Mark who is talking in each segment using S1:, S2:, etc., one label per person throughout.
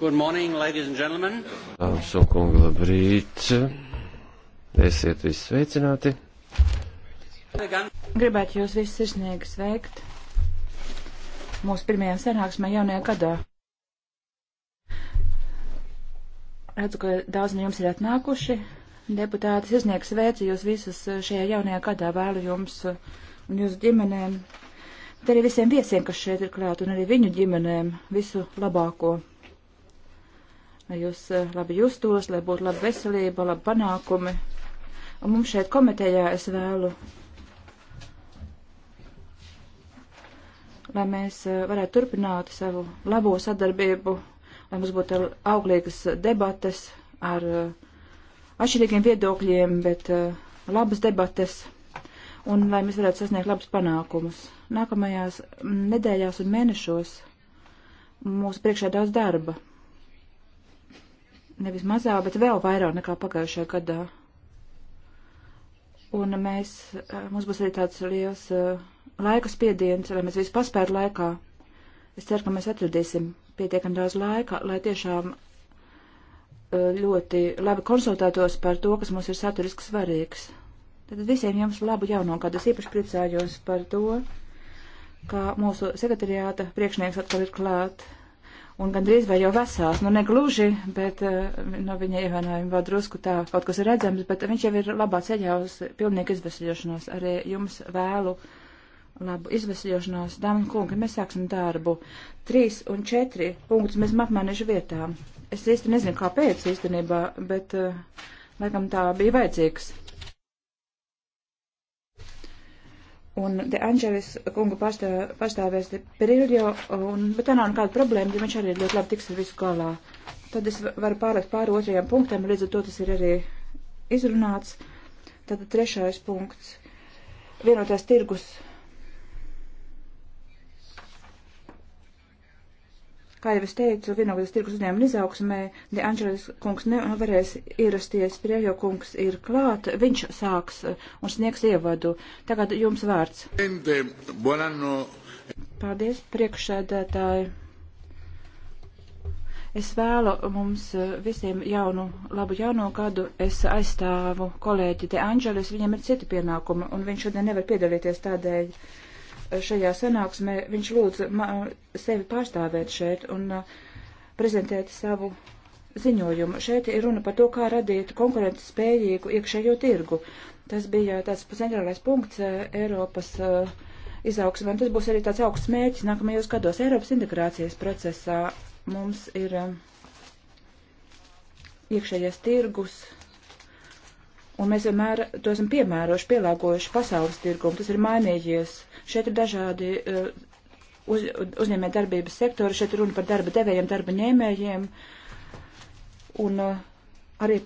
S1: Good morning, ladies and gentlemen.
S2: Dāmas un kungi, labrīt. Esiet visi sveicināti.
S1: Gribētu jūs visus sirsnīgi sveikt mūsu pirmajā sanāksmē jaunajā gadā. Redzu, ka daudz no jums ir atnākuši. Deputāti, sirsnīgi sveicu jūs visus šajā jaunajā gadā. Vēlu jums un jūsu ģimenēm, bet arī visiem viesiem, kas šeit ir klāt, un arī viņu ģimenēm visu labāko lai jūs eh, labi justos, lai būtu laba veselība, labi panākumi. Un mums šeit komitejā es vēlu, lai mēs eh, varētu turpināt savu labo sadarbību, lai mums būtu auglīgas debates ar eh, atšķirīgiem viedokļiem, bet labas debates un lai mēs varētu sasniegt labus panākumus. Nākamajās nedēļās un mēnešos mūsu priekšā daudz darba nevis mazā, bet vēl vairāk nekā pagājušajā gadā. Un mēs, eh, mums būs arī tāds liels eh, laika spiediens, lai mēs visu paspētu laikā. Es ceru, ka mēs atradīsim pietiekam daudz laika, lai tiešām eh, ļoti labi konsultētos par to, kas mums ir saturiski svarīgs. Tad visiem jums labu jauno gadu. Es īpaši priecājos par to, ka mūsu sekretariāta priekšnieks atkal ir klāt un gandrīz vai jau vesels, nu negluži, bet eh, no viņa ievainojuma vēl drusku tā kaut kas ir redzams, bet viņš jau ir labā ceļā uz pilnīgu izvesļošanos. Arī jums vēlu labu izvesļošanos, dāmas un kungi, mēs sāksim darbu. Trīs un četri punktus mēs apmainīšu vietām. Es īsti nezinu, kāpēc īstenībā, bet eh, laikam tā bija vajadzīgs. un De Angelis kungu pārstāv, pārstāvēs Periljo, un, bet tā nav nekāda problēma, jo viņš arī ļoti labi tiks ar visu galā. Tad es varu pārēt pāri otrajam punktam, līdz ar to tas ir arī izrunāts. Tad trešais punkts. Vienotās tirgus Kā jau es teicu, vienalgas tirgus uzņēmuma izaugsmē, De Angelis kungs nevarēs ierasties, Priejo kungs ir klāt, viņš sāks uh, un sniegs ievadu. Tagad jums vārds. Paldies, priekšsēdētāji. Es vēlu mums uh, visiem jaunu, labu jauno gadu. Es aizstāvu kolēģi De Angelis, viņam ir citi pienākumi, un viņš šodien nevar piedalīties tādēļ šajā sanāksmē viņš lūdza sevi pārstāvēt šeit un uh, prezentēt savu ziņojumu. Šeit ir runa par to, kā radīt konkurences spējīgu iekšējo tirgu. Tas bija tāds centrālais punkts uh, Eiropas uh, izaugsmē. Tas būs arī tāds augsts mērķis nākamajos gados Eiropas integrācijas procesā. Mums ir um, iekšējais tirgus, un mēs vienmēr to esam piemēroši, pielāgojuši pasaules tirgumu. Tas ir mainījies. Šeit ir dažādi uh, uz, uzņēmē darbības sektori, šeit runa par darba devējiem, darba ņēmējiem un uh, arī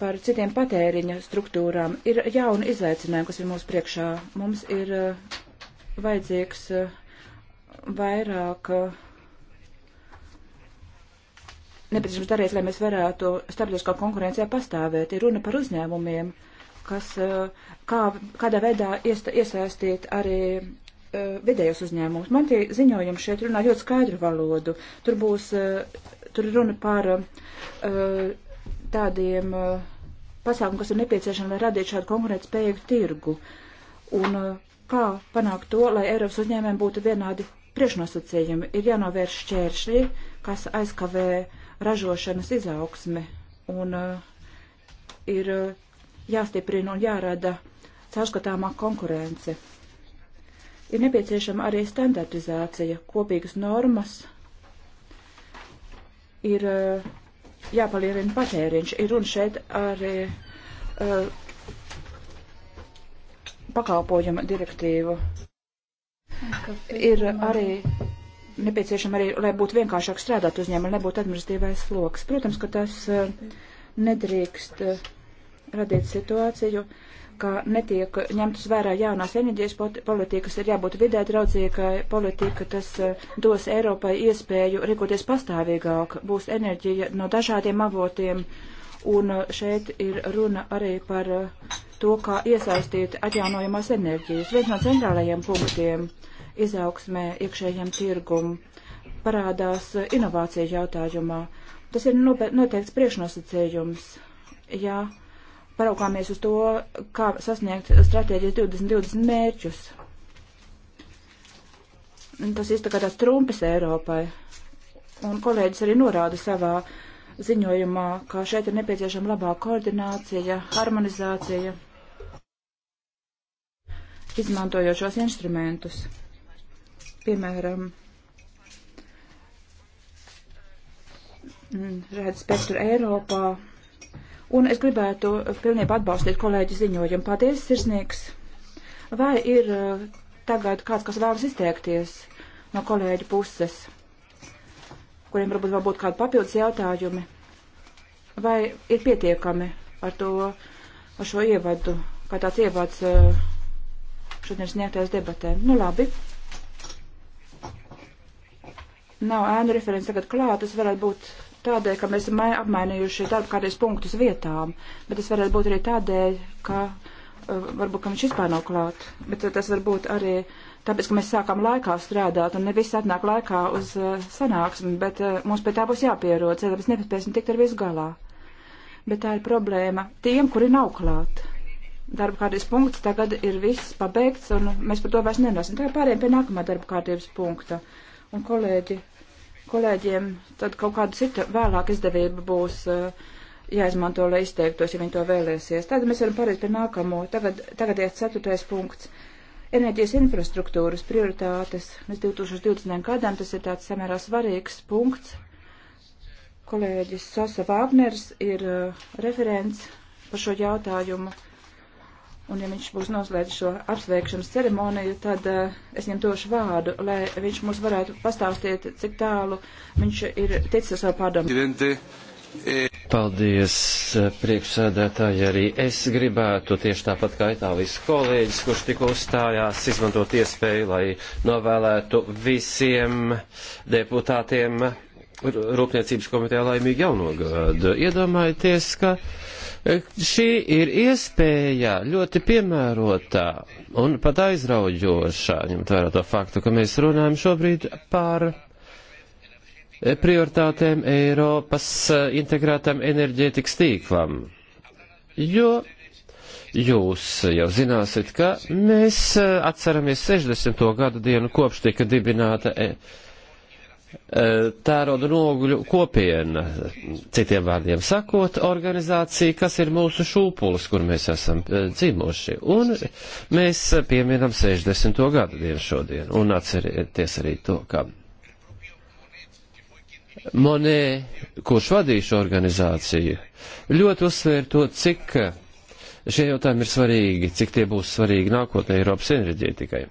S1: par citiem patēriņa struktūrām. Ir jauni izaicinājumi, kas ir mūsu priekšā. Mums ir uh, vajadzīgs vairāk uh, nepieciešams darīt, lai mēs varētu starptautiskā konkurencijā pastāvēt. Ir runa par uzņēmumiem, kas eh, kā, kādā veidā iesta, iesaistīt arī uh, vidējos uzņēmumus. Man tie ziņojumi šeit runā ļoti skaidru valodu. Tur būs, uh, tur runa par uh, tādiem pasākumiem, kas ir nepieciešami, lai radītu šādu konkurētspējīgu tirgu. Un kā panākt to, lai Eiropas uzņēmējiem būtu vienādi priekšnosacījumi? Ir jānovērš šķēršļi, kas aizkavē uh, ražošanas izaugsme un uh, ir uh, jāstiprina un jārada caurskatāmā konkurence. Ir nepieciešama arī standartizācija, kopīgas normas, ir uh, jāpalielina patēriņš, ir un šeit arī uh, pakalpojuma direktīvu. Ir arī nepieciešama arī, lai būtu vienkāršāk strādāt uzņēmumā, nebūtu administratīvais sloks. Protams, ka tas e, nedrīkst e, radīt situāciju, ka netiek ņemtas vērā jaunās enerģijas politikas, ir jābūt vidē draudzīgai politika, tas e, dos Eiropai iespēju rīkoties pastāvīgāk, būs enerģija no dažādiem avotiem, un šeit ir runa arī par to, kā iesaistīt atjaunojamās enerģijas. Viens no centrālajiem punktiem. Uh, izaugsmē, iekšējiem tirgumu, parādās inovāciju jautājumā. Tas ir noteikts priekšnosacījums. Ja paraugāmies uz to, kā sasniegt stratēģijas 2020 mērķus, tas īsti kā tāds trumpis Eiropai. Un kolēģis arī norāda savā ziņojumā, ka šeit ir nepieciešama labāka koordinācija, harmonizācija, izmantojot šos instrumentus piemēram, redzes spektru Eiropā. Un es gribētu pilnībā atbalstīt kolēģi ziņojumu. Paldies, sirsnieks! Vai ir eh, tagad kāds, kas vēlas izteikties no kolēģi puses, kuriem varbūt vēl būtu kādi papildus jautājumi? Vai ir pietiekami ar to, ar šo ievadu, kā tāds ievads eh, šodien sniegtais debatē? Nu labi. Nav ēnu referents tagad klāt, tas varētu būt tādēļ, ka mēs esam apmainījuši darba kārtības punktus vietām, bet tas varētu būt arī tādēļ, ka uh, varbūt, ka viņš vispār nav klāt, bet tas varbūt arī tāpēc, ka mēs sākam laikā strādāt un ne visi atnāk laikā uz uh, sanāksmi, bet uh, mums pie tā būs jāpierod, tāpēc nepaspēsim tikt ar visu galā. Bet tā ir problēma tiem, kuri nav klāt darba kārtības punkts tagad ir viss pabeigts, un mēs par to vairs nerunāsim. Tā ir pārējiem pie nākamā darba kārtības punkta. Un, kolēģi, kolēģiem tad kaut kāda cita vēlāk izdevība būs uh, jāizmanto, lai izteiktos, ja viņi to vēlēsies. Tagad mēs varam pārēt pie nākamo. Tagad, tagad ir ceturtais punkts. Enerģijas infrastruktūras prioritātes. Mēs 2020. gadam tas ir tāds samērā svarīgs punkts. Kolēģis Sosa Vāgners ir uh, referents par šo jautājumu. Uh, Un ja viņš būs noslēdzis šo apsveikšanas ceremoniju, tad uh, es viņam došu vārdu, lai viņš mums varētu pastāstīt, cik tālu viņš ir ticis ar savu
S2: pārdomu. Eh, Paldies, eh, priekšsēdētāji, arī es gribētu tieši tāpat kā itālijas kolēģis, kurš tikko uzstājās, izmantot iespēju, lai novēlētu visiem deputātiem Rūpniecības komitejā laimīgu jauno gadu. Iedomājieties, ka Šī ir iespēja ļoti piemērotā un pat aizraujošā, ņemt vērā to faktu, ka mēs runājam šobrīd par prioritātēm Eiropas eh, integrētam enerģētikas tīklam. Jo jūs jau zināsiet, ka mēs eh, atceramies 60. gadu dienu kopš tika dibināta. E Eh, tērodu nogļu kopiena, citiem vārdiem sakot, organizācija, kas ir mūsu šūpulis, kur mēs esam eh, dzīvoši. Un mēs pieminam 60. gadu dienu šodien, un atcerieties arī to, ka Monē, kurš vadīja šo organizāciju, ļoti uzsvēra to, cik šie jautājumi ir svarīgi, cik tie būs svarīgi nākotnē Eiropas enerģētikai.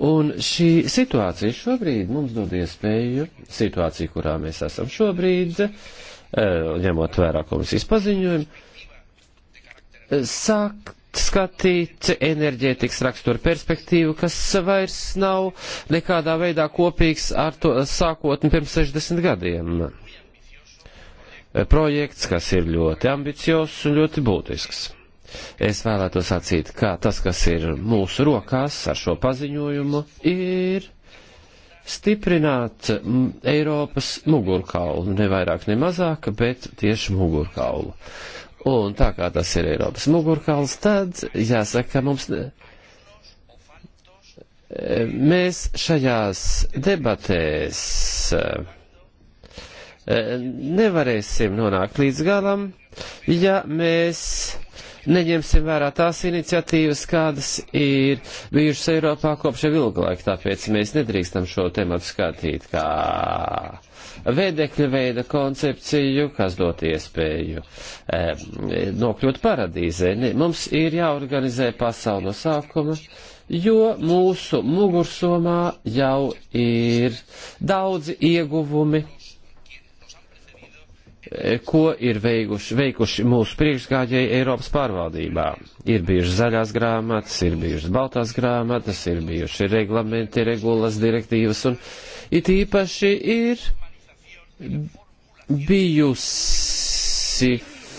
S2: Un šī situācija šobrīd mums dod iespēju, situācija, kurā mēs esam šobrīd, eh, ņemot vērā komisijas paziņojumu, sākt skatīt enerģētikas raksturu perspektīvu, kas vairs nav nekādā veidā kopīgs ar to sākotni pirms 60 gadiem. Projekts, kas ir ļoti ambiciozs un ļoti būtisks. Es vēlētos atsīt, ka tas, kas ir mūsu rokās ar šo paziņojumu, ir stiprināt Eiropas mugurkaulu, ne vairāk, ne mazāk, bet tieši mugurkaulu. Un tā kā tas ir Eiropas mugurkauls, tad jāsaka, ka mums. Ne, mēs šajās debatēs eh, nevarēsim nonākt līdz galam, ja mēs neņemsim vērā tās iniciatīvas, kādas ir bijušas Eiropā kopš jau ilga laika, tāpēc mēs nedrīkstam šo tematu skatīt kā vēdekļa veida koncepciju, kas dot iespēju e, nokļūt paradīzē. Ne, mums ir jāorganizē pasauli no sākuma jo mūsu mugursomā jau ir daudzi ieguvumi Eh, ko ir veikuši, veikuši mūsu priekšgājēji Eiropas pārvaldībā. Ir bijušas zaļās grāmatas, ir bijušas baltās grāmatas, ir bijuši reglamenti, regulas, direktīvas un it īpaši ir bijusi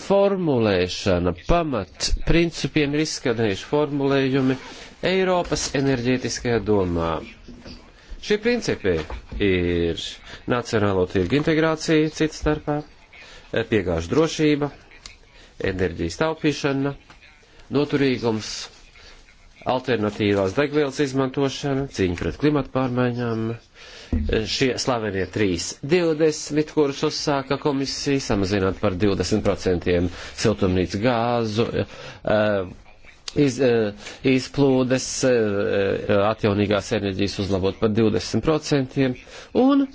S2: formulēšana, pamat principiem ir izskanējuši formulējumi Eiropas enerģētiskajā domā. Šie principi ir nacionālo tirgu integrācija cits starpā piegāžu drošība, enerģijas taupīšana, noturīgums, alternatīvās degvielas izmantošana, cīņa pret klimatu pārmaiņām, šie slavenie 3,20, kurus uzsāka komisija, samazināt par 20% siltumnīcu gāzu, eh, iz, eh, izplūdes, eh, atjaunīgās enerģijas uzlabot par 20% un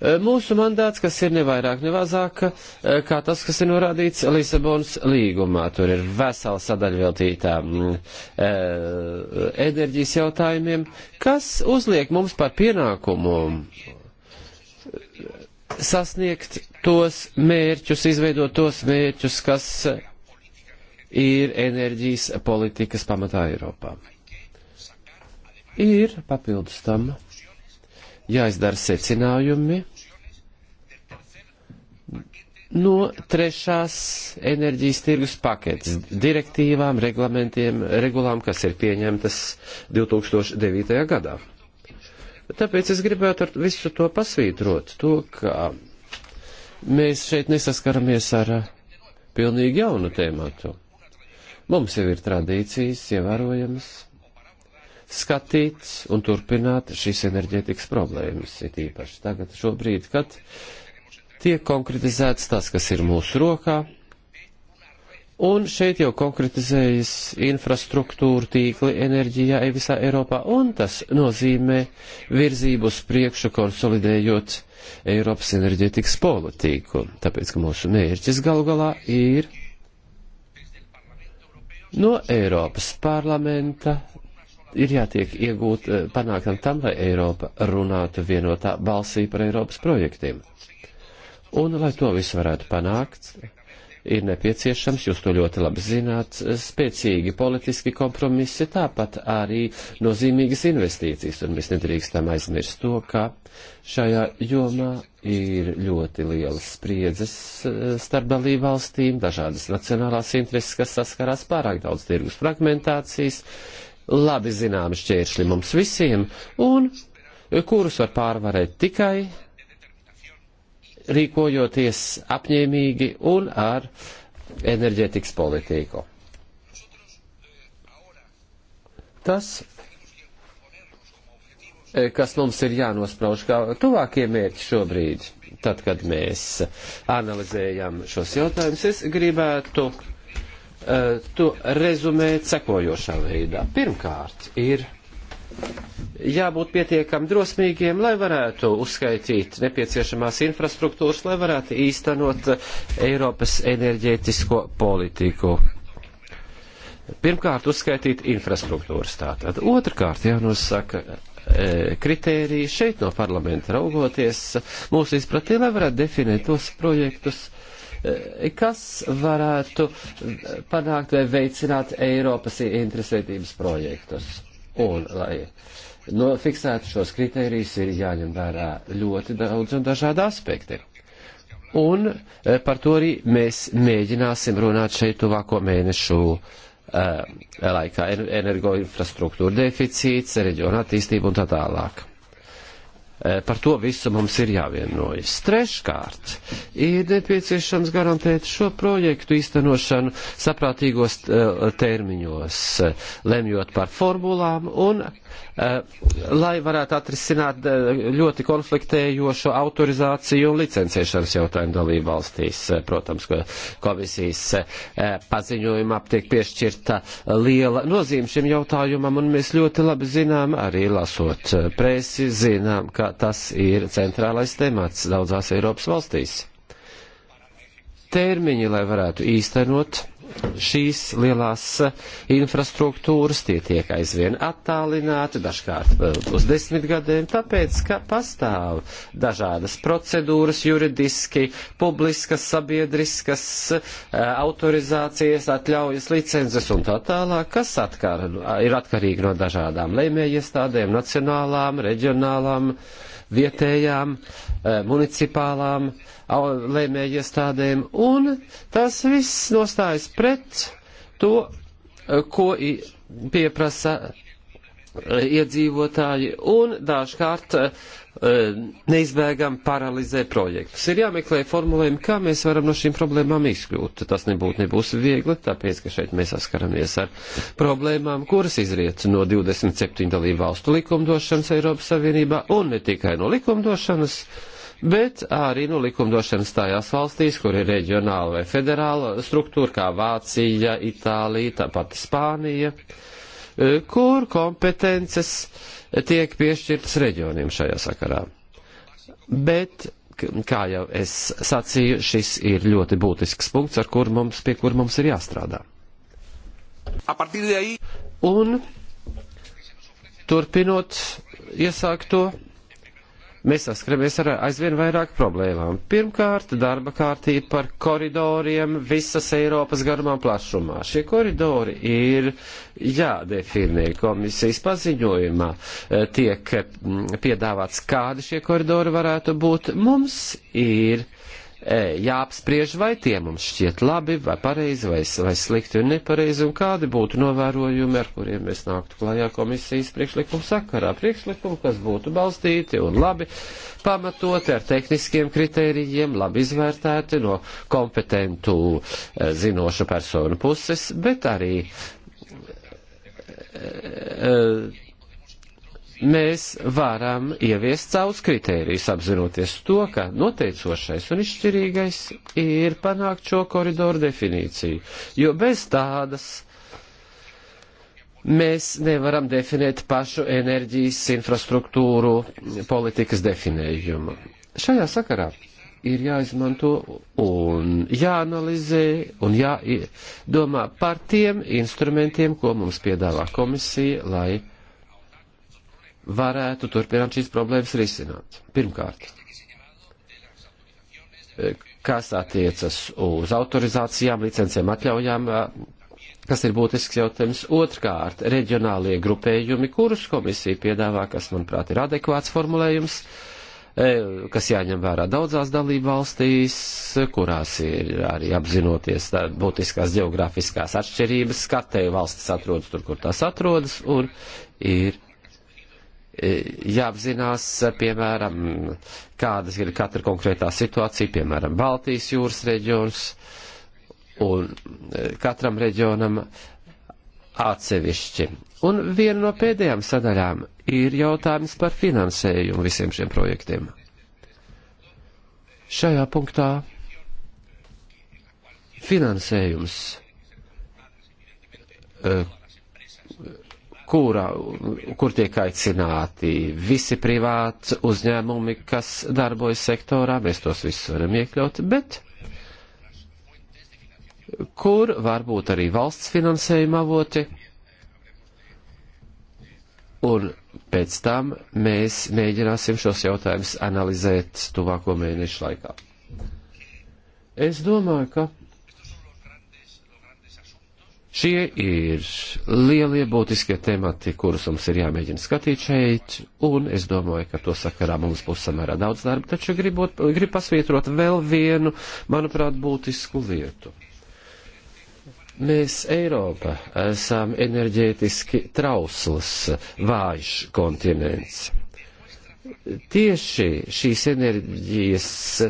S2: Eh, mūsu mandāts, kas ir nevairāk nevazāk, eh, kā tas, kas ir norādīts Lisabonas līgumā, tur ir vesela sadaļa veltītā mm, eh, enerģijas jautājumiem, kas uzliek mums par pienākumu sasniegt tos mērķus, izveidot tos mērķus, kas ir enerģijas politikas pamatā Eiropā. Ir papildus tam jāizdara secinājumi no trešās enerģijas tirgus paketes direktīvām, reglamentiem, regulām, kas ir pieņemtas 2009. gadā. Tāpēc es gribētu ar visu to pasvītrot, to, ka mēs šeit nesaskaramies ar pilnīgi jaunu tēmatu. Mums jau ir tradīcijas, ievērojamas. Ja skatīt un turpināt šīs enerģētikas problēmas, it īpaši tagad šobrīd, kad tiek konkretizēts tas, kas ir mūsu rokā, Un šeit jau konkretizējas infrastruktūra, tīkli, enerģijā visā Eiropā, un tas nozīmē virzību uz priekšu, konsolidējot Eiropas enerģētikas politiku, tāpēc, ka mūsu mērķis galu galā ir no Eiropas parlamenta ir jātiek iegūt eh, panākam tam, lai Eiropa runātu vienotā balsī par Eiropas projektiem. Un, lai to visu varētu panākt, ir nepieciešams, jūs to ļoti labi zināt, spēcīgi politiski kompromisi, tāpat arī nozīmīgas investīcijas, un mēs nedrīkstam aizmirst to, ka šajā jomā ir ļoti lielas spriedzes eh, starp dalībvalstīm, dažādas nacionālās intereses, kas saskarās pārāk daudz tirgus fragmentācijas, uh, labi zināmi šķēršļi mums visiem un kurus var pārvarēt tikai rīkojoties apņēmīgi un ar enerģētikas politiku. Tas eh, kas mums ir jānosprauž kā tuvākie mērķi šobrīd, tad, kad mēs analizējam šos jautājumus, es gribētu Eh, to rezumēt sekojošā veidā. Pirmkārt, ir jābūt pietiekam drosmīgiem, lai varētu uzskaitīt nepieciešamās infrastruktūras, lai varētu īstenot Eiropas enerģētisko politiku. Pirmkārt, uzskaitīt infrastruktūras tātad. Otrkārt, jānosaka eh, kritēriji šeit no parlamenta raugoties mūsu izpratī, lai varētu definēt tos projektus, uh, kas varētu panākt vai veicināt Eiropas interesētības projektus. Un, lai nofiksētu šos kriterijus, ir jāņem vērā ļoti daudz un dažādi aspekti. Un eh, par to arī mēs mēģināsim runāt šeit tuvāko mēnešu eh, laikā energoinfrastruktūra deficīts, reģiona attīstība un tā tālāk. Eh, par to visu mums ir jāvienojas. Treškārt, ir nepieciešams garantēt šo projektu īstenošanu saprātīgos eh, termiņos, eh, lemjot par formulām un lai varētu atrisināt ļoti konfliktējošo autorizāciju un licencēšanas jautājumu dalību valstīs. Protams, komisijas paziņojumā tiek piešķirta liela nozīme šim jautājumam, un mēs ļoti labi zinām, arī lasot presi, zinām, ka tas ir centrālais temats daudzās Eiropas valstīs. Termiņi, lai varētu īstenot šīs lielās eh, infrastruktūras, tie tiek aizvien attālināti, dažkārt eh, uz desmit gadiem, tāpēc, ka pastāv dažādas procedūras juridiski, publiskas, sabiedriskas, eh, autorizācijas, atļaujas, licences un tā tālāk, kas atkar, ir atkarīgi no dažādām lēmējiestādēm, nacionālām, reģionālām, vietējām, municipālām, uh, lēmēju iestādēm, un tas viss nostājas pret to, ko pieprasa e, iedzīvotāji un dažkārt e, neizbēgam paralizē projektus. Ir jāmeklē formulējumi, kā mēs varam no šīm problēmām izkļūt. Tas nebūtu nebūs viegli, tāpēc, ka šeit mēs saskaramies ar problēmām, kuras izriet no 27 dalību valstu likumdošanas Eiropas Savienībā un ne tikai no likumdošanas, uh, bet arī nu, likumdošanas tajās valstīs, kur ir reģionāla vai federāla struktūra, kā Vācija, Itālija, tāpat Spānija, e, kur kompetences tiek piešķirtas reģioniem šajā sakarā. Bet, kā jau es sacīju, šis ir ļoti būtisks punkts, ar kur mums, pie kur mums ir jāstrādā. Un turpinot iesākto, mēs saskaramies ar aizvien vairāk problēmām. Pirmkārt, darba kārtība par koridoriem visas Eiropas garumā plašumā. Šie koridori ir jādefinē komisijas paziņojumā. Eh, tiek mm, piedāvāts, kādi šie koridori varētu būt. Mums ir E, jāapspriež, vai tie mums šķiet labi, vai pareizi, vai, vai slikti un nepareizi, un kādi būtu novērojumi, ar kuriem mēs nāktu klajā komisijas priekšlikumu sakarā. Priekšlikumu, kas būtu balstīti un labi pamatoti ar tehniskiem kritērijiem, labi izvērtēti no kompetentu e, zinošu personu puses, bet arī e, mēs varam ieviest savus kritērijus, apzinoties to, ka noteicošais un izšķirīgais ir panākt šo koridoru definīciju, jo bez tādas mēs nevaram definēt pašu enerģijas infrastruktūru politikas definējumu. Šajā sakarā ir jāizmanto un jāanalizē un jādomā par tiem instrumentiem, ko mums piedāvā komisija, lai varētu turpināt šīs problēmas risināt. Pirmkārt, kas attiecas uz autorizācijām, licencēm, atļaujām, kas ir būtisks jautājums. Otrkārt, reģionālie grupējumi, kurus komisija piedāvā, kas, manuprāt, ir adekvāts formulējums, kas jāņem vērā daudzās dalību valstīs, kurās ir arī apzinoties tā, būtiskās geogrāfiskās atšķirības, skatēju valstis atrodas tur, kur tās atrodas, un ir jāapzinās, piemēram, kādas ir katra konkrētā situācija, piemēram, Baltijas jūras reģions, un e, katram reģionam atsevišķi. Un viena no pēdējām sadaļām ir jautājums par finansējumu visiem šiem projektiem. Šajā punktā finansējums e, kurā, kur tiek aicināti visi privāti uzņēmumi, kas darbojas sektorā, mēs tos visus varam iekļaut, bet kur var būt arī valsts finansējuma avoti. Un pēc tam mēs mēģināsim šos jautājumus analizēt tuvāko mēnešu laikā. Es domāju, ka Šie ir lielie būtiskie temati, kurus mums ir jāmēģina skatīt šeit, un es domāju, ka to sakarā mums būs samērā daudz darba, taču gribot, grib pasvietrot vēl vienu, manuprāt, būtisku lietu. Mēs Eiropa esam enerģētiski trausls, vājš kontinents. Tieši šīs enerģijas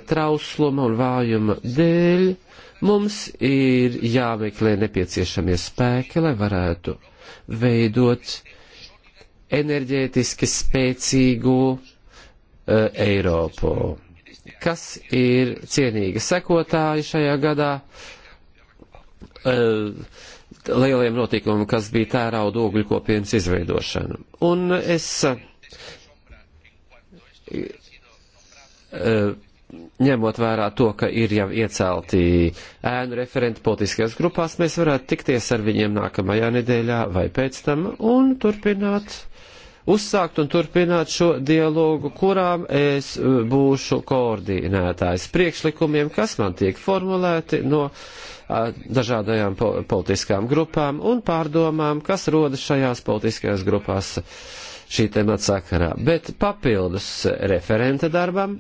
S2: trausluma un vājuma dēļ Mums ir jāmeklē nepieciešamie spēki, lai varētu veidot enerģētiski spēcīgu uh, Eiropu. Kas ir cienīgi sekotāji šajā gadā? Uh, lieliem notikumiem, kas bija tērauda ogļu kopienas izveidošana. Un es uh, ņemot vērā to, ka ir jau iecelti ēnu referenti politiskajās grupās, mēs varētu tikties ar viņiem nākamajā nedēļā vai pēc tam un turpināt, uzsākt un turpināt šo dialogu, kurām es uh, būšu koordinētājs priekšlikumiem, kas man tiek formulēti no uh, dažādajām politiskām grupām un pārdomām, kas rodas šajās politiskajās grupās šī temata sakarā. Bet papildus referenta darbam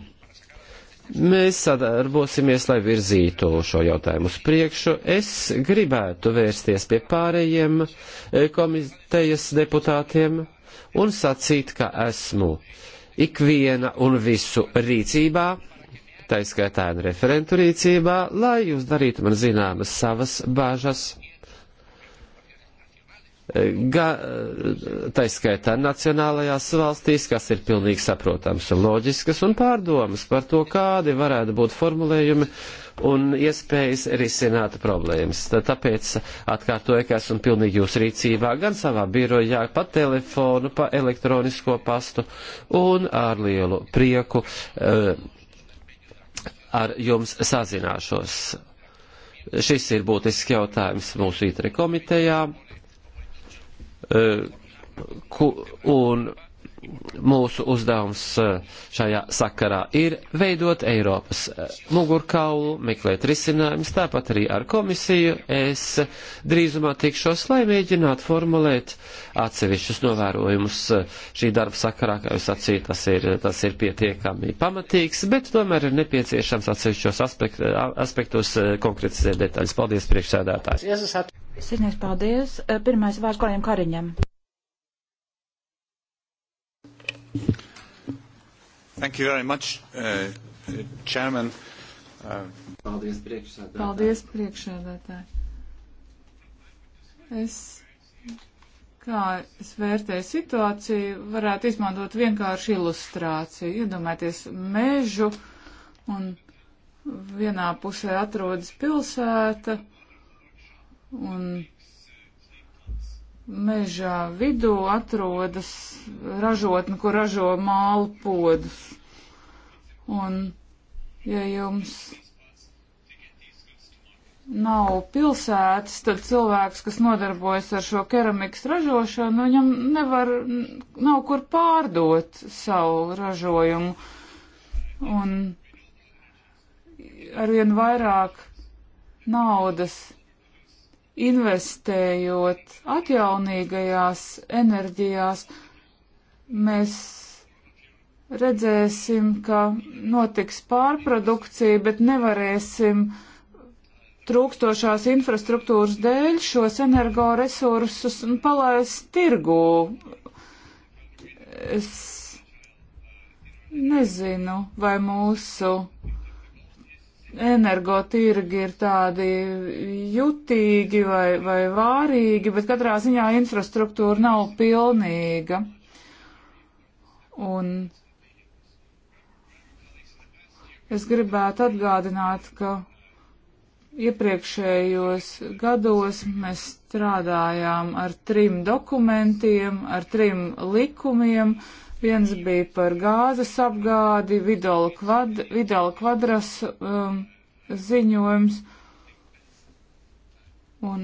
S2: Mēs sadarbosimies, lai virzītu šo jautājumu uz priekšu. Es gribētu vērsties pie pārējiem eh, komitejas deputātiem un sacīt, ka esmu ikviena un visu rīcībā, taiskaitā un referentu rīcībā, lai jūs darītu man zināmas savas bāžas taiskaitā nacionālajās valstīs, kas ir pilnīgi saprotams un loģiskas, un pārdomas par to, kādi varētu būt formulējumi un iespējas risināt problēmas. Tāpēc atkārtoju, ka esmu pilnīgi jūs rīcībā gan savā birojā, pa telefonu, pa elektronisko pastu un ar lielu prieku eh, ar jums sazināšos. Šis ir būtisks jautājums mūsu itre komitejā Eh, un mūsu uzdevums eh, šajā sakarā ir veidot Eiropas eh, mugurkaulu, meklēt risinājumus, tāpat arī ar komisiju. Es drīzumā tikšos, lai mēģinātu formulēt atsevišķus novērojumus šī darba sakarā, kā jūs sacījāt, tas ir, tas ir pietiekami pamatīgs, bet tomēr ir nepieciešams atsevišķos aspekt, aspektos konkretizēt detaļas. Paldies, priekšsēdētājs!
S1: Sirnieks paldies. Eh, pirmais vārds kolēģiem Kariņam.
S2: Thank you very much, uh, chairman. Uh, paldies priekšsēdētāji. Paldies
S3: priekšsēdētāji. Es kā es vērtēju situāciju, varētu izmantot vienkārši ilustrāciju. Iedomājieties mežu un vienā pusē atrodas pilsēta, Un mežā vidū atrodas ražotne, kur ražo mālu podus. Un, ja jums nav pilsētas, tad cilvēks, kas nodarbojas ar šo keramikas ražošanu, viņam nevar, nav kur pārdot savu ražojumu. Un arvien vairāk naudas investējot atjaunīgajās enerģijās, mēs redzēsim, ka notiks pārprodukcija, bet nevarēsim trūkstošās infrastruktūras dēļ šos energoresursus palaist tirgū. Es nezinu, vai mūsu energotirgi ir tādi jutīgi vai, vai vārīgi, bet katrā ziņā infrastruktūra nav pilnīga. Un es gribētu atgādināt, ka iepriekšējos gados mēs strādājām ar trim dokumentiem, ar trim likumiem, Viens bija par gāzes apgādi, Vidala, kvad, Vidala kvadras um, ziņojums. Un,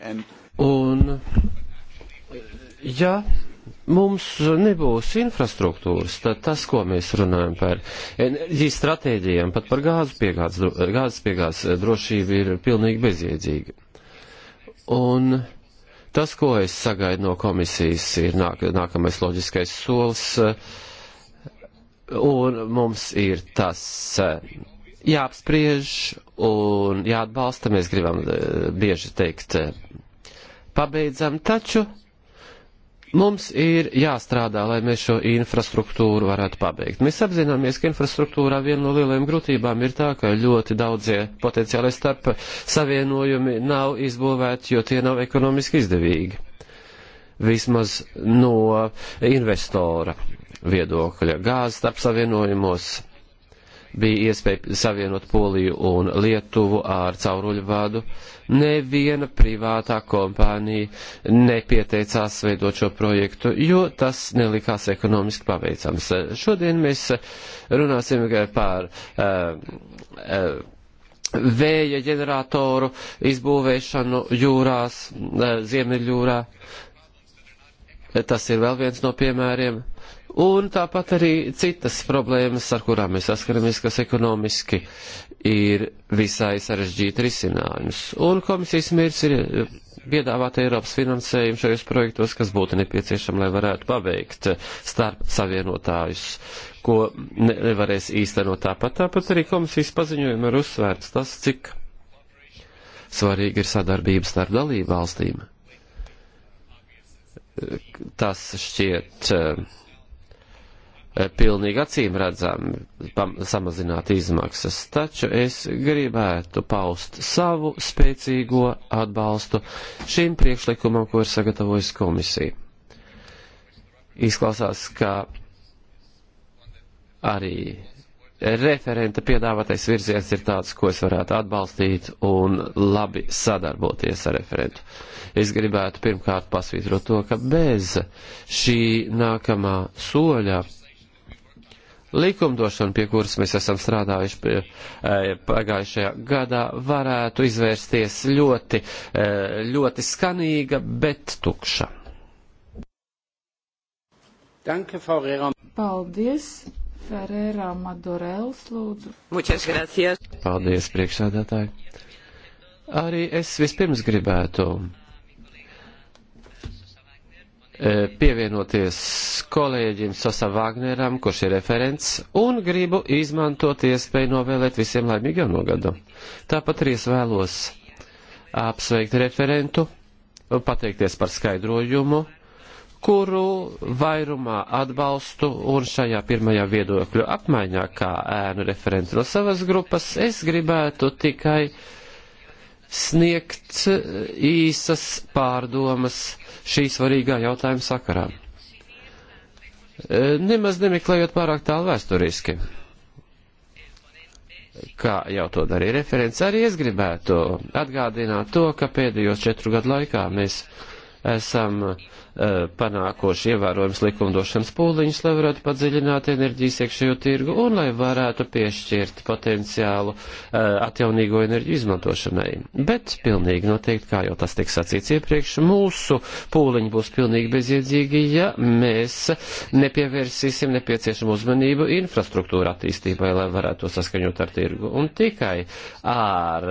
S3: and, and...
S2: un ja mums nebūs infrastruktūras, tad tas, ko mēs runājam par enerģijas stratēģijām, pat par gāzes piegādes, gāzes piegādes drošību, ir pilnīgi bezjēdzīgi. Un, uh, Tas, ko es sagaidu no komisijas, ir nāk, nākamais loģiskais solis, un mums ir tas eh, jāapspriež un jāatbalsta. Mēs gribam eh, bieži teikt, eh, pabeidzam, taču Mums ir jāstrādā, lai mēs šo infrastruktūru varētu pabeigt. Mēs apzināmies, ka infrastruktūrā viena no lielajām grūtībām ir tā, ka ļoti daudzie potenciāli starp savienojumi nav izbūvēti, jo tie nav ekonomiski izdevīgi. Vismaz no investora viedokļa. Gāzes starp savienojumos bija iespēja savienot Poliju un Lietuvu ar cauruļvadu. Neviena privātā kompānija nepieteicās veidot šo projektu, jo tas nelikās ekonomiski paveicams. Šodien mēs runāsim par uh, uh, vēja ģeneratoru izbūvēšanu jūrās, uh, Ziemeļjūrā. Tas ir vēl viens no piemēriem Un tāpat arī citas problēmas, ar kurām mēs saskaramies, kas ekonomiski ir visai sarežģīti risinājums. Un komisijas mērķis ir eh, piedāvāt Eiropas finansējumu šajos projektos, kas būtu nepieciešama, lai varētu pabeigt starp savienotājus, ko nevarēs īstenot tāpat. Tāpat arī komisijas paziņojumi ir uzsvērts tas, cik svarīgi ir sadarbība starp dalību valstīm. Tas šķiet uh, Eh, pilnīgi acīm redzami samazināt izmaksas, taču es gribētu paust savu spēcīgo atbalstu šim priekšlikumam, ko ir sagatavojis komisija. Izklausās, ka arī referenta piedāvātais virziens ir tāds, ko es varētu atbalstīt un labi sadarboties ar referentu. Es gribētu pirmkārt pasvītrot to, ka bez šī nākamā soļa likumdošana, pie kuras mēs esam strādājuši pie, eh, pagājušajā gadā, varētu izvērsties ļoti, eh, ļoti skanīga, bet tukša. Danke, Paldies,
S3: Ferēra Madorels, lūdzu.
S2: Muchas gracias. Paldies, priekšsādātāji. Arī es vispirms gribētu Eh, pievienoties kolēģim Sosa Vagneram, kurš ir referents, un gribu izmantot iespēju novēlēt visiem laimīgu jaunogadu. Tāpat arī es vēlos apsveikt referentu, pateikties par skaidrojumu, kuru vairumā atbalstu un šajā pirmajā viedokļu apmaiņā kā ēnu referentu no savas grupas es gribētu tikai sniegt eh, īsas pārdomas šī svarīgā jautājuma sakarā. Eh, nemaz nemeklējot pārāk tālu vēsturiski kā jau to darīja referents, arī es gribētu atgādināt to, ka pēdējos četru gadu laikā mēs esam Eh, panākoši ievērojams likumdošanas pūliņus, lai varētu padziļināt enerģijas iekšējo tirgu un lai varētu piešķirt potenciālu eh, atjaunīgo enerģiju izmantošanai. Bet pilnīgi noteikti, kā jau tas tika sacīts iepriekš, mūsu pūliņi būs pilnīgi bezjēdzīgi, ja mēs nepievērsīsim nepieciešamu uzmanību infrastruktūra attīstībai, lai varētu to saskaņot ar tirgu. Un tikai ar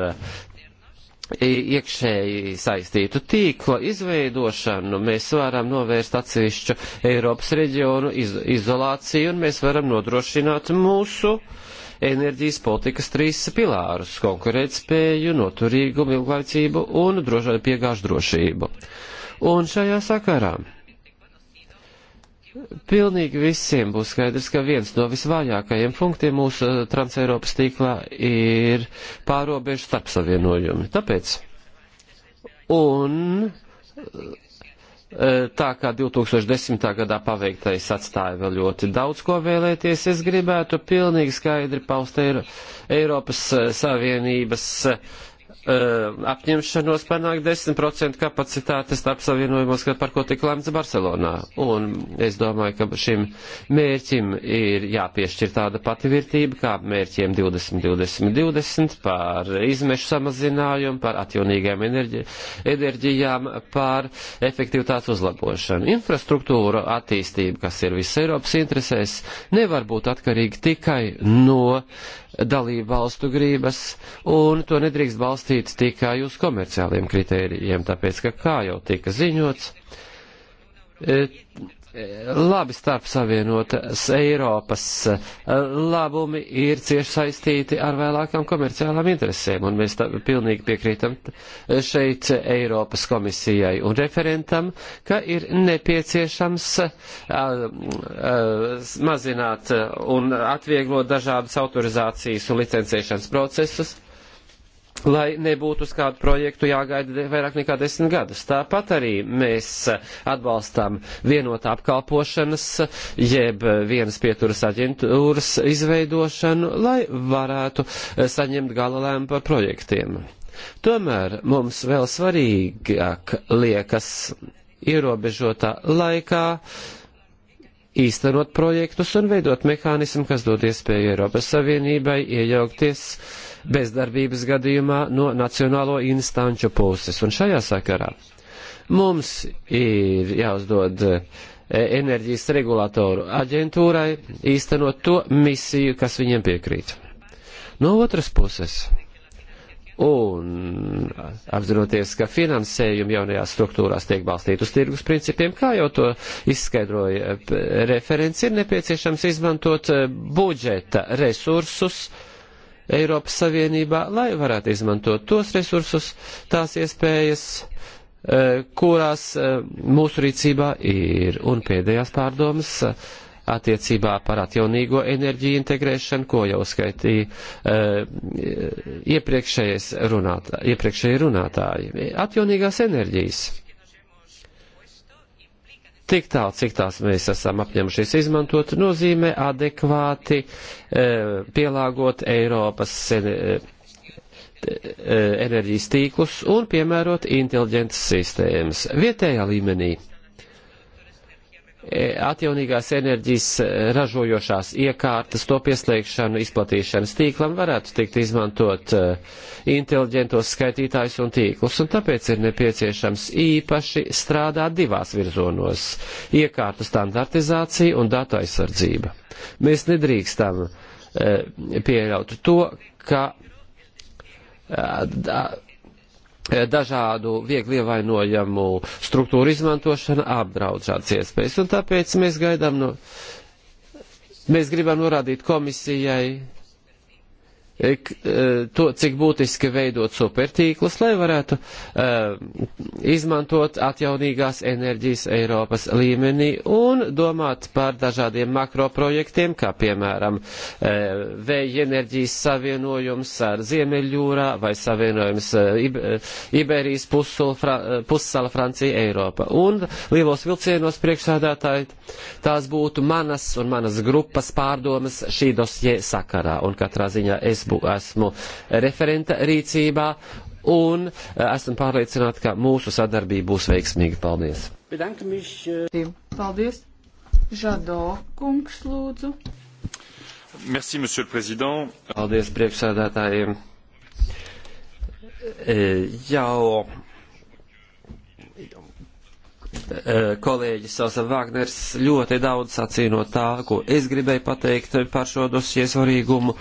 S2: iekšēji saistītu tīkla izveidošanu, mēs varam novērst atsevišķu Eiropas reģionu iz izolāciju un mēs varam nodrošināt mūsu enerģijas politikas trīs pilārus - konkurētspēju, noturīgumu, ilglaicību un drošā piegāžu drošību. Un šajā sakarā Pilnīgi visiem būs skaidrs, ka viens no visvājākajiem punktiem mūsu eh, transeiropas tīklā ir pārobežu starpsavienojumi. Tāpēc. Un eh, tā kā 2010. gadā paveiktais atstāja vēl ļoti daudz ko vēlēties, es gribētu pilnīgi skaidri paust Eiro, Eiropas eh, Savienības uh, Eh, apņemšanos panākt 10% kapacitātes starp savienojumos, par ko tika lēmts Barcelonā. Un es domāju, ka šim mērķim ir jāpiešķir tāda pati virtība kā mērķiem 20-20-20 par izmešu samazinājumu, par atjaunīgām enerģi enerģijām, par efektivitātes uzlabošanu. Infrastruktūra attīstība, kas ir visas Eiropas interesēs, nevar būt atkarīga tikai no uh, dalību valstu grības, un to nedrīkst balstīt tikai uz komerciāliem kritērijiem, tāpēc, ka, kā jau tika ziņots, e, labi starp savienotas Eiropas eh, labumi ir cieši saistīti ar vēlākām komerciālām interesēm, un mēs tā, pilnīgi piekrītam eh, šeit eh, Eiropas komisijai un referentam, ka ir nepieciešams a, a, mazināt un atvieglot dažādas autorizācijas un licencēšanas procesus lai nebūtu uz kādu projektu jāgaida vairāk nekā desmit gadus. Tāpat arī mēs atbalstām vienotā apkalpošanas, jeb vienas pieturas aģentūras izveidošanu, lai varētu eh, saņemt galalēmu par projektiem. Tomēr mums vēl svarīgāk liekas ierobežotā laikā īstenot projektus un veidot mehānismu, kas dod iespēju Eiropas Savienībai iejaukties uh, bezdarbības gadījumā no nacionālo instanču puses. Un šajā sakarā mums ir jāuzdod eh, enerģijas regulātoru aģentūrai īstenot to misiju, kas viņiem piekrīt. No otras puses, un apzinoties, ka finansējumi jaunajās struktūrās tiek balstīti uz tirgus principiem, kā jau to izskaidroja eh, referents, ir nepieciešams izmantot eh, budžeta resursus, uh, Eiropas Savienībā, lai varētu izmantot tos resursus, tās iespējas, e, kurās e, mūsu rīcībā ir. Un pēdējās pārdomas e, attiecībā par atjaunīgo enerģiju integrēšanu, ko jau skaitīja uh, iepriekšējais runātā, iepriekšēji runātāji. Atjaunīgās enerģijas tik tālu, cik tās mēs esam apņemšies izmantot, nozīmē adekvāti e, pielāgot Eiropas e, enerģijas tīklus un piemērot inteliģentas sistēmas vietējā līmenī. E, atjaunīgās enerģijas e, ražojošās iekārtas, to pieslēgšanu izplatīšanas tīklam varētu tikt izmantot e, inteliģentos skaitītājus un tīklus, un tāpēc ir nepieciešams īpaši strādāt divās virzonos - iekārtu standartizācija un datu aizsardzība. Mēs nedrīkstam pieļaut to, ka dažādu viegli ievainojamu struktūru izmantošana apdraud šādas iespējas. Un tāpēc mēs gaidām no. Mēs gribam norādīt komisijai, Eh, to, cik būtiski veidot supertīklus, lai varētu eh, izmantot atjaunīgās enerģijas Eiropas līmenī un domāt par dažādiem makroprojektiem, kā piemēram eh, vēja enerģijas savienojums ar Ziemeļjūrā vai savienojums Iberijas pussala Francija Eiropa. Un lielos vilcienos priekšsādātāji tās būtu manas un manas grupas pārdomas šī dosie sakarā. Un katrā ziņā es esmu referenta rīcībā un eh, esmu pārliecināta, ka mūsu sadarbība būs veiksmīga. Paldies!
S3: Paldies! Žado kungs lūdzu.
S2: Merci, monsieur le président. Paldies priekšsēdētājiem. Eh, jau Eh, kolēģis Sosa Vagners ļoti daudz sacīja no tā, ko es gribēju pateikt par šo dosie svarīgumu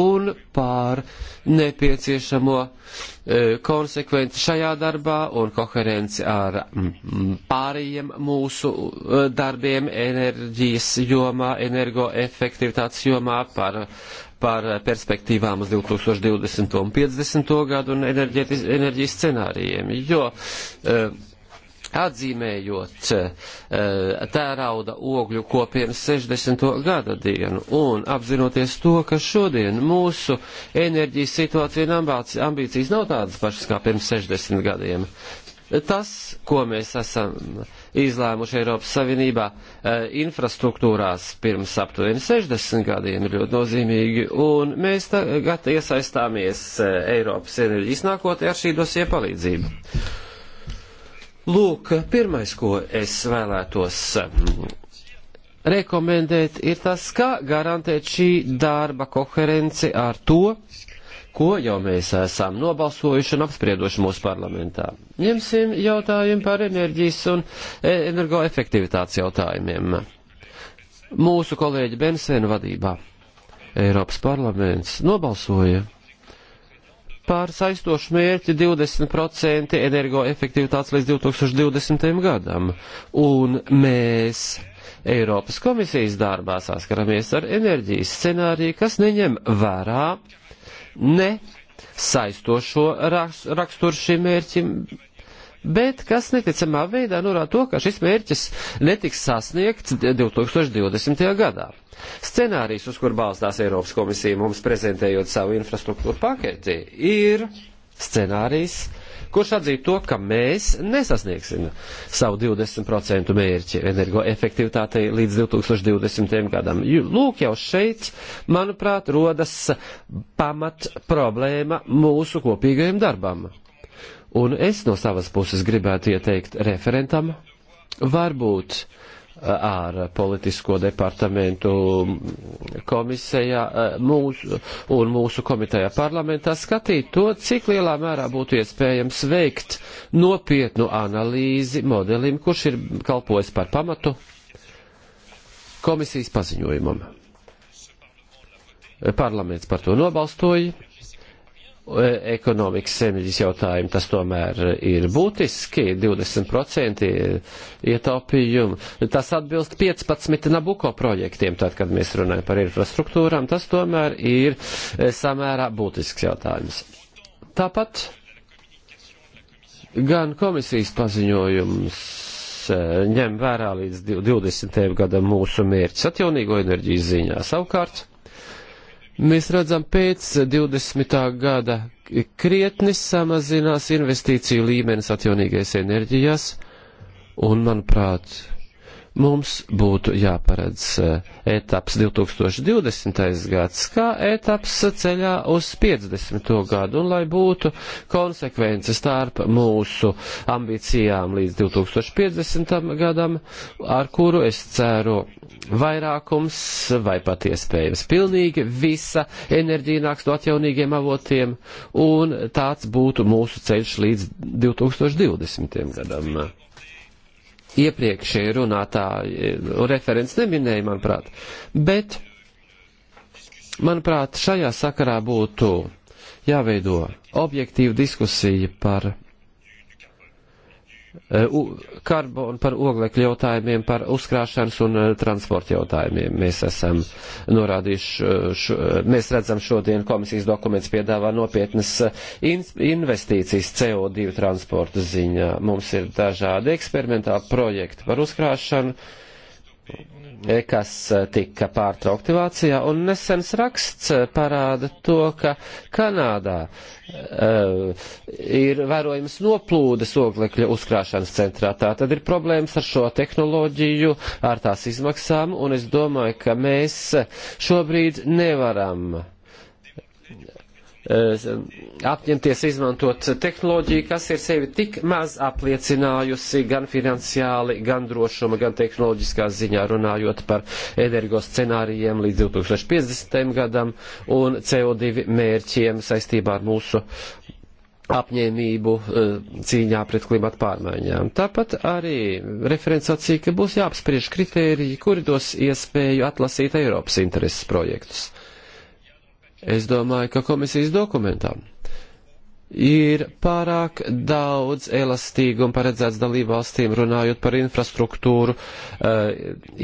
S2: un par nepieciešamo eh, konsekvenci šajā darbā un koherenci ar mm, mm, pārējiem mūsu eh, darbiem enerģijas jomā, energoefektivitātes jomā par par perspektīvām uz 2020. un 50. gadu un enerģijas scenārijiem, jo uh, atzīmējot eh, tērauda ogļu kopienas 60. gada dienu un apzinoties to, ka šodien mūsu enerģijas situācija un ambīcijas nav tādas pašas kā pirms 60 gadiem. Tas, ko mēs esam izlēmuši Eiropas Savienībā eh, infrastruktūrās pirms aptuveni 60 gadiem, ir ļoti nozīmīgi, un mēs tagad iesaistāmies eh, Eiropas enerģijas nākotnē ar šī dosie palīdzību. Lūk, pirmais, ko es vēlētos mm, rekomendēt, ir tas, kā garantēt šī darba koherenci ar to, ko jau mēs esam nobalsojuši un apsprieduši mūsu parlamentā. Ņemsim jautājumu par enerģijas un e, energoefektivitātes jautājumiem. Mūsu kolēģi Bensēna vadībā Eiropas parlaments nobalsoja par saistošu mērķi 20% energoefektivitātes līdz 2020. gadam. Un mēs Eiropas komisijas darbā saskaramies ar enerģijas scenāriju, kas neņem vērā ne saistošo raksturu šim mērķim, bet kas neticamā veidā norāda to, ka šis mērķis netiks sasniegts 2020. gadā. Scenārijs, uz kur balstās Eiropas komisija mums prezentējot savu infrastruktūru paketi, ir scenārijs, kurš atzīst to, ka mēs nesasniegsim savu 20% mērķi energoefektivitātei līdz 2020. gadam. Lūk, jau šeit, manuprāt, rodas pamat problēma mūsu kopīgajam darbam. Un es no savas puses gribētu ieteikt referentam, varbūt ar politisko departamentu komisijā mūsu, un mūsu komitejā parlamentā skatīt to, cik lielā mērā būtu iespējams veikt nopietnu analīzi modelim, kurš ir kalpojis par pamatu komisijas paziņojumam. Parlaments par to nobalstoja ekonomikas sēmļas jautājumi, tas tomēr ir būtiski, 20% ietaupījumi. Tas atbilst 15 Nabuko projektiem, tad, kad mēs runājam par infrastruktūrām, tas tomēr ir e, samērā būtisks jautājums. Tāpat gan komisijas paziņojums e, ņem vērā līdz 20. gadam mūsu mērķis atjaunīgo enerģijas ziņā. Savukārt, Mēs redzam, pēc 20. gada krietni samazinās investīciju līmenis atjaunīgais enerģijas, un, manuprāt, mums būtu jāparedz eh, etaps 2020. gads, kā etaps ceļā uz 50. gadu, un lai būtu konsekvence starp mūsu ambīcijām līdz 2050. gadam, ar kuru es ceru vairākums vai pat iespējams pilnīgi visa enerģija nāks no atjaunīgiem avotiem, un tāds būtu mūsu ceļš līdz 2020. gadam iepriekšēji runātāji nu, referents neminēja, manuprāt. Bet, manuprāt, šajā sakarā būtu jāveido objektīva diskusija par Eh, karbonu, par oglekļu jautājumiem, par uzkrāšanas un eh, transporta jautājumiem. Mēs esam norādījuši, eh, šo, mēs redzam šodien komisijas dokuments piedāvā nopietnas investīcijas CO2 transporta ziņā. Mums ir dažādi eksperimentāli projekti par uzkrāšanu E, kas e, tika pārtraukti Vācijā, un nesens raksts e, parāda to, ka Kanādā uh, ir vērojams noplūdes oglekļa uzkrāšanas centrā. Tā tad ir problēmas ar šo tehnoloģiju, ar tās izmaksām, un es domāju, ka mēs šobrīd nevaram Eh, apņemties izmantot tehnoloģiju, kas ir sevi tik maz apliecinājusi gan finansiāli, gan drošuma, gan tehnoloģiskā ziņā, runājot par energo scenārijiem līdz 2050. gadam un CO2 mērķiem saistībā ar mūsu apņēmību eh, cīņā pret klimatu pārmaiņām. Tāpat arī referents sacīja, ka būs jāapspriež kritēriji, kuri dos iespēju atlasīt Eiropas intereses projektus. Es domāju, ka komisijas dokumentam ir pārāk daudz elastīguma paredzēts dalību valstīm runājot par infrastruktūru uh,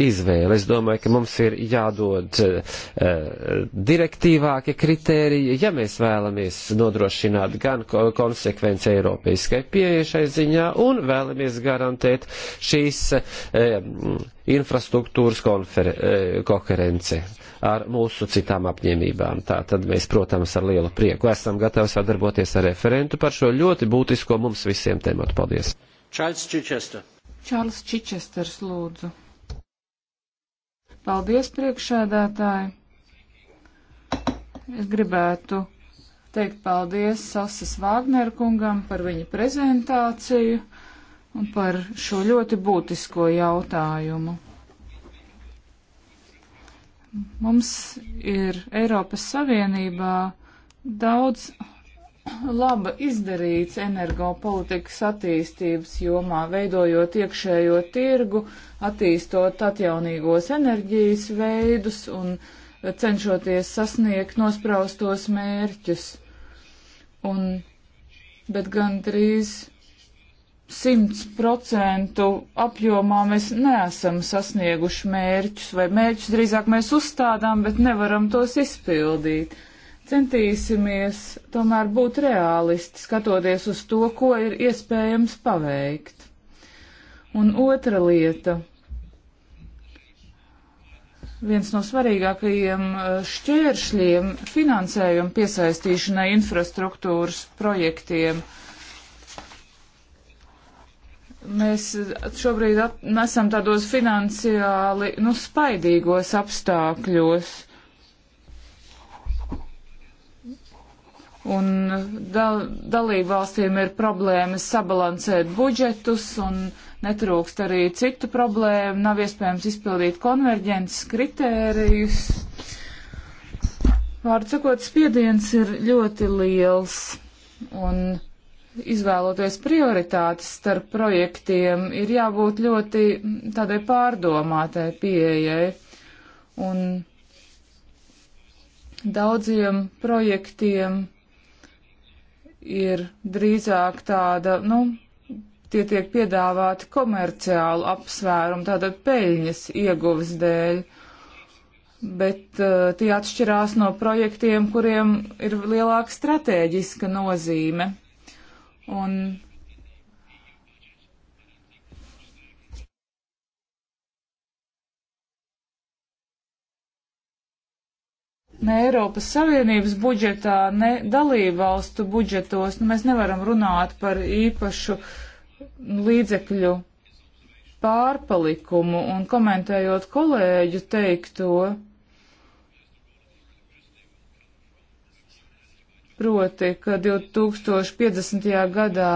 S2: izvēli. Es domāju, ka mums ir jādod uh, eh, direktīvākie kritēriji, ja mēs vēlamies nodrošināt gan konsekvenci Eiropiskai pieejušai ziņā un vēlamies garantēt šīs uh, infrastruktūras konferen, koherenci ar mūsu citām apņēmībām. Tā tad mēs, protams, ar lielu prieku esam gatavi sadarboties ar referentu par šo ļoti būtisko mums visiem tematu. Paldies! Čārlis Čičester. Čārlis Čičesters,
S3: lūdzu. Paldies, priekšēdētāji! Es gribētu teikt paldies Sasas Vāgner kungam par viņa prezentāciju un par šo ļoti būtisko jautājumu. Mums ir Eiropas Savienībā daudz laba izdarīts energopolitikas attīstības jomā, veidojot iekšējo tirgu, attīstot atjaunīgos enerģijas veidus un cenšoties sasniegt nospraustos mērķus. Un, bet gandrīz 100% apjomā mēs neesam sasnieguši mērķus, vai mērķus drīzāk mēs uzstādām, bet nevaram tos izpildīt. Centīsimies tomēr būt reālisti, skatoties uz to, ko ir iespējams paveikt. Un otra lieta. Viens no svarīgākajiem eh, šķēršļiem finansējuma piesaistīšanai infrastruktūras projektiem ir Mēs šobrīd at, esam tādos finansiāli, nu, spaidīgos apstākļos. Un dal, dalībvalstīm ir problēmas sabalansēt budžetus un netrūkst arī citu problēmu, nav iespējams izpildīt konverģences kritērijus. Vārds sakot, spiediens ir ļoti liels. Un izvēloties prioritātes starp projektiem, ir jābūt ļoti tādai pārdomātai pieejai. Un daudziem projektiem ir drīzāk tāda, nu, tie tiek piedāvāti komerciālu apsvērumu, tātad peļņas ieguves dēļ bet uh, tie atšķirās no projektiem, kuriem ir lielāka stratēģiska nozīme. Un ne Eiropas Savienības budžetā, ne dalībvalstu budžetos. Nu, mēs nevaram runāt par īpašu līdzekļu pārpalikumu un komentējot kolēģu teikto. Proti, ka 2050. gadā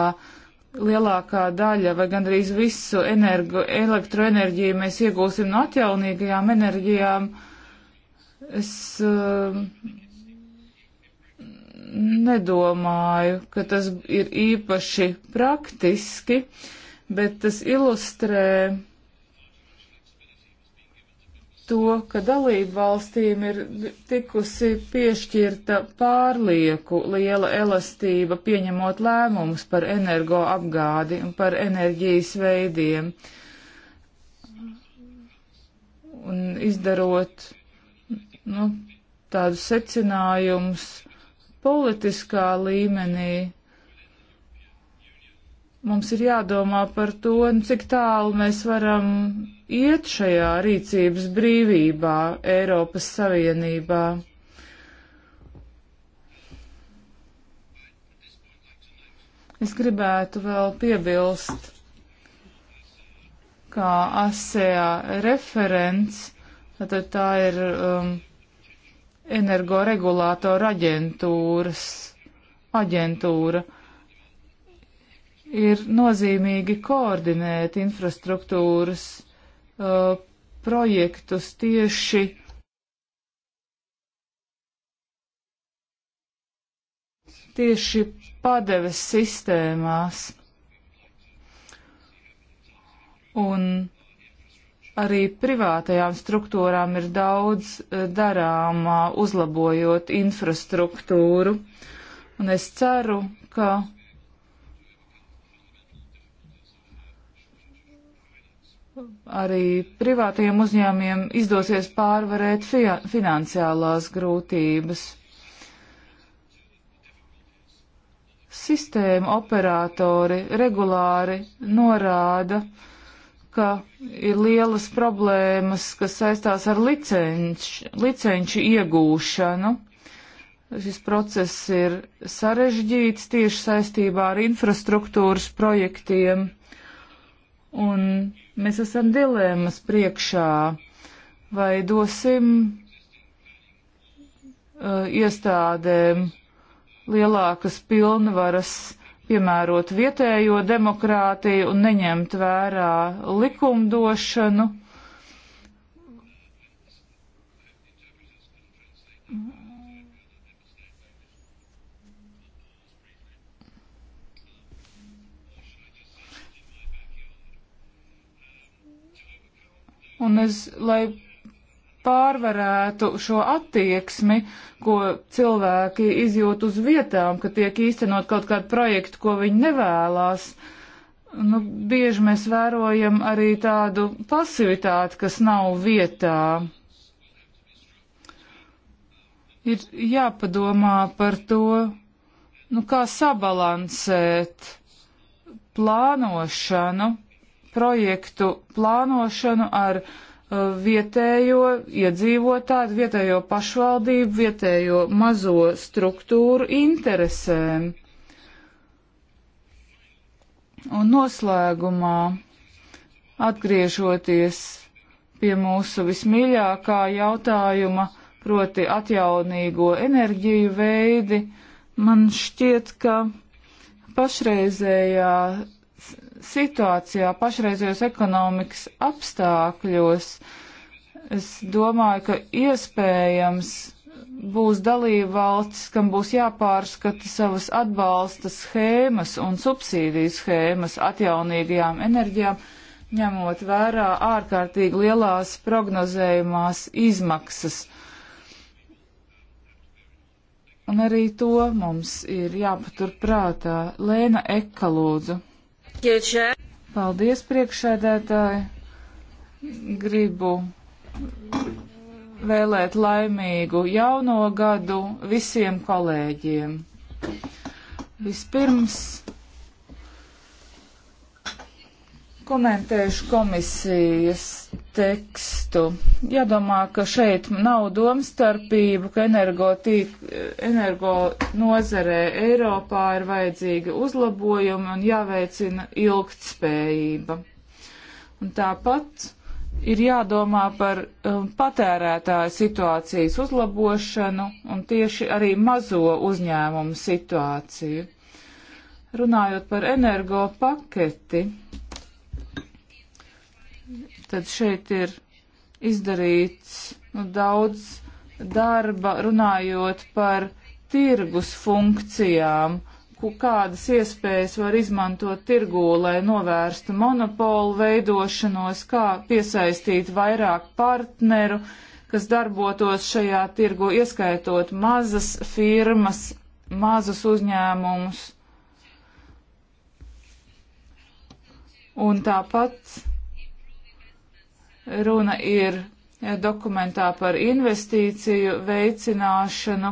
S3: lielākā daļa vai gandrīz visu energo, elektroenerģiju mēs iegūsim no atjaunīgajām enerģijām, es uh, nedomāju, ka tas ir īpaši praktiski, bet tas ilustrē to, ka dalību valstīm ir tikusi piešķirta pārlieku liela elastība pieņemot lēmumus par energoapgādi un par enerģijas veidiem un izdarot nu, tādus secinājumus politiskā līmenī. Mums ir jādomā par to, nu, cik tālu mēs varam iet šajā rīcības brīvībā Eiropas Savienībā. Es gribētu vēl piebilst, kā ASEA referents, tad tā ir um, energoregulātora aģentūras aģentūra ir nozīmīgi koordinēt infrastruktūras uh, projektus tieši tieši padeves sistēmās. Un arī privātajām struktūrām ir daudz uh, darāmā, uzlabojot infrastruktūru. Un es ceru, ka arī privātajiem uzņēmiem izdosies pārvarēt fi finansiālās grūtības. Sistēma operatori regulāri norāda, ka ir lielas problēmas, kas saistās ar licenču, licenču iegūšanu. Šis process ir sarežģīts tieši saistībā ar infrastruktūras projektiem, un Mēs esam dilēmas priekšā, vai dosim uh, iestādēm lielākas pilnvaras piemērot vietējo demokrātiju un neņemt vērā likumdošanu un es, lai pārvarētu šo attieksmi, ko cilvēki izjūt uz vietām, ka tiek īstenot kaut kādu projektu, ko viņi nevēlas. Nu, bieži mēs vērojam arī tādu pasivitāti, kas nav vietā. Ir jāpadomā par to, nu, kā sabalansēt plānošanu projektu plānošanu ar uh, vietējo iedzīvotāju, vietējo pašvaldību, vietējo mazo struktūru interesēm. Un noslēgumā, atgriežoties pie mūsu vismīļākā jautājuma, proti atjaunīgo enerģiju veidi, man šķiet, ka pašreizējā situācijā, pašreizējos ekonomikas apstākļos, es domāju, ka iespējams būs dalība valsts, kam būs jāpārskata savas atbalsta schēmas un subsīdiju schēmas atjaunīgajām enerģijām, ņemot vērā ārkārtīgi lielās prognozējumās izmaksas. Un arī to mums ir jāpatur prātā. Lēna Eka lūdzu. Paldies, priekšsēdētāji. Gribu vēlēt laimīgu jauno gadu visiem kolēģiem. Vispirms Komentēšu komisijas tekstu. Jādomā, ka šeit nav domstarpību, ka energo, tīk, energo nozarē Eiropā ir vajadzīgi uzlabojumi un jāveicina ilgtspējība. Un tāpat ir jādomā par um, patērētāju situācijas uzlabošanu un tieši arī mazo uzņēmumu situāciju. Runājot par energo paketi, tad šeit ir izdarīts nu, daudz darba runājot par tirgus funkcijām, kādas iespējas var izmantot tirgū, lai novērstu monopolu veidošanos, kā piesaistīt vairāk partneru, kas darbotos šajā tirgu, ieskaitot mazas firmas, mazus uzņēmumus. Un tāpat Runa ir dokumentā par investīciju veicināšanu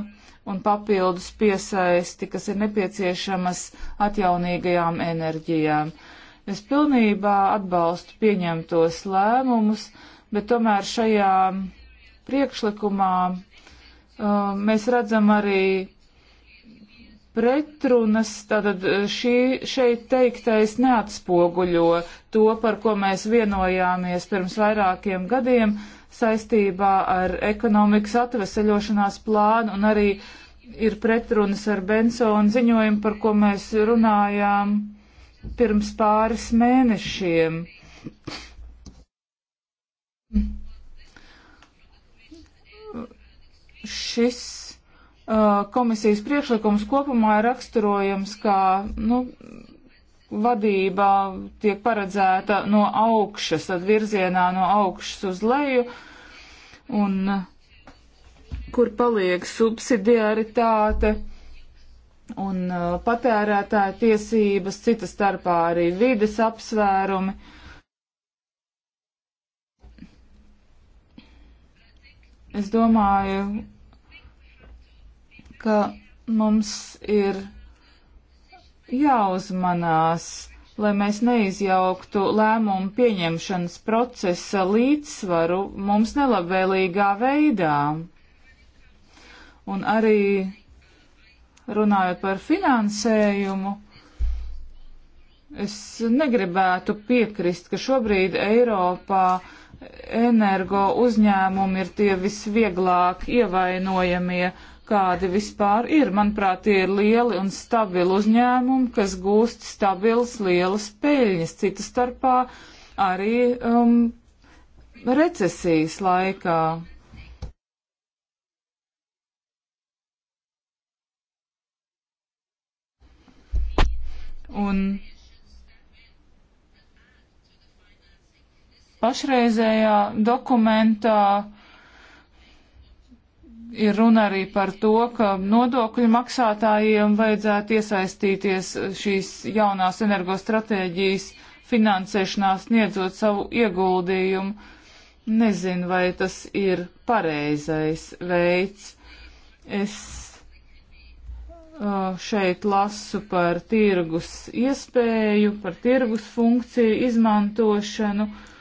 S3: un papildus piesaisti, kas ir nepieciešamas atjaunīgajām enerģijām. Es pilnībā atbalstu pieņemtos lēmumus, bet tomēr šajā priekšlikumā uh, mēs redzam arī pretrunas, tātad eh, šī, šeit teiktais neatspoguļo to, par ko mēs vienojāmies pirms vairākiem gadiem saistībā ar ekonomikas atveseļošanās plānu un arī ir pretrunas ar Bensona ziņojumu, par ko mēs runājām pirms pāris mēnešiem. Šis Uh, komisijas priekšlikums kopumā ir raksturojams kā nu, vadība tiek paredzēta no augšas, tad virzienā no augšas uz leju, un kur paliek subsidiaritāte un uh, patērētāja tiesības, citas starpā arī vides apsvērumi. Es domāju, ka mums ir jāuzmanās, lai mēs neizjauktu lēmumu pieņemšanas procesa līdzsvaru mums nelabvēlīgā veidā. Un arī runājot par finansējumu, es negribētu piekrist, ka šobrīd Eiropā energo uzņēmumi ir tie visvieglāk ievainojamie kādi vispār ir. Manuprāt, tie ir lieli un stabili uzņēmumi, kas gūst stabilas lielas peļņas, cita starpā arī um, recesijas laikā. Un pašreizējā dokumentā ir runa arī par to, ka nodokļu maksātājiem vajadzētu iesaistīties šīs jaunās energostratēģijas finansēšanā, sniedzot savu ieguldījumu. Nezinu, vai tas ir pareizais veids. Es uh, šeit lasu par tirgus iespēju, par tirgus funkciju izmantošanu. Uh,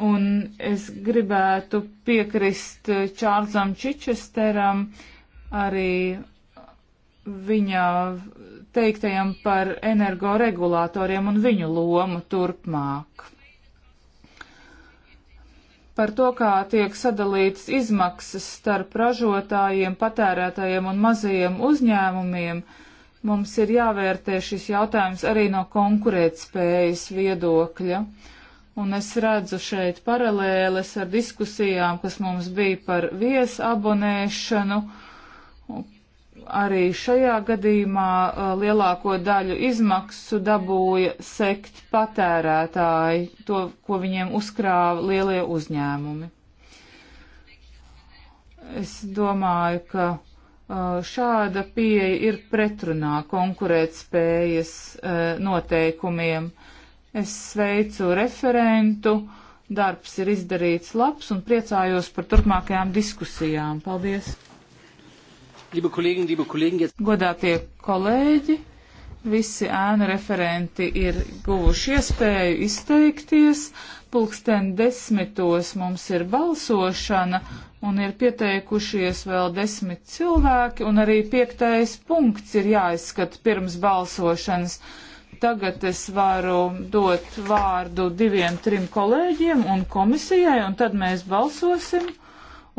S3: Un es gribētu piekrist Čārlzam Čičesteram arī viņa teiktajam par energoregulātoriem un viņu lomu turpmāk. Par to, kā tiek sadalītas izmaksas starp ražotājiem, patērētājiem un mazajiem uzņēmumiem, mums ir jāvērtē šis jautājums arī no konkurētspējas viedokļa. Uh, un es redzu šeit paralēles ar diskusijām, kas mums bija par viesabonēšanu. Arī šajā gadījumā lielāko daļu izmaksu dabūja sekt patērētāji, to, ko viņiem uzkrāva lielie uzņēmumi. Es domāju, ka šāda pieeja ir pretrunā konkurētspējas noteikumiem Es sveicu referentu, darbs ir izdarīts labs un priecājos par turpmākajām diskusijām. Paldies!
S2: Liebe kolēģi, liebe kolēģi, jetzt...
S3: Godātie kolēģi, visi ēnu referenti ir guvuši iespēju izteikties. Pulksten desmitos mums ir balsošana un ir pieteikušies vēl desmit cilvēki un arī piektais punkts ir jāizskata pirms balsošanas tagad es varu dot vārdu diviem, trim kolēģiem un komisijai, un tad mēs balsosim,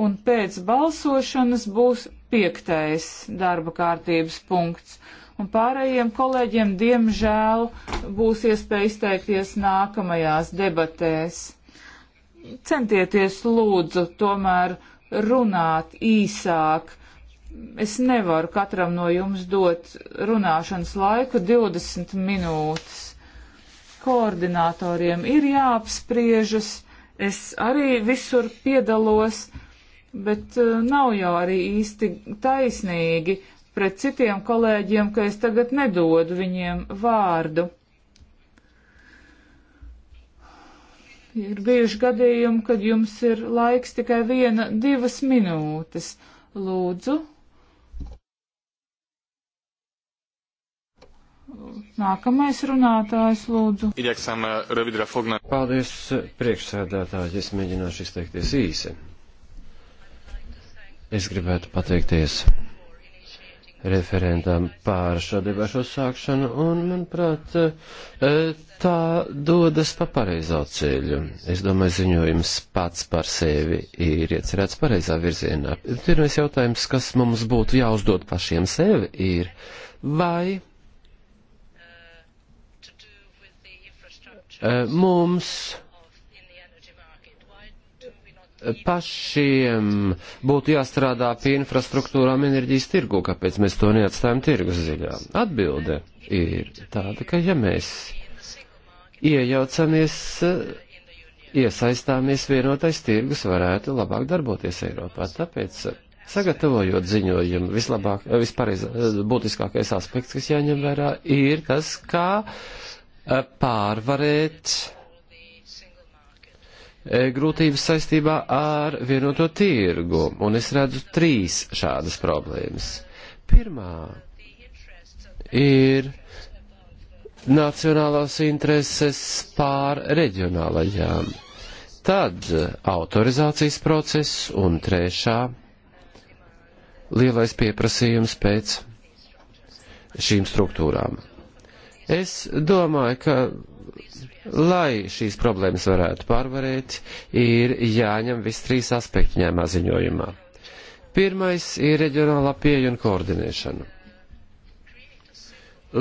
S3: un pēc balsošanas būs piektais darba kārtības punkts. Un pārējiem kolēģiem, diemžēl, būs iespēja izteikties nākamajās debatēs. Centieties lūdzu tomēr runāt īsāk, es nevaru katram no jums dot runāšanas laiku 20 minūtes. Koordinatoriem ir jāapspriežas, es arī visur piedalos, bet eh, nav jau arī īsti taisnīgi pret citiem kolēģiem, ka es tagad nedodu viņiem vārdu. Ir bijuši gadījumi, kad jums ir laiks tikai viena, divas minūtes. Lūdzu, Nākamais runātājs, lūdzu.
S2: Eh, Paldies, priekšsēdētāji, es mēģināšu izteikties īsi. Es gribētu pateikties referentam pār šo debašu sākšanu, un, manuprāt, eh, tā dodas pa pareizo ceļu. Es domāju, ziņojums pats par sevi ir iecerēts pareizā virzienā. Pirmais jautājums, kas mums būtu jāuzdod pašiem sevi, ir, vai Eh, mums pašiem būtu jāstrādā pie infrastruktūrām enerģijas tirgu, kāpēc mēs to neatstājam tirgus ziļā? Atbilde ir tāda, ka ja mēs iejaucamies, iesaistāmies vienotais tirgus, varētu labāk darboties Eiropā. Tāpēc, sagatavojot ziņojumu, vislabāk, eh, vispareiz eh, būtiskākais aspekts, kas jāņem vērā, ir tas, kā. Ka Eh, pārvarēt eh, grūtības saistībā ar vienoto tirgu, un es redzu trīs šādas problēmas. Pirmā ir nacionālās intereses pār reģionālajām, tad autorizācijas process un trešā lielais pieprasījums pēc šīm struktūrām. Es domāju, ka, lai šīs problēmas varētu pārvarēt, ir jāņem viss trīs aspekti ņēmā ziņojumā. Pirmais ir reģionālā pieeja un koordinēšana.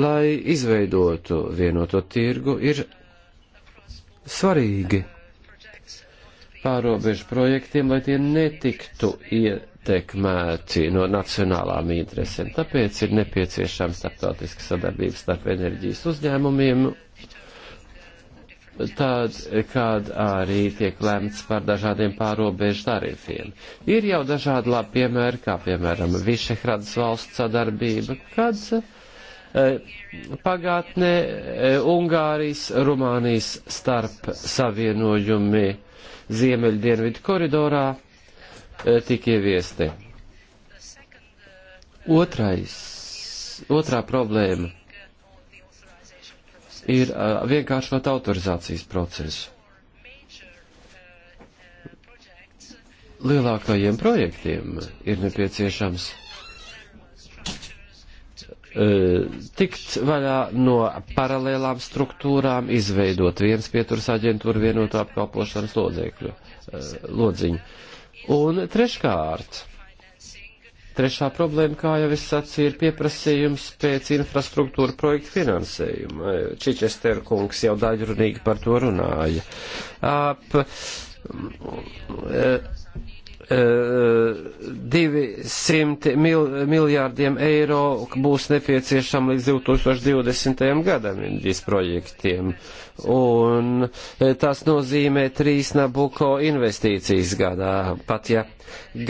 S2: Lai izveidotu vienoto tirgu, ir svarīgi pārobežu projektiem, lai tie netiktu ietekmēti no nacionālām interesēm. Tāpēc ir nepieciešama starptautiska sadarbība starp enerģijas uzņēmumiem, tād, kād arī tiek lemts par dažādiem pārobežu tarifiem. Ir jau dažādi labi piemēri, kā piemēram Višehradas valsts sadarbība, kad e, pagātnē e, Ungārijas, Rumānijas starp savienojumi ziemeļdienvidu koridorā eh, tika ieviesti. Otrais, otrā problēma ir eh, vienkāršot autorizācijas procesu. Lielākajiem projektiem ir nepieciešams E, tikt vaļā no paralēlām struktūrām, izveidot viens pieturs aģentūru vienotu apkalpošanas lodzēkļu, e, lodziņu. Un treškārt, trešā problēma, kā jau es sacīju, ir pieprasījums pēc infrastruktūra projektu finansējuma. E, Čičester kungs jau daļrunīgi par to runāja. Ap, 200 mil, miljārdiem eiro būs nepieciešama līdz 2020. gadam Indijas projektiem. Un e, tas nozīmē trīs Nabuko investīcijas gadā, pat ja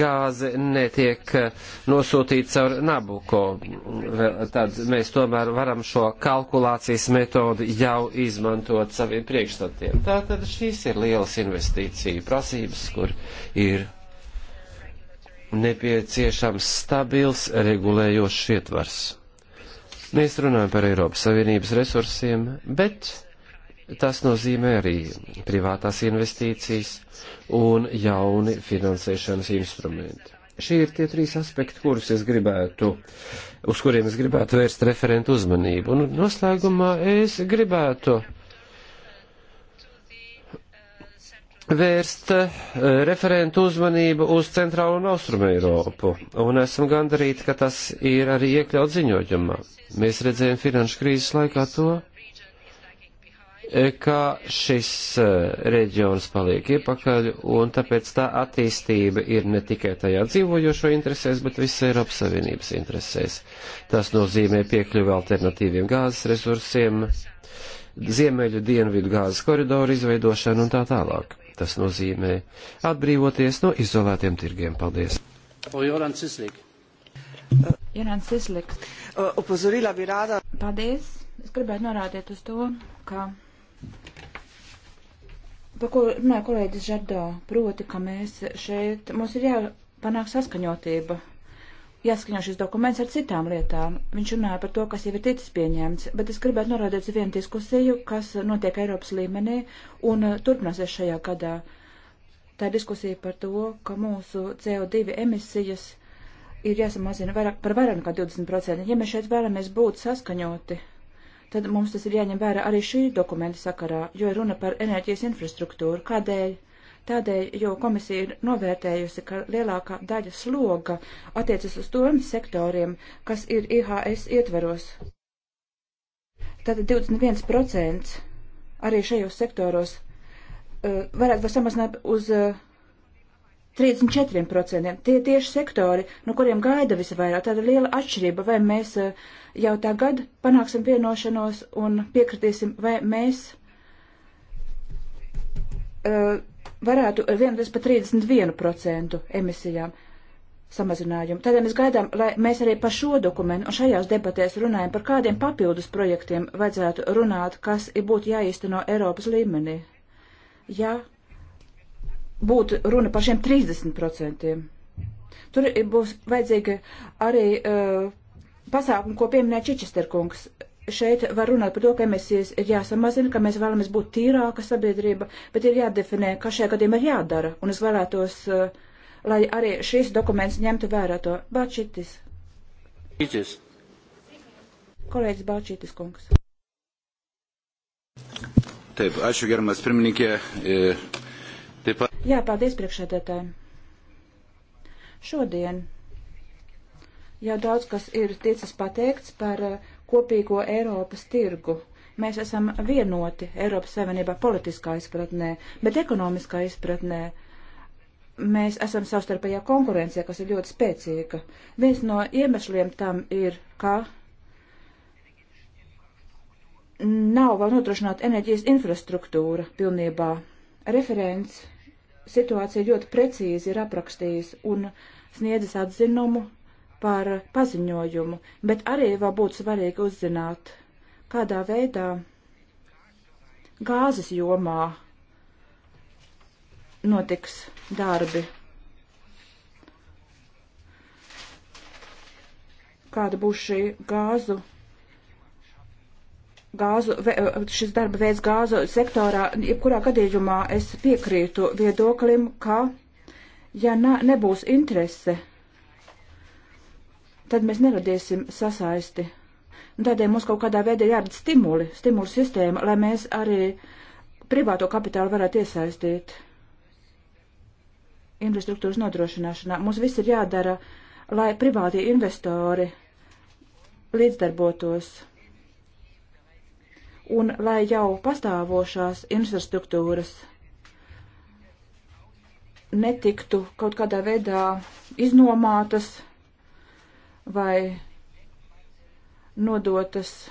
S2: gāze netiek e, nosūtīta caur Nabuko. E, tad mēs tomēr varam šo kalkulācijas metodi jau izmantot saviem priekšstatiem. Tātad šīs ir lielas investīcija prasības, kur ir nepieciešams stabils regulējošs ietvars. Mēs runājam par Eiropas Savienības resursiem, bet tas nozīmē arī privātās investīcijas un jauni finansēšanas instrumenti. Šie ir tie trīs aspekti, kurus es gribētu, uz kuriem es gribētu vērst referentu uzmanību. Un noslēgumā es gribētu uh, vērst eh, referentu uzmanību uz centrālo un austrumu Eiropu, un esam gandarīti, ka tas ir arī iekļaut ziņojumā. Mēs redzējām finanšu krīzes laikā to, eh, ka šis eh, reģions paliek iepakaļ, un tāpēc tā attīstība ir ne tikai tajā dzīvojošo interesēs, bet visas Eiropas Savienības interesēs. Tas nozīmē piekļuvi alternatīviem gāzes resursiem, ziemeļu dienvidu gāzes koridoru izveidošanu un tā tālāk. Tas nozīmē atbrīvoties no izolētiem tirgiem. Paldies!
S1: Jorans Islik. Opozorila bi rada. Paldies. Es gribētu norādīt uz to, ka, pa ko runāja kolēģis Žardo, proti, ka mēs šeit, mums ir jāpanāk saskaņotība jāskaņo šis dokuments ar citām lietām. Viņš runāja par to, kas jau ir ticis pieņemts, bet es gribētu norādīt uz vienu diskusiju, kas notiek Eiropas līmenī un uh, turpināsies šajā gadā. Tā ir diskusija par to, ka mūsu CO2 emisijas ir jāsamazina vairāk, par vairāk nekā 20%. Ja mēs šeit vēlamies būt saskaņoti, tad mums tas ir jāņem vērā arī šī dokumenta sakarā, jo ir runa par enerģijas infrastruktūru. Kādēļ? tādēļ, jo komisija ir novērtējusi, ka lielākā daļa sloga attiecas uz tiem sektoriem, kas ir IHS ietveros. Tātad 21% arī šajos sektoros uh, varētu var samazināt uz uh, eh, 34%. Tie tieši sektori, no kuriem gaida visvairāk, tāda liela atšķirība, vai mēs uh, jau tagad panāksim vienošanos un piekritīsim, vai mēs. Uh, varētu ar 1 līdz pat 31% emisijām samazinājumu. Tādēļ mēs gaidām, lai mēs arī par šo dokumentu un šajās debatēs runājam par kādiem papildus projektiem vajadzētu runāt, kas ir būtu jāīsteno Eiropas līmenī. Ja būtu runa par šiem 30%. Tur būs vajadzīga arī uh, pasākuma, ko pieminēja Čičesterkungs šeit var runāt par to, ka emisijas ir jāsamazina, ka mēs vēlamies būt tīrāka sabiedrība, bet ir jādefinē, kas šajā gadījumā ir jādara. Un es vēlētos, eh, lai arī šis dokuments ņemtu vērā to. Bāčītis. Bāčītis. Kolēģis Bāčītis kungs.
S2: Taip, ačiū gerbiamas pirmininkė. E, Taip pat.
S1: Jā, paldies priekšsēdētājiem. Šodien jau daudz kas ir ticis pateikts par eh, kopīgo Eiropas tirgu. Mēs esam vienoti Eiropas Savienībā politiskā izpratnē, bet ekonomiskā izpratnē mēs esam savstarpējā konkurencijā, kas ir ļoti spēcīga. Viens no iemesliem tam ir, ka nav vēl nodrošināta enerģijas infrastruktūra pilnībā. Referents situācija ļoti precīzi ir aprakstījis un sniedzis atzinumu par paziņojumu, bet arī vēl būtu svarīgi uzzināt, kādā veidā gāzes jomā notiks darbi. Kāda būs šī gāzu, gāzu, šis darba veids gāzu sektorā, jebkurā gadījumā es piekrītu viedoklim, ka, ja nebūs interese tad mēs neradīsim sasaisti. Un tādēļ mums kaut kādā veidā jārada stimuli, stimulu sistēma, lai mēs arī privāto kapitālu varētu iesaistīt infrastruktūras nodrošināšanā. Mums viss ir jādara, lai privātie investori līdzdarbotos un lai jau pastāvošās infrastruktūras netiktu kaut kādā veidā iznomātas vai nodotas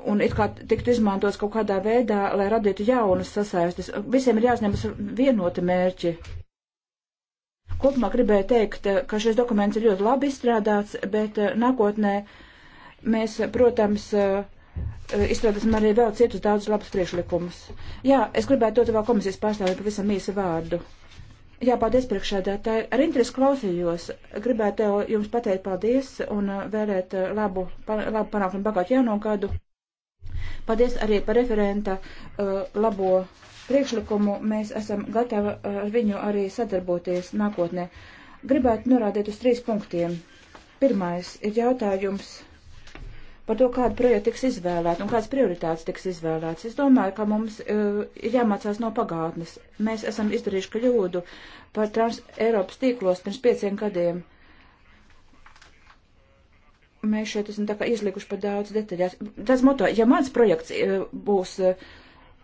S1: un it kā tiktu izmantots kaut kādā veidā, lai radītu jaunas sasaistes. Visiem ir jāuzņemas vienoti mērķi. Kopumā gribēju teikt, ka šis dokuments ir ļoti labi izstrādāts, bet eh, nākotnē mēs, protams, uh, Eh, izstrādāsim arī vēl citus daudz labus priekšlikumus. Jā, es gribētu dot vēl komisijas pārstāvju pavisam īsu vārdu. Jā, paldies priekšēdētāji. Ar interesi klausījos. Gribētu jums pateikt paldies un eh, vēlēt eh, labu, labu panākumu bagātu jauno gadu. Paldies arī par referenta uh, labo priekšlikumu. Mēs esam gatavi ar viņu arī sadarboties nākotnē. Gribētu norādīt uz trīs punktiem. Pirmais ir jautājums par to, kāda projekta tiks izvēlēta un kādas prioritātes tiks izvēlētas. Es domāju, ka mums uh, ir jāmācās no pagātnes. Mēs esam izdarījuši kļūdu par trans Eiropas tīklos pirms pieciem gadiem. Mēs šeit esam tā kā izlikuši par daudz detaļās. Tas moto, ja mans projekts uh, būs. Uh,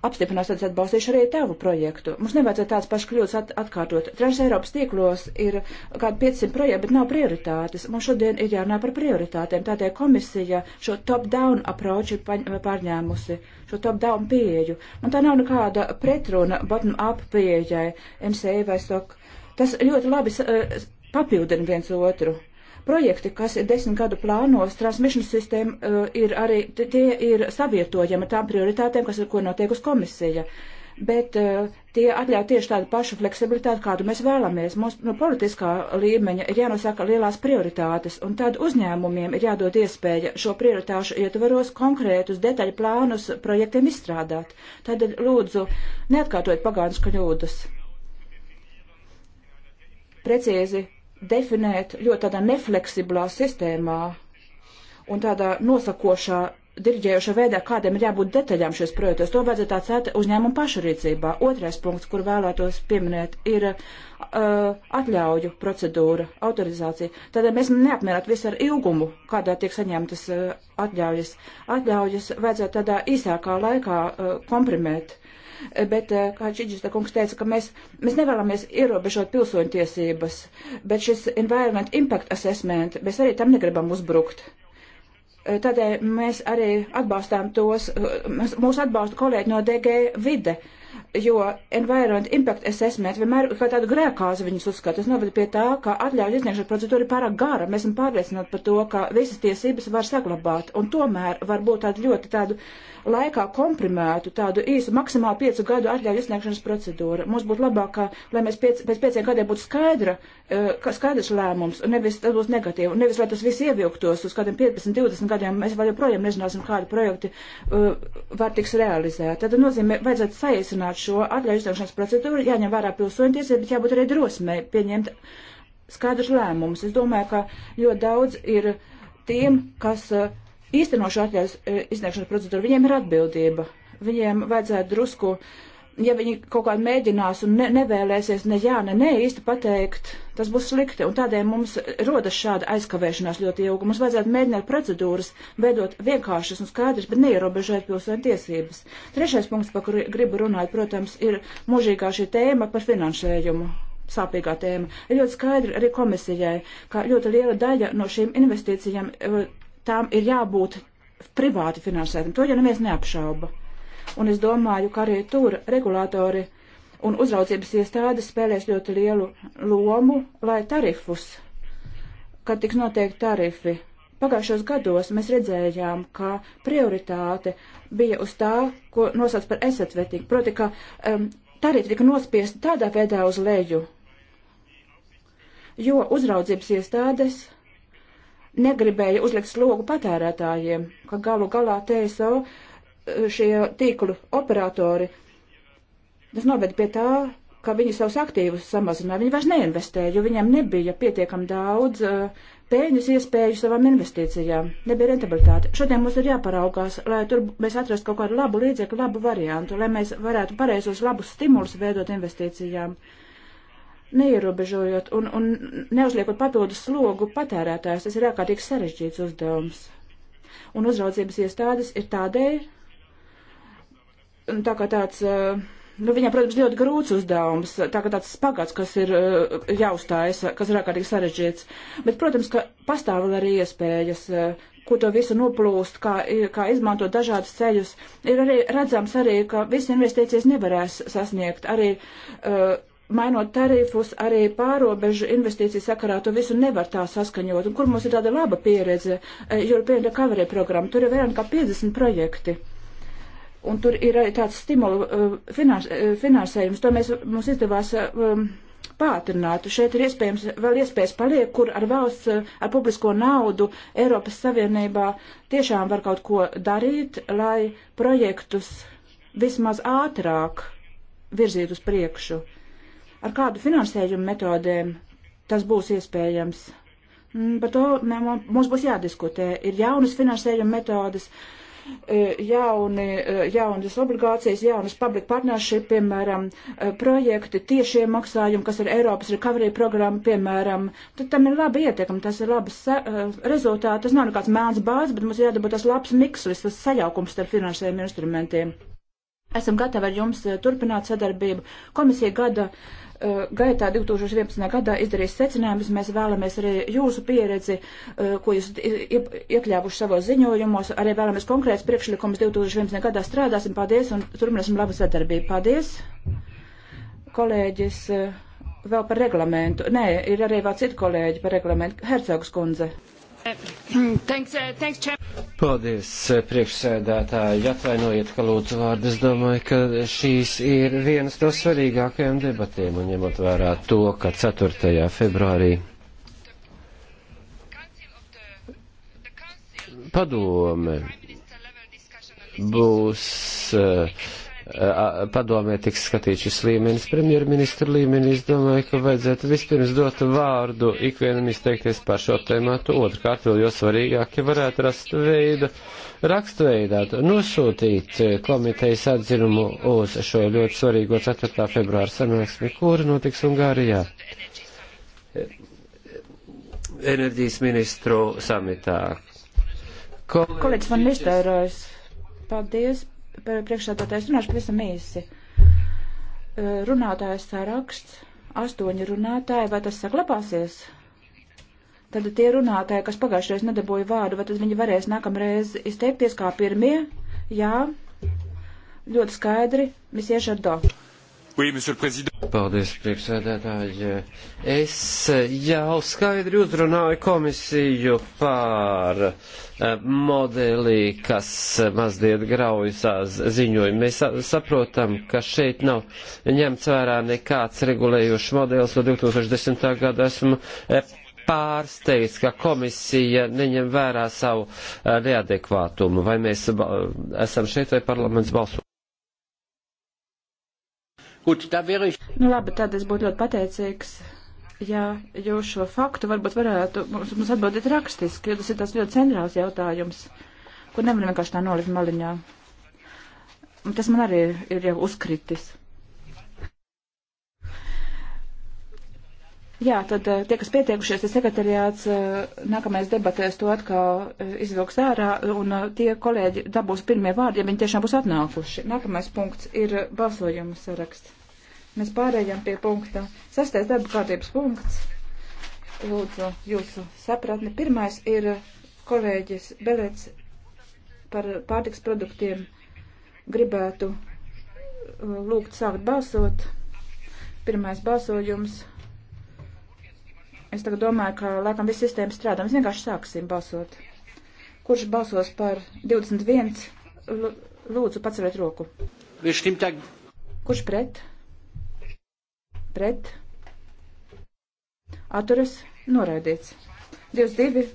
S1: apstiprinās, tad atbalstīšu arī tavu projektu. Mums nevajadzētu tāds pašs kļūdas at atkārtot. Trešais Eiropas tīklos ir kādi 500 projekti, bet nav prioritātes. Mums šodien ir jārunā par prioritātēm. Tādēļ komisija šo top-down approach ir pārņēmusi, šo top-down pieeju. Un tā nav nekāda pretruna bottom-up pieejai, MCI vai SOK. Tas ļoti labi eh, papildina viens otru. Uh, projekti, kas ir desmit gadu plānos, transmission sistēma uh, eh, ir arī, tie ir savietojami tām prioritātēm, kas ir, ko noteikusi komisija. Bet uh, tie atļauj tieši tādu pašu fleksibilitāti, kādu mēs vēlamies. Mums no nu, politiskā līmeņa ir jānosaka lielās prioritātes, un tad uzņēmumiem ir jādod iespēja šo prioritāšu ietvaros konkrētus detaļu plānus projektiem izstrādāt. Tad lūdzu neatkārtojiet pagātnes kļūdas. Precīzi definēt ļoti tādā nefleksiblā sistēmā un tādā nosakošā diriģējošā veidā, kādiem ir jābūt detaļām šis projektos. To vajadzētu atstāt uzņēmumu pašrīcībā. Otrais punkts, kur vēlētos pieminēt, ir uh, atļauju procedūra, autorizācija. Tādēļ mēs neapmierāt visu ar ilgumu, kādā tiek saņemtas uh, atļaujas. Atļaujas vajadzētu tādā īsākā laikā uh, komprimēt bet, eh, kā Čiģista kungs teica, ka mēs, mēs nevēlamies ierobežot pilsoņu tiesības, bet šis environment impact assessment, mēs arī tam negribam uzbrukt. Eh, tādēļ mēs arī atbalstām tos, eh, mūs atbalsta kolēģi no DG vide, jo Environment Impact Assessment vienmēr kā tādu grēkāzi viņus uzskata. Tas novada pie tā, ka atļauju izniegšanas procedūra ir pārāk gara. Mēs esam pārliecināti par to, ka visas tiesības var saglabāt, un tomēr var būt tādu ļoti tādu laikā komprimētu, tādu īsu, maksimāli piecu gadu atļauju izsniegšanas procedūru. Mums būtu labāk, ka, lai mēs piec, pēc pieciem gadiem būtu skaidra, eh, ka skaidrs lēmums, un nevis tas būs negatīvi, un nevis, lai tas viss ievilktos uz kādiem 15, 20 gadiem, mēs vēl joprojām nezināsim, kādi projekti uh, var tiks realizēti. Tad nu, nozīmē, vajadzētu saīsināt pātrināt šo atļauju izdošanas procedūru, jāņem vērā pilsoņtiesības, bet jābūt arī drosmei pieņemt skaidrs lēmumus. Es domāju, ka ļoti daudz ir tiem, kas eh, īsteno šo atļaujas eh, izdošanas procedūru, viņiem ir atbildība. Viņiem vajadzētu drusku uh, ja viņi kaut kādā mēģinās un ne, nevēlēsies ne jā, ne nē īsti pateikt, tas būs slikti. Un tādēļ mums rodas šāda aizkavēšanās ļoti ilga. Mums vajadzētu mēģināt procedūras veidot vienkāršas un skaidrs, bet neierobežot pilsēņu tiesības. Trešais punkts, par kuru gribu runāt, protams, ir mūžīgā šī tēma par finansējumu sāpīgā tēma. Ir ļoti skaidri arī komisijai, ka ļoti liela daļa no šīm investīcijām eh, tām ir jābūt privāti finansētam. To jau neviens neapšauba un es domāju, ka arī tur regulātori un uzraudzības iestādes spēlēs ļoti lielu lomu, lai tarifus, kad tiks noteikti tarifi. Pagājušos gados mēs redzējām, ka prioritāte bija uz tā, ko nosauc par esatvetīgu, proti, ka um, tarifi tika nospiesti tādā veidā uz leju, jo uzraudzības iestādes negribēja uzlikt slogu patērētājiem, ka galu galā TSO šie tīklu operatori, tas noved pie tā, ka viņi savus aktīvus samazināja. Viņi vairs neinvestēja, jo viņiem nebija pietiekami daudz uh, eh, pēļņas iespēju savām investīcijām. Nebija rentabilitāte. Šodien mums ir jāparaugās, lai tur mēs atrastu kaut kādu labu līdzekļu, labu variantu, lai mēs varētu pareizos labus stimulus veidot investīcijām. Neierobežojot un, un neuzliekot papildus slogu patērētājs, tas ir ārkārtīgi sarežģīts uzdevums. Un uzraudzības iestādes ir tādēļ, tā kā tāds, eh, nu, viņam, protams, ļoti grūts uzdevums, tā kā tāds spagats, kas ir eh, jāuzstājas, kas ir ārkārtīgi sarežģīts. Bet, protams, ka pastāv vēl arī iespējas, eh, ko to visu noplūst, kā, kā izmantot dažādus ceļus. Ir arī redzams arī, ka visi investīcijas nevarēs sasniegt. Arī, uh, mainot tarifus, arī pārobežu investīciju sakarā to visu nevar tā saskaņot. Un kur mums ir tāda laba pieredze, European Recovery programma, tur ir vairāk kā 50 projekti. Uh, Un tur ir arī tāds stimulu uh, finans, uh, finansējums, to mēs, mums izdevās uh, um, pātrināt. Šeit ir iespējams vēl iespējas paliek, kur ar valsts, ar publisko naudu Eiropas Savienībā tiešām var kaut ko darīt, lai projektus vismaz ātrāk virzīt uz priekšu. Ar kādu finansējumu metodēm tas būs iespējams? Mm, par to mums būs jādiskutē. Ir jaunas finansējuma metodas. Uh, E, jauni, e, jaunas obligācijas, jaunas public partnership, piemēram, e, projekti, tiešie maksājumi, kas ir Eiropas recovery programma, piemēram. Tad tam ir labi ietiekami, tas ir labs rezultāts. Tas nav nekāds mēns bāzes, bet mums jādabū tas labs mikslis, tas sajaukums starp finansējiem instrumentiem. Esam gatavi ar jums turpināt sadarbību. Komisija gada uh, gaitā 2011. gadā izdarījis secinājumus. Mēs vēlamies arī jūsu pieredzi, ko jūs iekļāvuši savos ziņojumos. Arī vēlamies konkrēts priekšlikums 2011. gadā strādāsim. Paldies un turpināsim labu sadarbību. Paldies, kolēģis. Vēl par reglamentu. Nē, ir arī vēl citi kolēģi par reglamentu. Hercogs kundze. Thanks, uh, thanks,
S2: Paldies, uh, priekšsēdētāji. Atvainojiet, ka lūdzu vārdu. Es domāju, ka šīs ir vienas no svarīgākajām debatēm, un ņemot vērā to, ka 4. februārī padome būs uh, padomē tiks skatīt šis līmenis, premjerministra līmenī, es domāju, ka vajadzētu vispirms dot vārdu ikvienam izteikties par šo tēmātu, otrkārt vēl jo svarīgāk, ja varētu rast veidu, rakstveidāt, nosūtīt komitejas atzinumu uz šo ļoti svarīgo 4. februāra sanāksmi, kura notiks Ungārijā enerģijas ministru samitā. Ko... Kolēģis man iztērājas.
S1: Paldies priekšsēdētājs runāšu pavisam īsi. Runātājs saraksts, astoņi runātāji, vai tas saglabāsies? Tad tie runātāji, kas pagājušajā reizē nedabūja vārdu, vai tad viņi varēs nākamreiz izteikties kā pirmie? Jā, ļoti skaidri, mēs iešardot.
S2: Oui, Paldies, priekšsēdētāji. Es jau skaidri uzrunāju komisiju par eh, modeli, kas mazliet graujas ziņojumu. Mēs saprotam, ka šeit nav ņemts vērā nekāds regulējošs modelis. No 2010. gada esmu eh, pārsteigts, ka komisija neņem vērā savu eh, neadekvātumu. Vai mēs esam šeit vai parlaments balso? Gut, da
S1: wäre ich... Nu labi, tad es būtu ļoti pateicīgs, ja jūs šo faktu varbūt varētu mums, mums atbildēt rakstiski, jo tas ir tas ļoti centrāls jautājums, kur nevaram vienkārši tā nolikt maliņā. Tas man arī ir jau uzkritis. Jā, tad eh, tie, kas pieteikušies, ir sekretariāts eh, nākamais debatēs to atkal eh, izvilks ārā, un tie kolēģi dabūs pirmie vārdi, ja viņi tiešām būs atnākuši. Nākamais punkts ir balsojuma saraksts. Mēs pārējām pie punkta. Sastais darba kārtības punkts. Lūdzu, jūsu sapratni. Pirmais ir kolēģis Belets par pārtiks produktiem. Gribētu lūgt sākt balsot. Pirmais balsojums. Es tagad domāju, ka laikam viss sistēma strādā. Mēs vienkārši sāksim balsot. Kurš balsos par 21? L lūdzu, paceliet roku. Kurš pret? Pret? Atturas? Noraidīts. 22.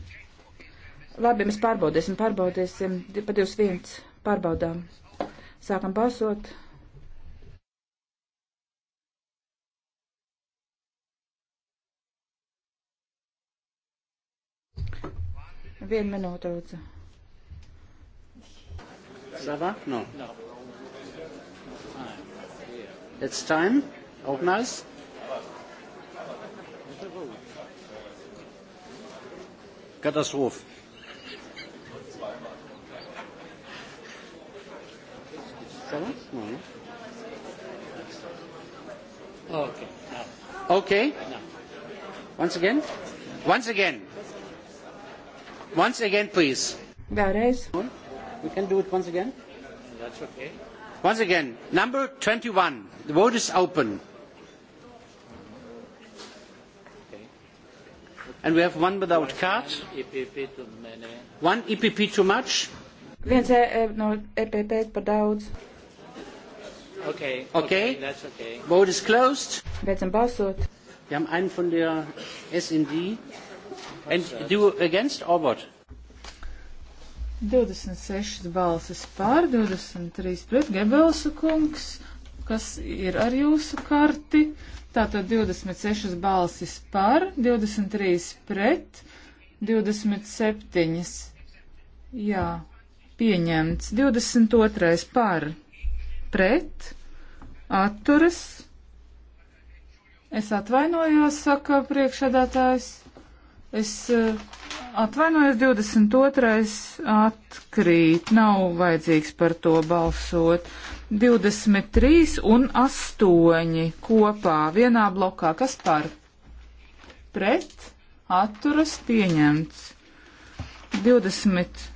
S1: Labi, mēs pārbaudīsim, pārbaudīsim. Pa 21. Pārbaudām. Sākam balsot. Vienu minūtu, lūdzu.
S2: Sava? No. It's time. Organize. Katastrophe. Sava? No.
S4: Okay. No. Okay. No.
S2: Once again? Once again. Once again, please. Vēlreiz. We can do it once again. That's okay. Once again, number 21. The vote is open. Okay. And we have one without card. One EPP e too much.
S1: Viens e, e no EPP par daudz.
S2: Okay. Okay. okay that's okay. Vote is
S1: closed. Beidzam balsot. Wir haben einen von der
S2: S&D. And do against or what?
S3: 26 balsis pār, 23 pret Gebelsu kungs, kas ir ar jūsu karti. Tātad 26 balsis pār, 23 pret, 27. Jā, pieņemts. 22 pār, pret, atturas. Es atvainojos, saka priekšsēdētājs. Es eh, atvainojos, 22. atkrīt, nav vajadzīgs par to balsot. 23 un 8 kopā vienā blokā. Kas par? Pret, atturas, pieņemts. 20,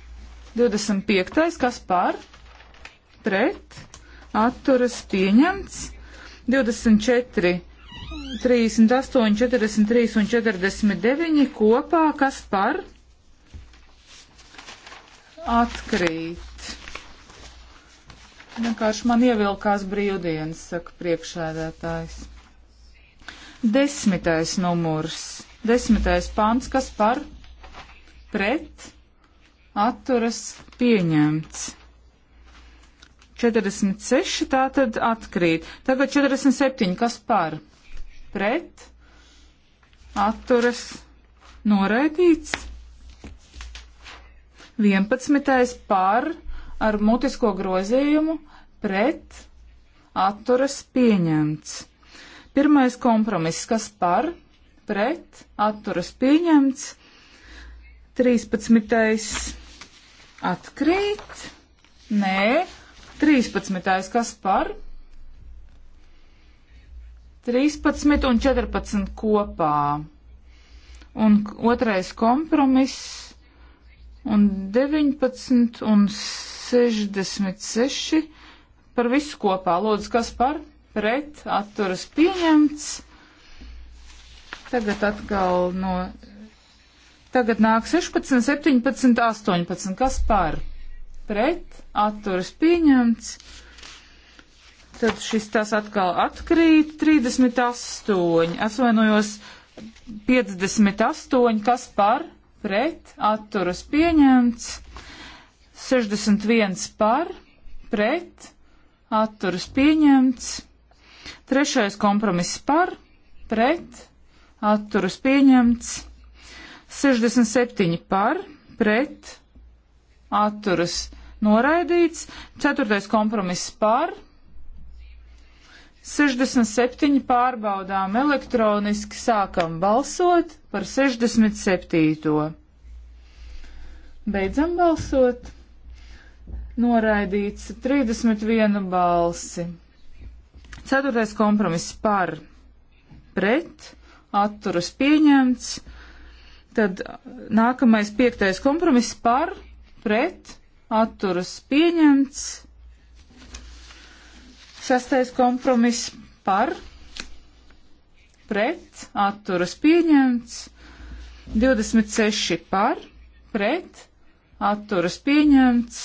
S3: 25. Kas par? Pret, atturas, pieņemts. 24 38, 43 un 49 kopā, kas par atkrīt. Vienkārši man ievilkās brīvdienas, saka priekšēdētājs. Desmitais numurs, desmitais pants, kas par pret atturas pieņemts. 46 tā tad atkrīt. Tagad 47, kas par? pret, atturas, noraidīts. 11. par ar mutisko grozījumu pret, atturas, pieņemts. Pirmais kompromiss, kas par, pret, atturas, pieņemts. 13. atkrīt, nē, 13. kas par, pret 13 un 14 kopā. Un otrais kompromiss un 19 un 66 par visu kopā. Lūdzu, kas par pret atturas pieņemts. Tagad atkal no. Tagad nāk 16, 17, 18. Kas par? Pret atturas pieņemts. Tad šis tas atkal atkrīt, 38, atvainojos, 58, kas par, pret, atturas pieņemts, 61 par, pret, atturas pieņemts, trešais kompromiss par, pret, atturas pieņemts, 67 par, pret, atturas noraidīts, ceturtais kompromiss par, 67 pārbaudām elektroniski sākam balsot par 67. Beidzam balsot. Noraidīts 31 balsi. Ceturtais kompromiss par pret, atturas pieņemts. Tad nākamais piektais kompromiss par pret, atturas pieņemts. Sastais kompromiss par, pret, atturas pieņemts. 26 par, pret, atturas pieņemts.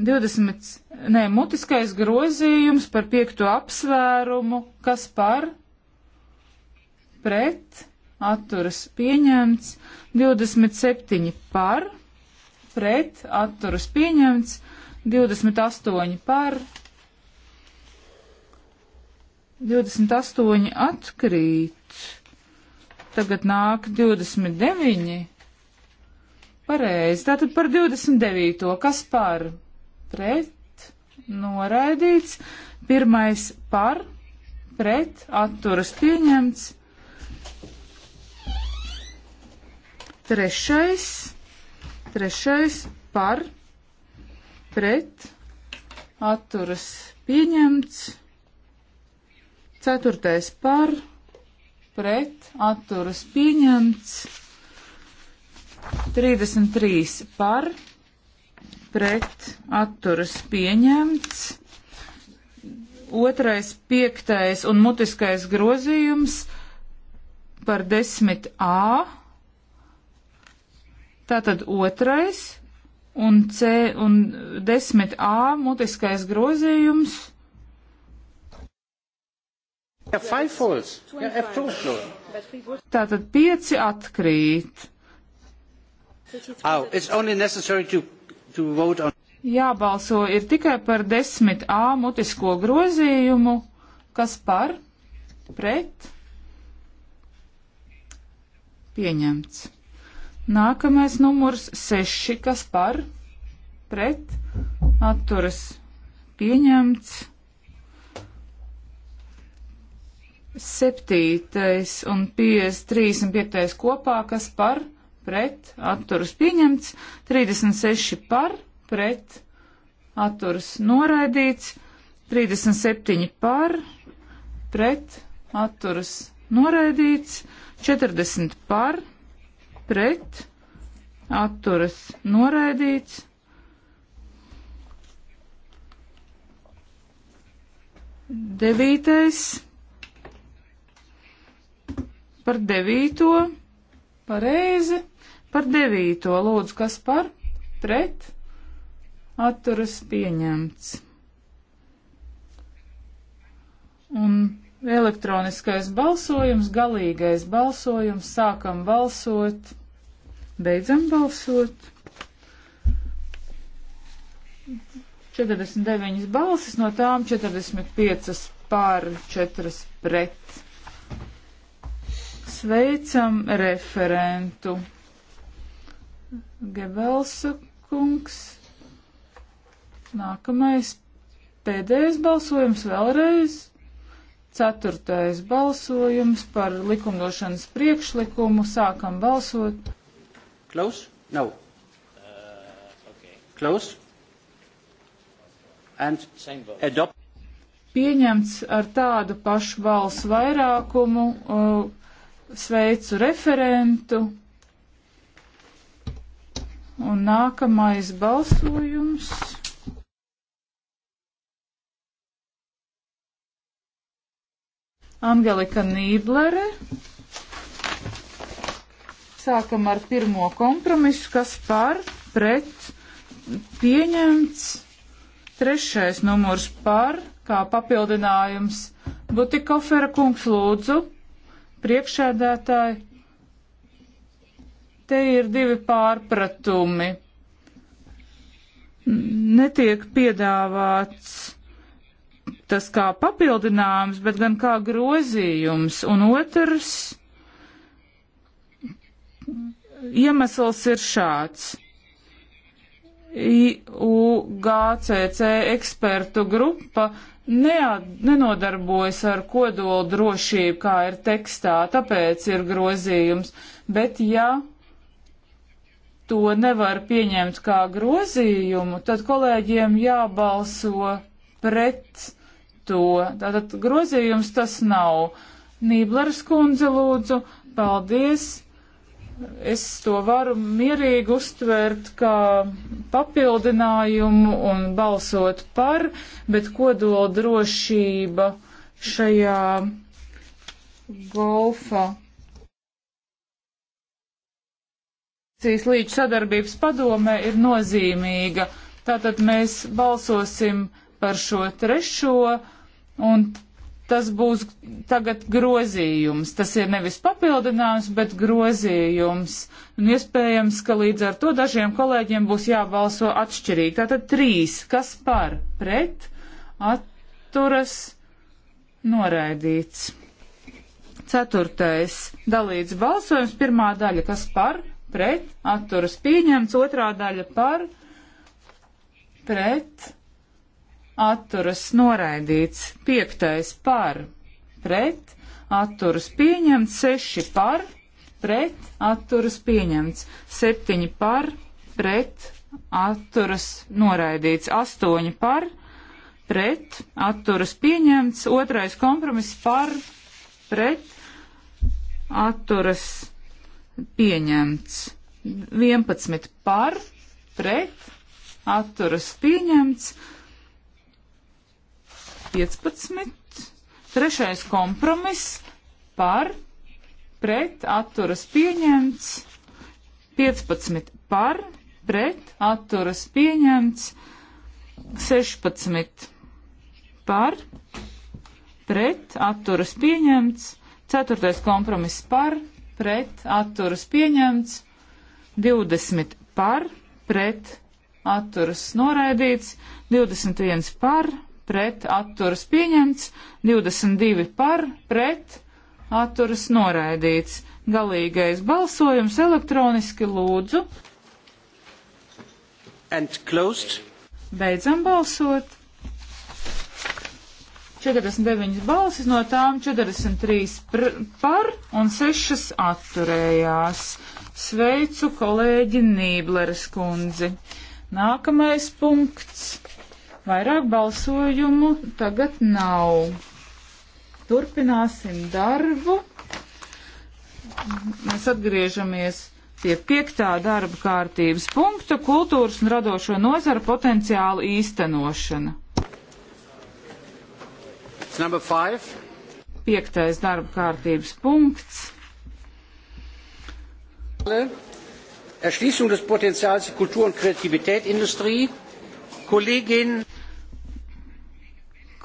S3: 20, nē, mutiskais grozījums par piekto apsvērumu, kas par, pret, atturas pieņemts, 27 par, pret, atturas pieņemts, 28 par, 28 atkrīt, tagad nāk 29. Pareizi, tātad par 29. Kas par? Pret, noraidīts, pirmais par, pret, atturas pieņemts. Trešais, trešais par, pret, atturas pieņemts. Ceturtais par, pret, atturas pieņemts. 33 par, pret, atturas pieņemts. Otrais, piektais un mutiskais grozījums par 10a. Tātad otrais un C un 10A mutiskais grozījums. Er Tātad pieci atkrīt.
S2: Oh, to, to on...
S3: Jābalso ir tikai par 10A mutisko grozījumu, kas par, pret, pieņemts. Nākamais numurs 6, kas par pret atturas pieņemts. Septītais un 53 un 5 kopā, kas par pret atturas pieņemts. 36 par pret atturas noraidīts. 37 par pret atturas noraidīts. 40 par pret pret, atturas noraidīts. Devītais par devīto, pareizi, par devīto, lūdzu, kas par, pret, atturas pieņemts. Un Elektroniskais balsojums, galīgais balsojums, sākam balsot, beidzam balsot. 49 balsis, no tām 45 pār 4 pret. Sveicam referentu. Gebelsa kungs. Nākamais pēdējais balsojums vēlreiz Ceturtais balsojums par likumdošanas priekšlikumu. Sākam balsot.
S2: Close? No. Uh, okay. Close? And adopt.
S3: Pieņemts ar tādu pašu balsu vairākumu. Uh, sveicu referentu. Un nākamais balsojums. Angelika Nīblere. Sākam ar pirmo kompromisu, kas par, pret, pieņemts. Trešais numurs par, kā papildinājums. Butikofera kungs lūdzu, priekšēdētāji. Te ir divi pārpratumi. Netiek piedāvāts tas kā papildinājums, bet gan kā grozījums. Un otrs iemesls ir šāds. IUGCC ekspertu grupa neat, nenodarbojas ar kodolu drošību, kā ir tekstā, tāpēc ir grozījums. Bet ja to nevar pieņemt kā grozījumu, tad kolēģiem jābalso pret to. Tātad grozījums tas nav. Nībleres kundze lūdzu, paldies. Es to varu mierīgi uztvert kā papildinājumu un balsot par, bet kodola drošība šajā golfa Cīs līdz sadarbības padomē ir nozīmīga. Tātad mēs balsosim par šo trešo Un tas būs tagad grozījums. Tas ir nevis papildinājums, bet grozījums. Un iespējams, ka līdz ar to dažiem kolēģiem būs jābalso atšķirīgi. Tātad trīs, kas par, pret, atturas, noraidīts. Ceturtais dalīts balsojums, pirmā daļa, kas par, pret, atturas pieņemts, otrā daļa par, pret, atturas noraidīts, 5. par, pret, atturas pieņemts, 6 par, pret, atturas pieņemts, 7 par, pret, atturas noraidīts, 8 par, pret, atturas pieņemts, 2. kompromiss par, pret, atturas pieņemts, 11 par, pret, atturas pieņemts, 15. Trešais kompromiss par, pret, atturas pieņemts. 15 par, pret, atturas pieņemts. 16 par, pret, atturas pieņemts. 4. kompromiss par, pret, atturas pieņemts. 20 par, pret, atturas noraidīts. 21 par, pret atturas pieņemts, 22 par pret atturas noraidīts. Galīgais balsojums elektroniski lūdzu. Beidzam balsot. 49 balsis, no tām 43 par un 6 atturējās. Sveicu kolēģi Nībleres kundzi. Nākamais punkts. Vairāk balsojumu tagad nav. Turpināsim darbu. Mēs atgriežamies pie piektā darba kārtības punkta - kultūras un radošo nozara potenciālu īstenošana. Piektais darba kārtības punkts.
S2: Erschließung des Potenzials der Kultur- und Kreativitätindustrie. Kollegin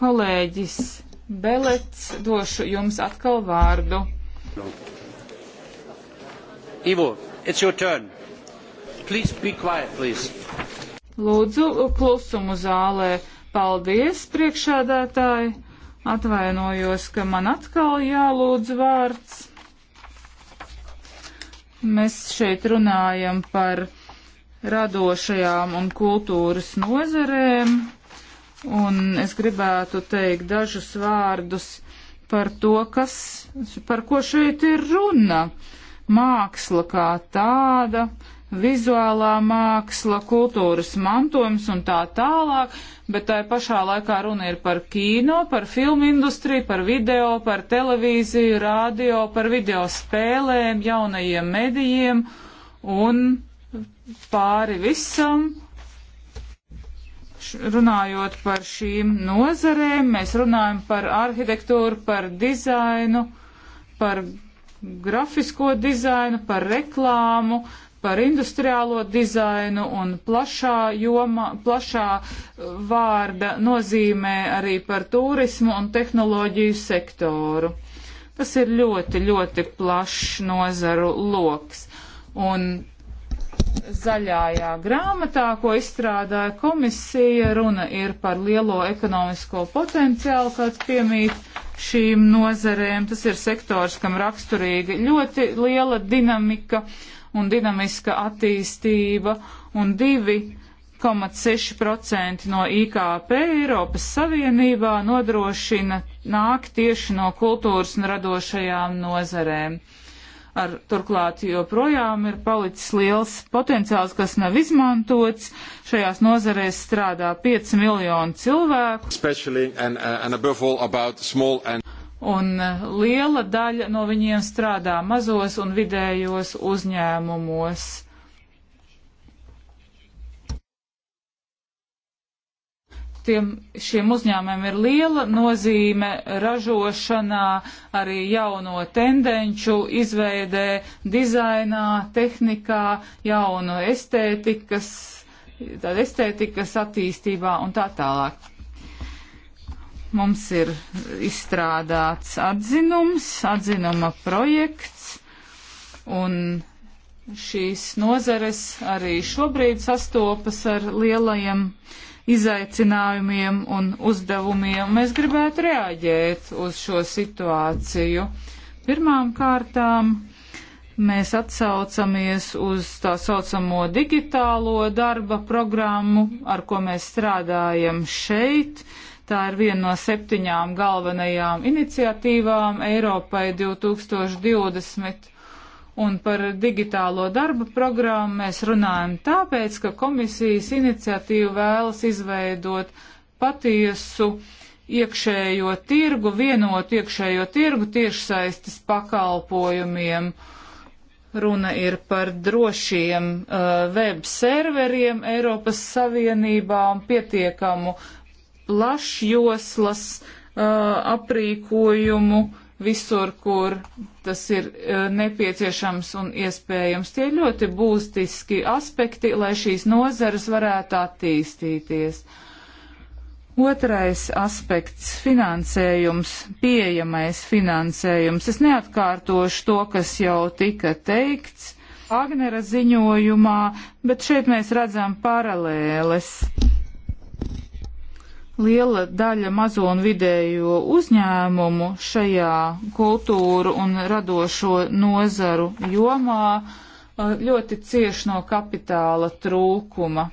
S3: Kolēģis Belets, došu jums atkal vārdu.
S2: Ivo, it's your turn. Please be quiet, please.
S3: Lūdzu, klusumu zālē. Paldies, priekšādātāji. Atvainojos, ka man atkal jālūdz vārds. Mēs šeit runājam par radošajām un kultūras nozerēm un es gribētu teikt dažus vārdus par to, kas, par ko šeit ir runa. Māksla kā tāda, vizuālā māksla, kultūras mantojums un tā tālāk, bet tai pašā laikā runa ir par kino, par filmu industriju, par video, par televīziju, radio, par video spēlēm, jaunajiem medijiem un pāri visam runājot par šīm nozarēm, mēs runājam par arhitektūru, par dizainu, par grafisko dizainu, par reklāmu, par industriālo dizainu un plašā joma, plašā uh, vārda nozīmē arī par turismu un tehnoloģiju sektoru. Tas ir ļoti, ļoti plašs nozaru loks. Un zaļājā grāmatā, ko izstrādāja komisija, runa ir par lielo ekonomisko potenciālu, kāds piemīt šīm nozarēm. Tas ir sektors, kam raksturīga ļoti liela dinamika un dinamiska attīstība, un 2,6% no IKP Eiropas Savienībā nodrošina nāk tieši no kultūras un radošajām nozarēm ar turklāt joprojām ir palicis liels potenciāls, kas nav izmantots. Šajās nozarēs strādā 5 miljoni cilvēku.
S2: And, uh, and and...
S3: Un uh, liela daļa no viņiem strādā mazos un vidējos uzņēmumos. tiem, šiem uzņēmumiem ir liela nozīme ražošanā, arī jauno tendenču izveidē, dizainā, tehnikā, jauno estētikas, tāda estētikas attīstībā un tā tālāk. Mums ir izstrādāts atzinums, atzinuma projekts, un šīs nozares arī šobrīd sastopas ar lielajiem uh, izaicinājumiem un uzdevumiem. Mēs gribētu reaģēt uz šo situāciju. Pirmām kārtām mēs atsaucamies uz tā saucamo digitālo darba programmu, ar ko mēs strādājam šeit. Tā ir viena no septiņām galvenajām iniciatīvām Eiropai 2020 Un par digitālo darba programmu mēs runājam tāpēc, ka komisijas iniciatīva vēlas izveidot patiesu iekšējo tirgu, vienotu iekšējo tirgu tiešsaistes pakalpojumiem. Runa ir par drošiem uh, web serveriem Eiropas Savienībā un pietiekamu plašjoslas uh, aprīkojumu uh, visur, kur tas ir e, nepieciešams un iespējams. Tie ir ļoti būtiski aspekti, lai šīs nozares varētu attīstīties. Otrais aspekts - finansējums, pieejamais finansējums. Es neatkārtošu to, kas jau tika teikts Agnera ziņojumā, bet šeit mēs redzam paralēles Liela daļa mazo un vidējo uzņēmumu šajā kultūru un radošo nozaru jomā eh, ļoti cieš no kapitāla trūkuma.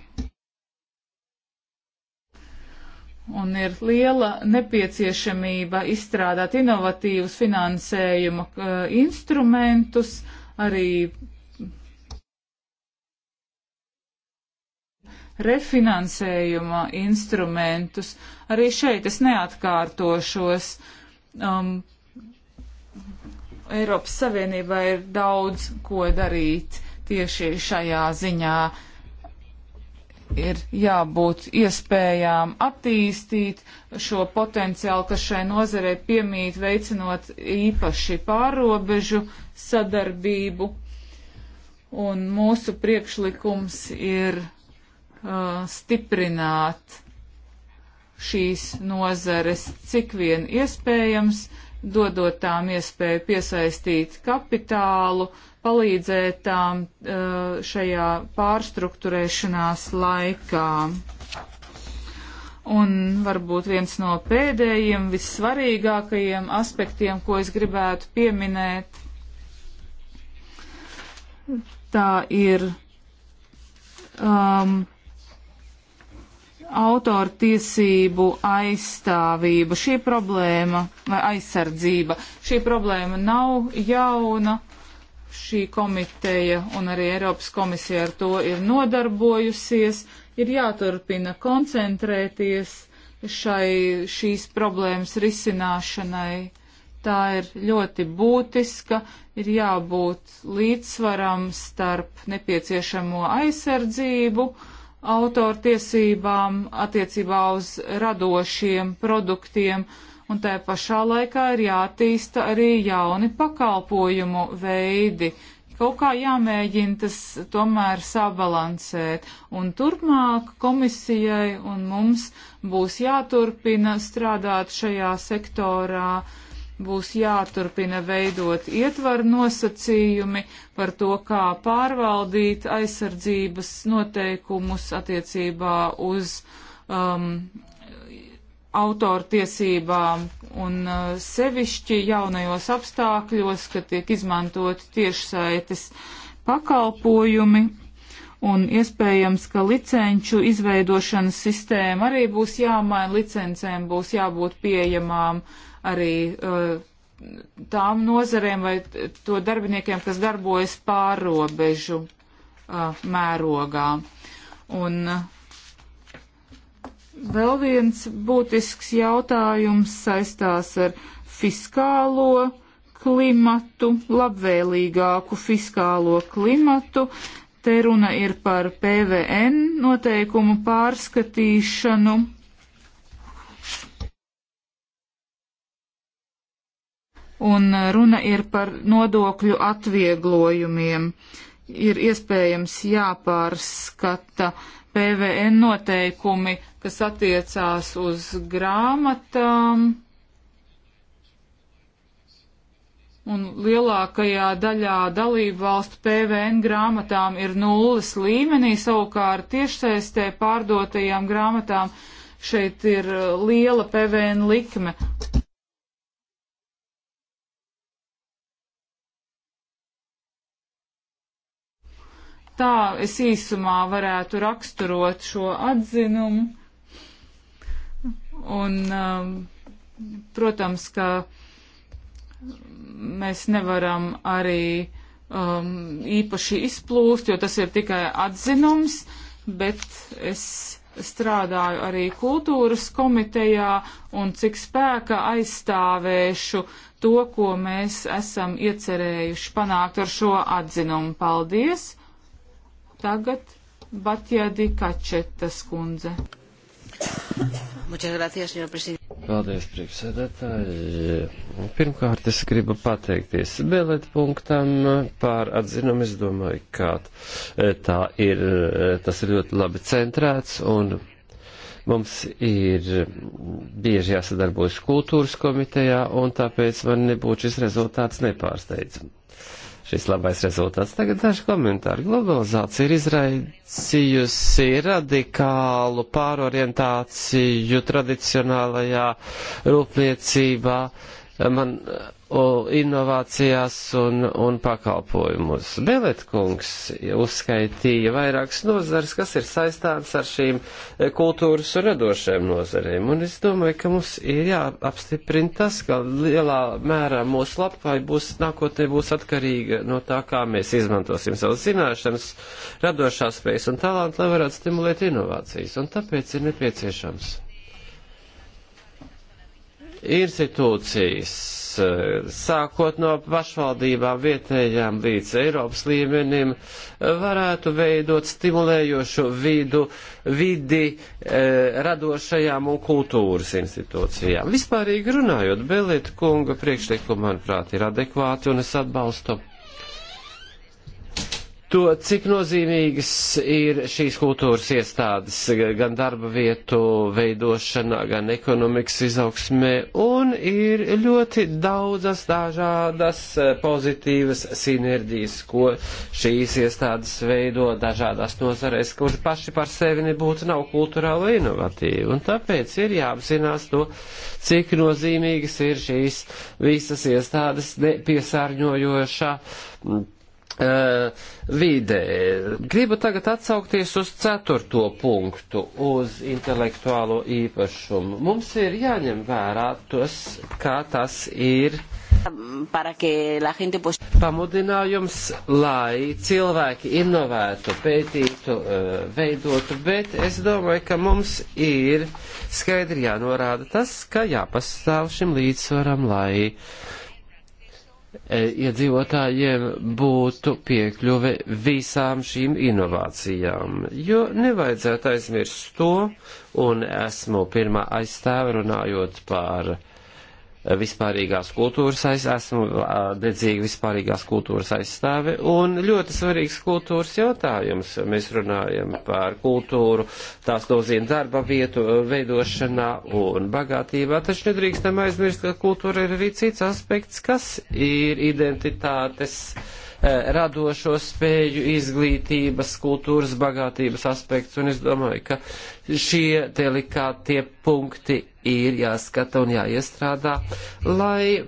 S3: Un ir liela nepieciešamība izstrādāt inovatīvus finansējuma eh, instrumentus, arī refinansējuma instrumentus. Arī šeit es neatkārtošos. Um, Eiropas Savienībā ir daudz ko darīt tieši šajā ziņā. Ir jābūt iespējām attīstīt šo potenciālu, kas šai nozarei piemīt, veicinot īpaši pārobežu sadarbību. Un mūsu priekšlikums ir uh, stiprināt šīs nozares, cik vien iespējams, dodot tām iespēju piesaistīt kapitālu, palīdzēt tām uh, šajā pārstruktūrēšanās laikā. Un varbūt viens no pēdējiem, vissvarīgākajiem aspektiem, ko es gribētu pieminēt, tā ir um, autoru tiesību aizstāvība, šī problēma vai aizsardzība, šī problēma nav jauna. Šī komiteja un arī Eiropas komisija ar to ir nodarbojusies. Ir jāturpina koncentrēties šai, šīs problēmas risināšanai. Tā ir ļoti būtiska, ir jābūt līdzsvaram starp nepieciešamo aizsardzību autortiesībām attiecībā uz radošiem produktiem, un tā pašā laikā ir jātīsta arī jauni pakalpojumu veidi. Kaut kā jāmēģina tas tomēr sabalansēt, un turpmāk komisijai un mums būs jāturpina strādāt šajā sektorā būs jāturpina veidot ietvaru nosacījumi par to, kā pārvaldīt aizsardzības noteikumus attiecībā uz um, autortiesībām un uh, sevišķi jaunajos apstākļos, kad tiek izmantot tiešsaites pakalpojumi. Un iespējams, ka licenču izveidošanas sistēma arī būs jāmaina, licencēm būs jābūt pieejamām uh, arī uh, tām nozarēm vai to darbiniekiem, kas darbojas pārobežu uh, mērogā. Un uh, vēl viens būtisks jautājums saistās ar fiskālo klimatu, labvēlīgāku fiskālo klimatu. Te runa ir par PVN noteikumu pārskatīšanu un uh, runa ir par nodokļu atvieglojumiem. Ir iespējams jāpārskata PVN noteikumi, kas attiecās uz grāmatām. Un lielākajā daļā dalību valstu PVN grāmatām ir nulles līmenī, savukārt tiešsaistē pārdotajām grāmatām šeit ir uh, liela PVN likme. Tā es īsumā varētu raksturot šo atzinumu. Un, um, protams, ka mēs nevaram arī um, īpaši izplūst, jo tas ir tikai atzinums, bet es strādāju arī kultūras komitejā un cik spēka aizstāvēšu to, ko mēs esam iecerējuši panākt ar šo atzinumu. Paldies! Tagad Batjadi Kačetas kundze.
S2: Paldies, priekšsēdētāji. Pirmkārt, es gribu pateikties Belet punktam par atzinumu. Es domāju, ka e, tā ir, e, tas ir ļoti labi centrēts un mums ir bieži jāsadarbojas kultūras komitejā un tāpēc man nebūtu šis rezultāts nepārsteidzams šis labais rezultāts. Tagad daži komentāri. Globalizācija ir izraicījusi radikālu pārorientāciju tradicionālajā rūpniecībā. Man inovācijās un, un pakalpojumus. Beletkungs uzskaitīja vairākas nozares, kas ir saistāts ar šīm e, kultūras un radošajām nozarēm. Un es domāju, ka mums ir jāapstiprina tas, ka lielā mērā mūsu labklājība būs nākotnē būs atkarīga no tā, kā mēs izmantosim savas zināšanas, radošās spējas un talantu, lai varētu stimulēt inovācijas. Un tāpēc ir nepieciešams institūcijas Eh, sākot no pašvaldībām vietējām līdz Eiropas līmenim, varētu veidot stimulējošu vidu, vidi eh, radošajām un kultūras institūcijām. Vispārīgi runājot, Belita kunga priekšlikumi, manuprāt, ir adekvāti un es atbalstu to, cik nozīmīgas ir šīs kultūras iestādes gan darba vietu veidošanā, gan ekonomikas izaugsmē, un ir ļoti daudzas dažādas eh, pozitīvas sinerģijas, ko šīs iestādes veido dažādās nozarēs, kur paši par sevi nebūtu nav kulturāli inovatīvi, un tāpēc ir jāapzinās to, cik nozīmīgas ir šīs visas iestādes piesārņojošā Eh, vidē. Gribu tagad atsaukties uz ceturto punktu, uz intelektuālo īpašumu. Mums ir jāņem vērā tas, kā tas ir. Pamudinājums, lai cilvēki inovētu, pētītu, eh, veidotu, bet es domāju, ka mums ir skaidri jānorāda tas, ka jāpastāv šim līdzsvaram, lai uh, E, iedzīvotājiem būtu piekļuve visām šīm inovācijām, jo nevajadzētu aizmirst to, un esmu pirmā aizstāve runājot par vispārīgās kultūras aiz, esmu dedzīgi vispārīgās kultūras aizstāve un ļoti svarīgs kultūras jautājums. Mēs runājam par kultūru, tās nozīme darba vietu veidošanā un bagātībā, taču nedrīkstam aizmirst, ka kultūra ir arī cits aspekts, kas ir identitātes radošo spēju, izglītības, kultūras bagātības aspekts, un es domāju, ka šie delikātie punkti ir jāskata un jāiestrādā, lai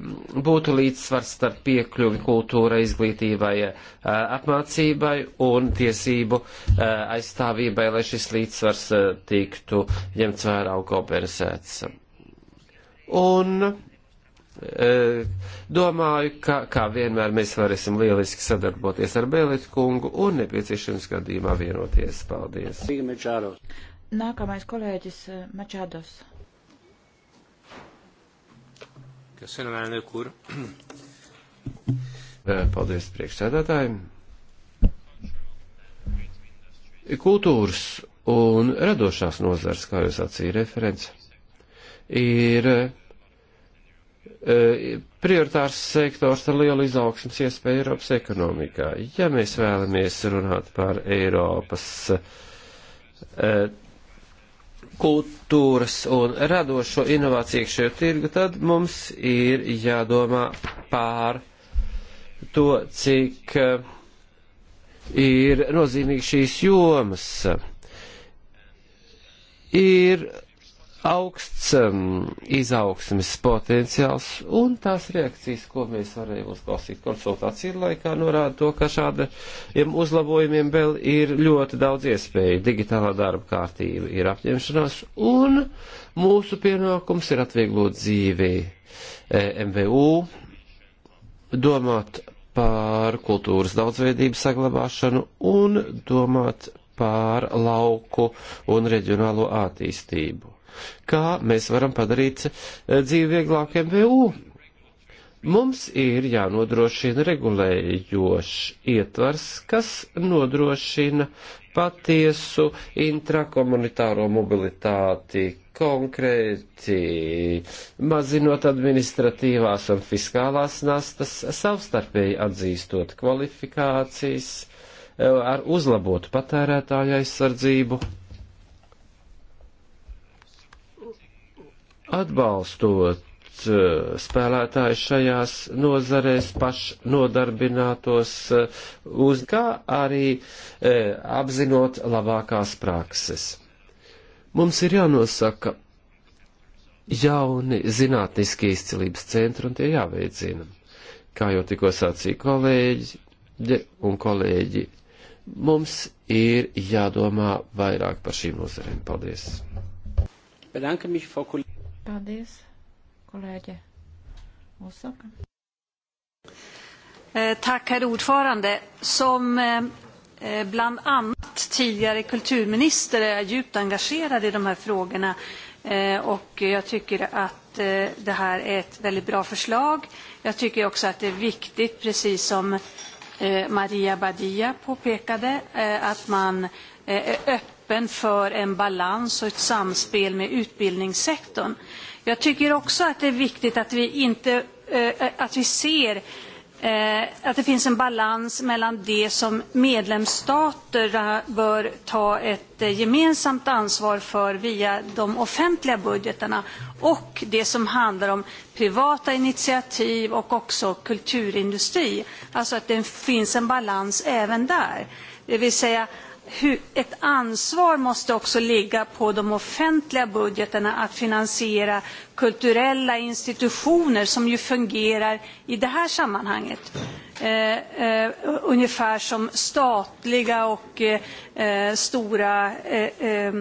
S2: būtu līdzsvars starp piekļuvi kultūra, izglītībai, eh, apmācībai un tiesību eh, aizstāvībai, lai šis līdzsvars eh, tiktu ņemts vērā un kompensēts. Un domāju, ka kā vienmēr mēs varēsim lieliski sadarboties ar Bēlīt kungu un nepieciešams gadījumā vienoties. Paldies!
S1: Nākamais kolēģis Mačādos.
S2: Köszönöm, elnök úr. Paldies priekšsēdētājiem. Kultūras un radošās nozars, kā jūs atsīja referents, ir e, prioritārs sektors ar lielu izaugsmas iespēju Eiropas ekonomikā. Ja mēs vēlamies runāt par Eiropas e, kultūras un radošo inovāciju iekšējo tirgu, tad mums ir jādomā pār to, cik eh, ir nozīmīgi šīs jomas. Ir augsts um, izaugsmes potenciāls un tās reakcijas, ko mēs varējām uzklausīt konsultāciju laikā, norāda to, ka šādiem uzlabojumiem vēl ir ļoti daudz iespēju. Digitālā darba kārtība ir apņemšanās un mūsu pienākums ir atvieglot dzīvi e, eh, MVU, domāt par kultūras daudzveidību saglabāšanu un domāt par lauku un reģionālo attīstību kā mēs varam padarīt e, dzīvi vieglāku MVU. Mums ir jānodrošina regulējošs ietvars, kas nodrošina patiesu intrakomunitāro mobilitāti, konkrēti mazinot administratīvās un fiskālās nastas, savstarpēji atzīstot kvalifikācijas, e, ar uzlabotu patērētāju aizsardzību atbalstot eh, spēlētāji šajās nozarēs pašnodarbinātos eh, uz, kā arī e, apzinot labākās prakses. Mums ir jānosaka jauni zinātniski izcilības centri un tie jāveicina. Kā jau tikko sacīja kolēģi un kolēģi, mums ir jādomā vairāk par šīm nozarēm. Paldies! Bedanke mich, Frau Kollegin.
S4: Paldies, kolēģe Usaka. Eh, tack, herr ordförande. Som eh, eh, bland annat tidigare kulturminister är jag djupt engagerad i de här frågorna och jag tycker att det här är ett väldigt bra förslag. Jag tycker också att det är viktigt, precis som Maria Badia påpekade, att man är öppen öppen för en balans och ett samspel med utbildningssektorn. Jag tycker också att det är viktigt att vi, inte, eh, eh, att vi ser eh, att det finns en balans mellan det som medlemsstaterna bör ta ett eh, gemensamt ansvar för via de offentliga budgetarna och det som handlar om privata initiativ och också kulturindustri. Alltså att det finns en balans även där. Det vill säga hur, ett ansvar måste också ligga på de offentliga budgeterna att finansiera kulturella institutioner som ju fungerar i det här sammanhanget. Eh, eh, ungefär som statliga och eh, eh stora eh, eh,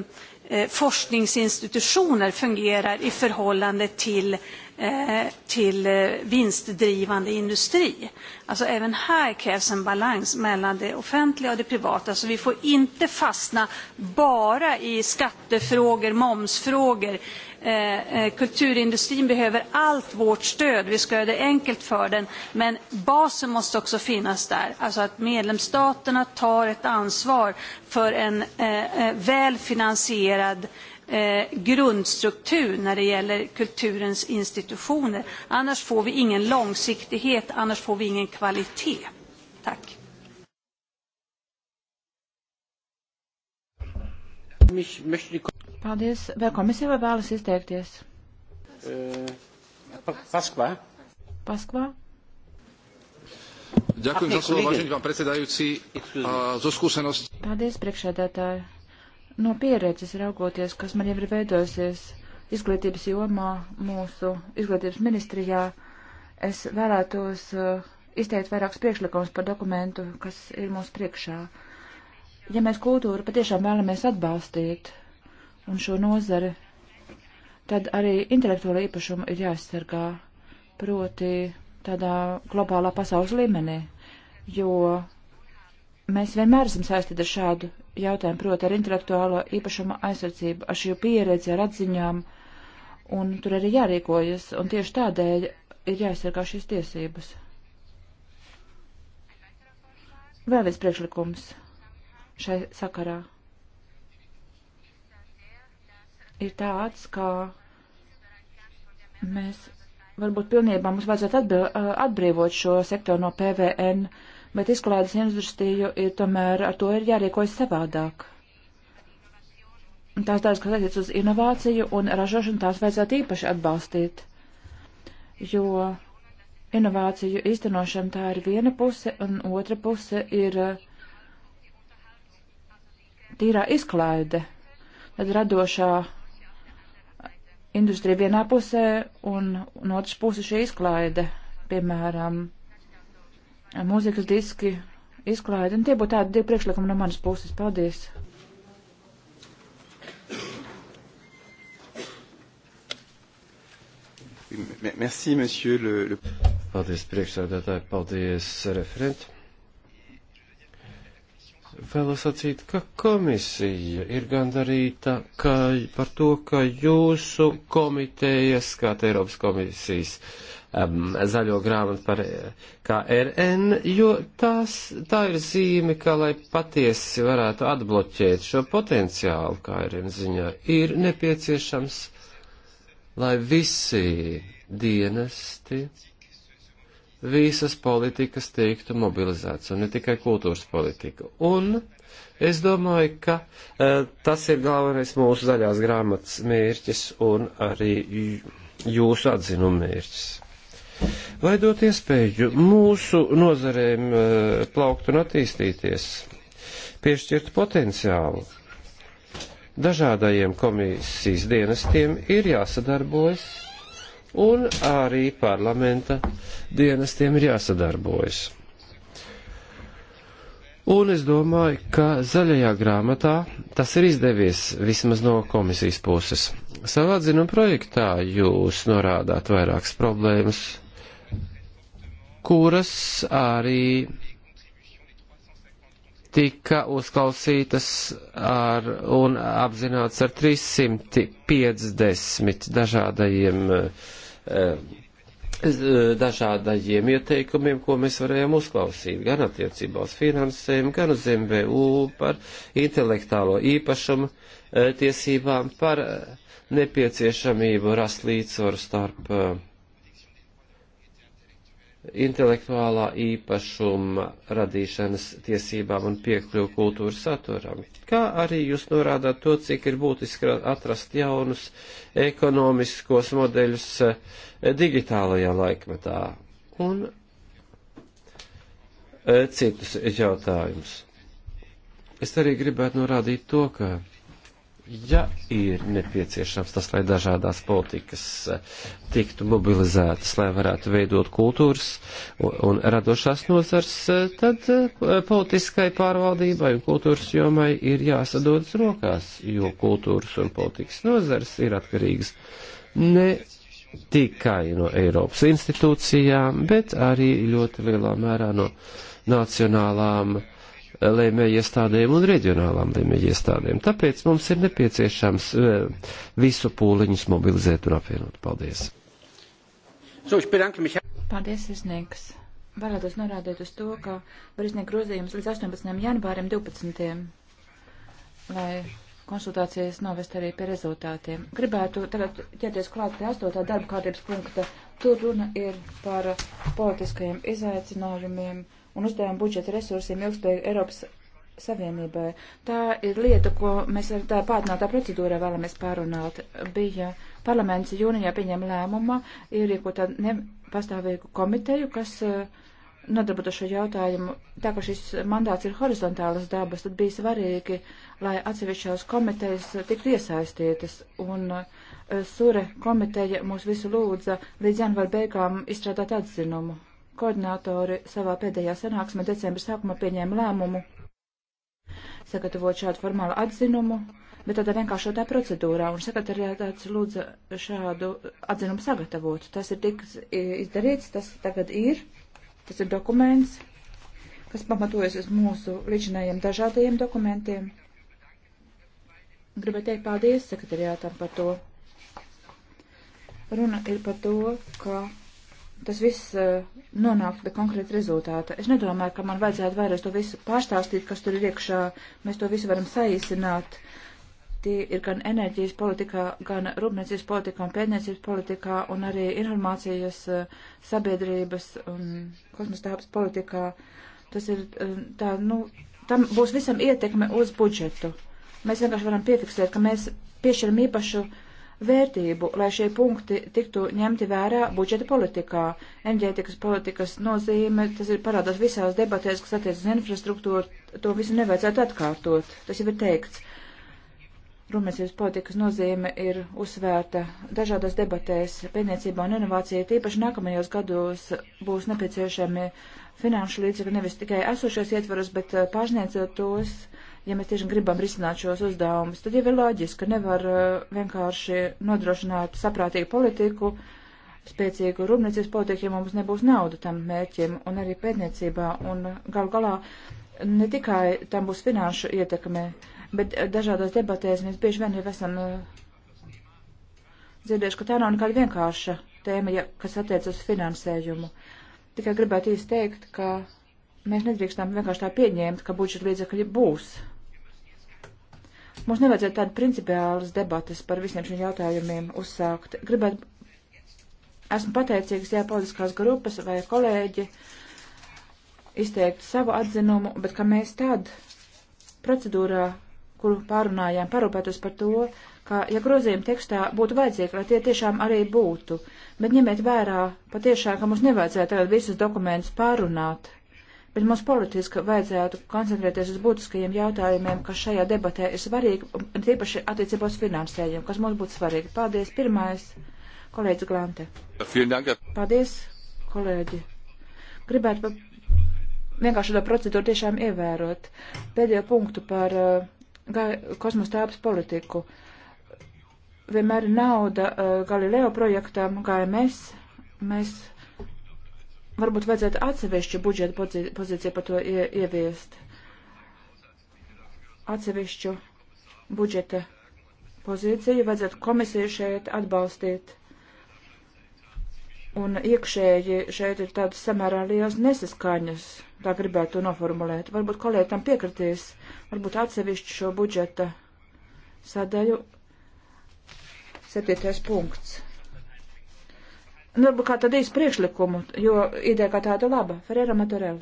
S4: eh, forskningsinstitutioner fungerar i förhållande till Eh, till eh, vinstdrivande industri. Alltså även här krävs en balans mellan det offentliga och det privata. Så vi får inte fastna bara i skattefrågor, momsfrågor. Eh, kulturindustrin behöver allt vårt stöd. Vi ska göra det enkelt för den. Men basen måste också finnas där. Alltså att medlemsstaterna tar ett ansvar för en väl finansierad eh, eh, grundstruktur när det gäller kulturens institutioner. Annars får vi ingen långsiktighet, annars får vi ingen kvalitet. Tack.
S1: Paldies. Vai komisija vai vēlas izteikties?
S2: Eh, Paskvā. Paskvā. Ďakujem za slovo, vážený pán predsedajúci. Zo skúsenosti.
S1: Paldies, priekšēdētāji no pieredzes raugoties, kas man jau ir veidojusies izglītības jomā mūsu izglītības ministrijā, es vēlētos uh, izteikt vairākus priekšlikumus par dokumentu, kas ir mūsu priekšā. Ja mēs kultūru patiešām vēlamies atbalstīt un šo nozari, tad arī intelektuāla īpašuma ir jāaizsargā, proti tādā globālā pasaules līmenī, jo Mēs vienmēr esam saistīti ar šādu jautājumu, proti ar intelektuālo īpašumu aizsardzību, ar šo pieredzi, ar atziņām, un tur arī jārīkojas, un tieši tādēļ ir jāaizsargā šīs tiesības. Vēl viens priekšlikums šai sakarā ir tāds, ka mēs varbūt pilnībā mums vajadzētu atbrīvot šo sektoru no PVN. Uh, bet izklaides industriju ir tomēr ar to ir jārīkojas savādāk. Tās tādas, kas attiec uz inovāciju un ražošanu, tās vajadzētu īpaši atbalstīt, jo inovāciju īstenošana tā ir viena puse, un otra puse ir uh, tīrā izklaide, tad radošā industrija vienā pusē, un no otras puses šī izklaide, piemēram, mūzikas diski izklaidi. Un tie būtu tādi divi priekšlikumi no manas puses. Paldies!
S2: Merci, monsieur le... le... Paldies, priekšsēdētāji, paldies, referenti. Vēlos atzīt, ka komisija ir gandarīta ka par to, ka jūsu komitejas, kā te Eiropas komisijas uh, um, zaļo grāmatu par KRN, jo tās, tā ir zīme, ka, lai patiesi varētu atbloķēt šo potenciālu KRN ziņā, ir nepieciešams, lai visi dienesti, visas politikas tiktu mobilizēts, un ne tikai kultūras politika. Un es domāju, ka uh, tas ir galvenais mūsu zaļās grāmatas mērķis un arī jūsu atzinumu mērķis. Lai dot iespēju mūsu nozarēm eh, plaukt un attīstīties, piešķirt potenciālu, dažādajiem komisijas dienestiem ir jāsadarbojas, un arī parlamenta dienestiem ir jāsadarbojas. Un es domāju, ka zaļajā grāmatā tas ir izdevies vismaz no komisijas puses. Savā dzinu projektā jūs norādāt vairākas problēmas, kuras arī tika uzklausītas ar, un apzināts ar 350 dažādajiem, eh, eh, dažādajiem ieteikumiem, ko mēs varējām uzklausīt, gan attiecībā uz finansēm, gan uz MVU, par intelektālo īpašumu eh, tiesībām, par nepieciešamību rast līdzsvaru starp uh, intelektuālā īpašuma radīšanas tiesībām un piekļuvu kultūras saturam. Kā arī jūs norādāt to, cik ir būtiski atrast jaunus ekonomiskos modeļus eh, digitālajā laikmetā un eh, citus jautājumus. Es arī gribētu norādīt to, ka ja ir nepieciešams tas, lai dažādās politikas eh, tiktu mobilizētas, lai varētu veidot kultūras un, un radošās nozars, eh, tad eh, politiskai pārvaldībai un kultūras jomai ir jāsadodas rokās, jo kultūras un politikas nozars ir atkarīgas ne tikai no Eiropas institūcijām, bet arī ļoti lielā mērā no nacionālām uh, lēmēju iestādēm un reģionālām lēmēju iestādēm. Tāpēc mums ir nepieciešams e, visu pūliņus mobilizēt un apvienot. Paldies!
S1: Paldies, Iznieks! Vēlētos norādīt uz to, ka var izniegt grozījumus līdz 18. janvārim 12. lai konsultācijas novest arī pie rezultātiem. Gribētu tagad ķerties klāt pie 8. darba kārtības punkta. Tur runa ir par politiskajiem izaicinājumiem un uzdevumu budžeta resursiem ilgspēju Eiropas Savienībai. Tā ir lieta, ko mēs ar tā pātinātā procedūrā vēlamies pārunāt. Bija parlaments jūnijā pieņēma lēmuma, ierīkot tādu pastāvīgu komiteju, kas uh, eh, nodarbota šo jautājumu, tā ka šis mandāts ir horizontālas dabas, tad bija svarīgi, lai atsevišķās komitejas tiktu iesaistītas. Un uh, Sure komiteja mūs visu lūdza līdz janvāra beigām izstrādāt atzinumu. Koordinātori savā pēdējā sanāksmē decembra sākumā pieņēma lēmumu sagatavot šādu formālu atzinumu, bet tādā vienkāršotā procedūrā, un sekretariātāts lūdza šādu atzinumu sagatavot. Tas ir tik izdarīts, tas tagad ir, tas ir dokuments, kas pamatojas uz mūsu līdzinējiem dažādajiem dokumentiem. Gribētu teikt paldies sekretariātam par to. Runa ir par to, ka tas viss eh, nonāktu pie konkrēta rezultāta. Es nedomāju, ka man vajadzētu vairāk to visu pārstāstīt, kas tur ir iekšā. Mēs to visu varam saīsināt. Tie ir gan enerģijas politikā, gan rūpniecības politikā un pētniecības politikā un arī informācijas eh, sabiedrības un kosmostāpas politikā. Tas ir eh, tā, nu, tam būs visam ietekme uz budžetu. Mēs vienkārši varam piefiksēt, ka mēs piešķiram īpašu uh, vērtību, lai šie punkti tiktu ņemti vērā budžeta politikā. Enerģētikas politikas nozīme, tas ir parādās visās debatēs, kas attiecas uz infrastruktūru, to visu nevajadzētu atkārtot. Tas jau ir teikts. Rūpniecības politikas nozīme ir uzsvērta dažādās debatēs, pētniecībā un inovācija. Tīpaši nākamajos gados būs nepieciešami finanšu līdzekļi nevis tikai esošos ietvaros, bet eh, pārsniedzot tos. Uh, ja mēs tiešām gribam risināt šos uzdevumus, tad jau ir loģiski, ka nevar uh, vienkārši nodrošināt saprātīgu politiku, spēcīgu rūpniecības politiku, ja mums nebūs nauda tam mērķim un arī pētniecībā. Un gal galā ne tikai tam būs finanšu ietekme, bet uh, dažādās debatēs mēs bieži vien jau esam uh, dzirdējuši, ka tā nav nekāda vienkārša tēma, ja, kas attiec uz finansējumu. Tikai gribētu īsti teikt, ka Mēs nedrīkstam vienkārši tā pieņemt, ka budžeta līdzekļi būs. Mums nevajadzētu tādu principiālas debatas par visiem šiem jautājumiem uzsākt. Gribētu, esmu pateicīgs, jā, politiskās grupas vai kolēģi izteikt savu atzinumu, bet ka mēs tad procedūrā, kuru pārunājām, parūpētos par to, ka, ja grozījumi tekstā būtu vajadzīgi, lai tie tiešām arī būbūtu, bet ņemiet vērā patiešām, ka mums nevajadzētu tagad visus dokumentus pārunāt bet mums politiski vajadzētu koncentrēties uz būtiskajiem jautājumiem, kas šajā debatē ir svarīgi, un tīpaši attiecībā uz finansējumu, kas mums būtu svarīgi. Paldies, pirmais, kolēģis Glante. Paldies, kolēģi. Gribētu pa... vienkārši to procedūru tiešām ievērot. Pēdējo punktu par uh, gai... kosmosa tēpas politiku. Vienmēr nauda uh, Galileo projektam, GMS, mēs Varbūt vajadzētu atsevišķu budžeta pozīciju par to ieviest. Atsevišķu budžeta pozīciju vajadzētu komisiju šeit atbalstīt. Un iekšēji šeit ir tādas samērā liels nesaskaņas, tā gribētu to noformulēt. Varbūt kolēģi tam piekritīs, varbūt atsevišķu šo budžeta sadaļu. Septītais punkts Nu, kā tad īsti priekšlikumu, jo ideja kā tāda laba. Ferēra Matorel.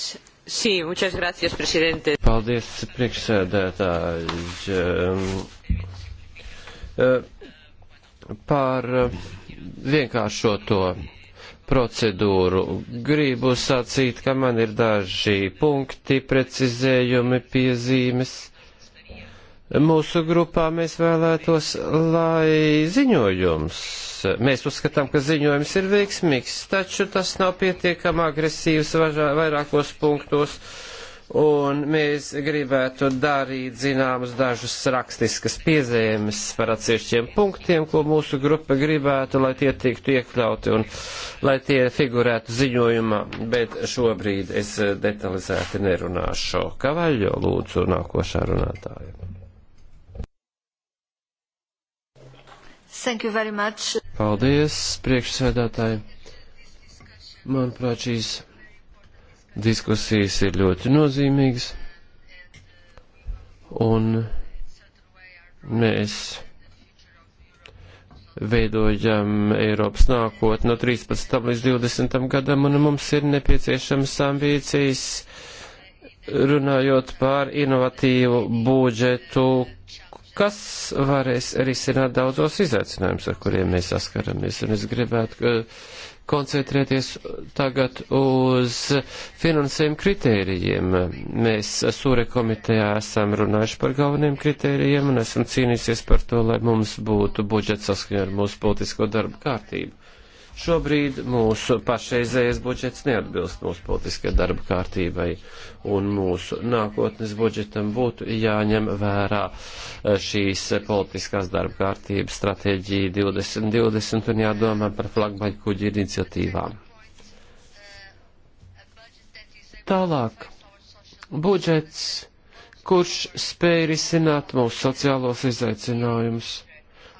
S1: Sī, muchas gracias,
S2: presidente. Paldies, priekšsēdētāji. Um, uh, par uh, vienkāršo to procedūru gribu sacīt, ka man ir daži punkti, precizējumi, piezīmes Mūsu grupā mēs vēlētos, lai ziņojums, mēs uzskatām, ka ziņojums ir veiksmīgs, taču tas nav pietiekami agresīvs vairākos punktos, un mēs gribētu darīt zināmus dažus rakstiskas piezīmes par atsevišķiem punktiem, ko mūsu grupa gribētu, lai tie tiktu iekļauti un lai tie figurētu ziņojumā, bet šobrīd es detalizēti nerunāšu. Kavaļo lūdzu nākošā runātāja.
S3: Thank you very much.
S2: Paldies, priekšsēdētāji. Manuprāt, šīs diskusijas ir ļoti nozīmīgas. Un mēs veidojam Eiropas nākotni no 13. līdz 20. gadam, un mums ir nepieciešams ambīcijas runājot par inovatīvu budžetu, kas varēs risināt daudzos izaicinājumus, ar kuriem mēs saskaramies. Un es gribētu koncentrēties tagad uz finansējuma kritērijiem. Mēs Sūre komitejā esam runājuši par galveniem kritērijiem un esam cīnīsies par to, lai mums būtu budžets saskaņā ar mūsu politisko darbu kārtību. Šobrīd mūsu pašreizējais budžets neatbilst mūsu politiskajai darba kārtībai, un mūsu nākotnes budžetam būtu jāņem vērā eh, šīs politiskās darba kārtības stratēģija 2020 un jādomā par flagmaņu kuģi iniciatīvām. Tālāk. Budžets, kurš spēj risināt mūsu sociālos izaicinājumus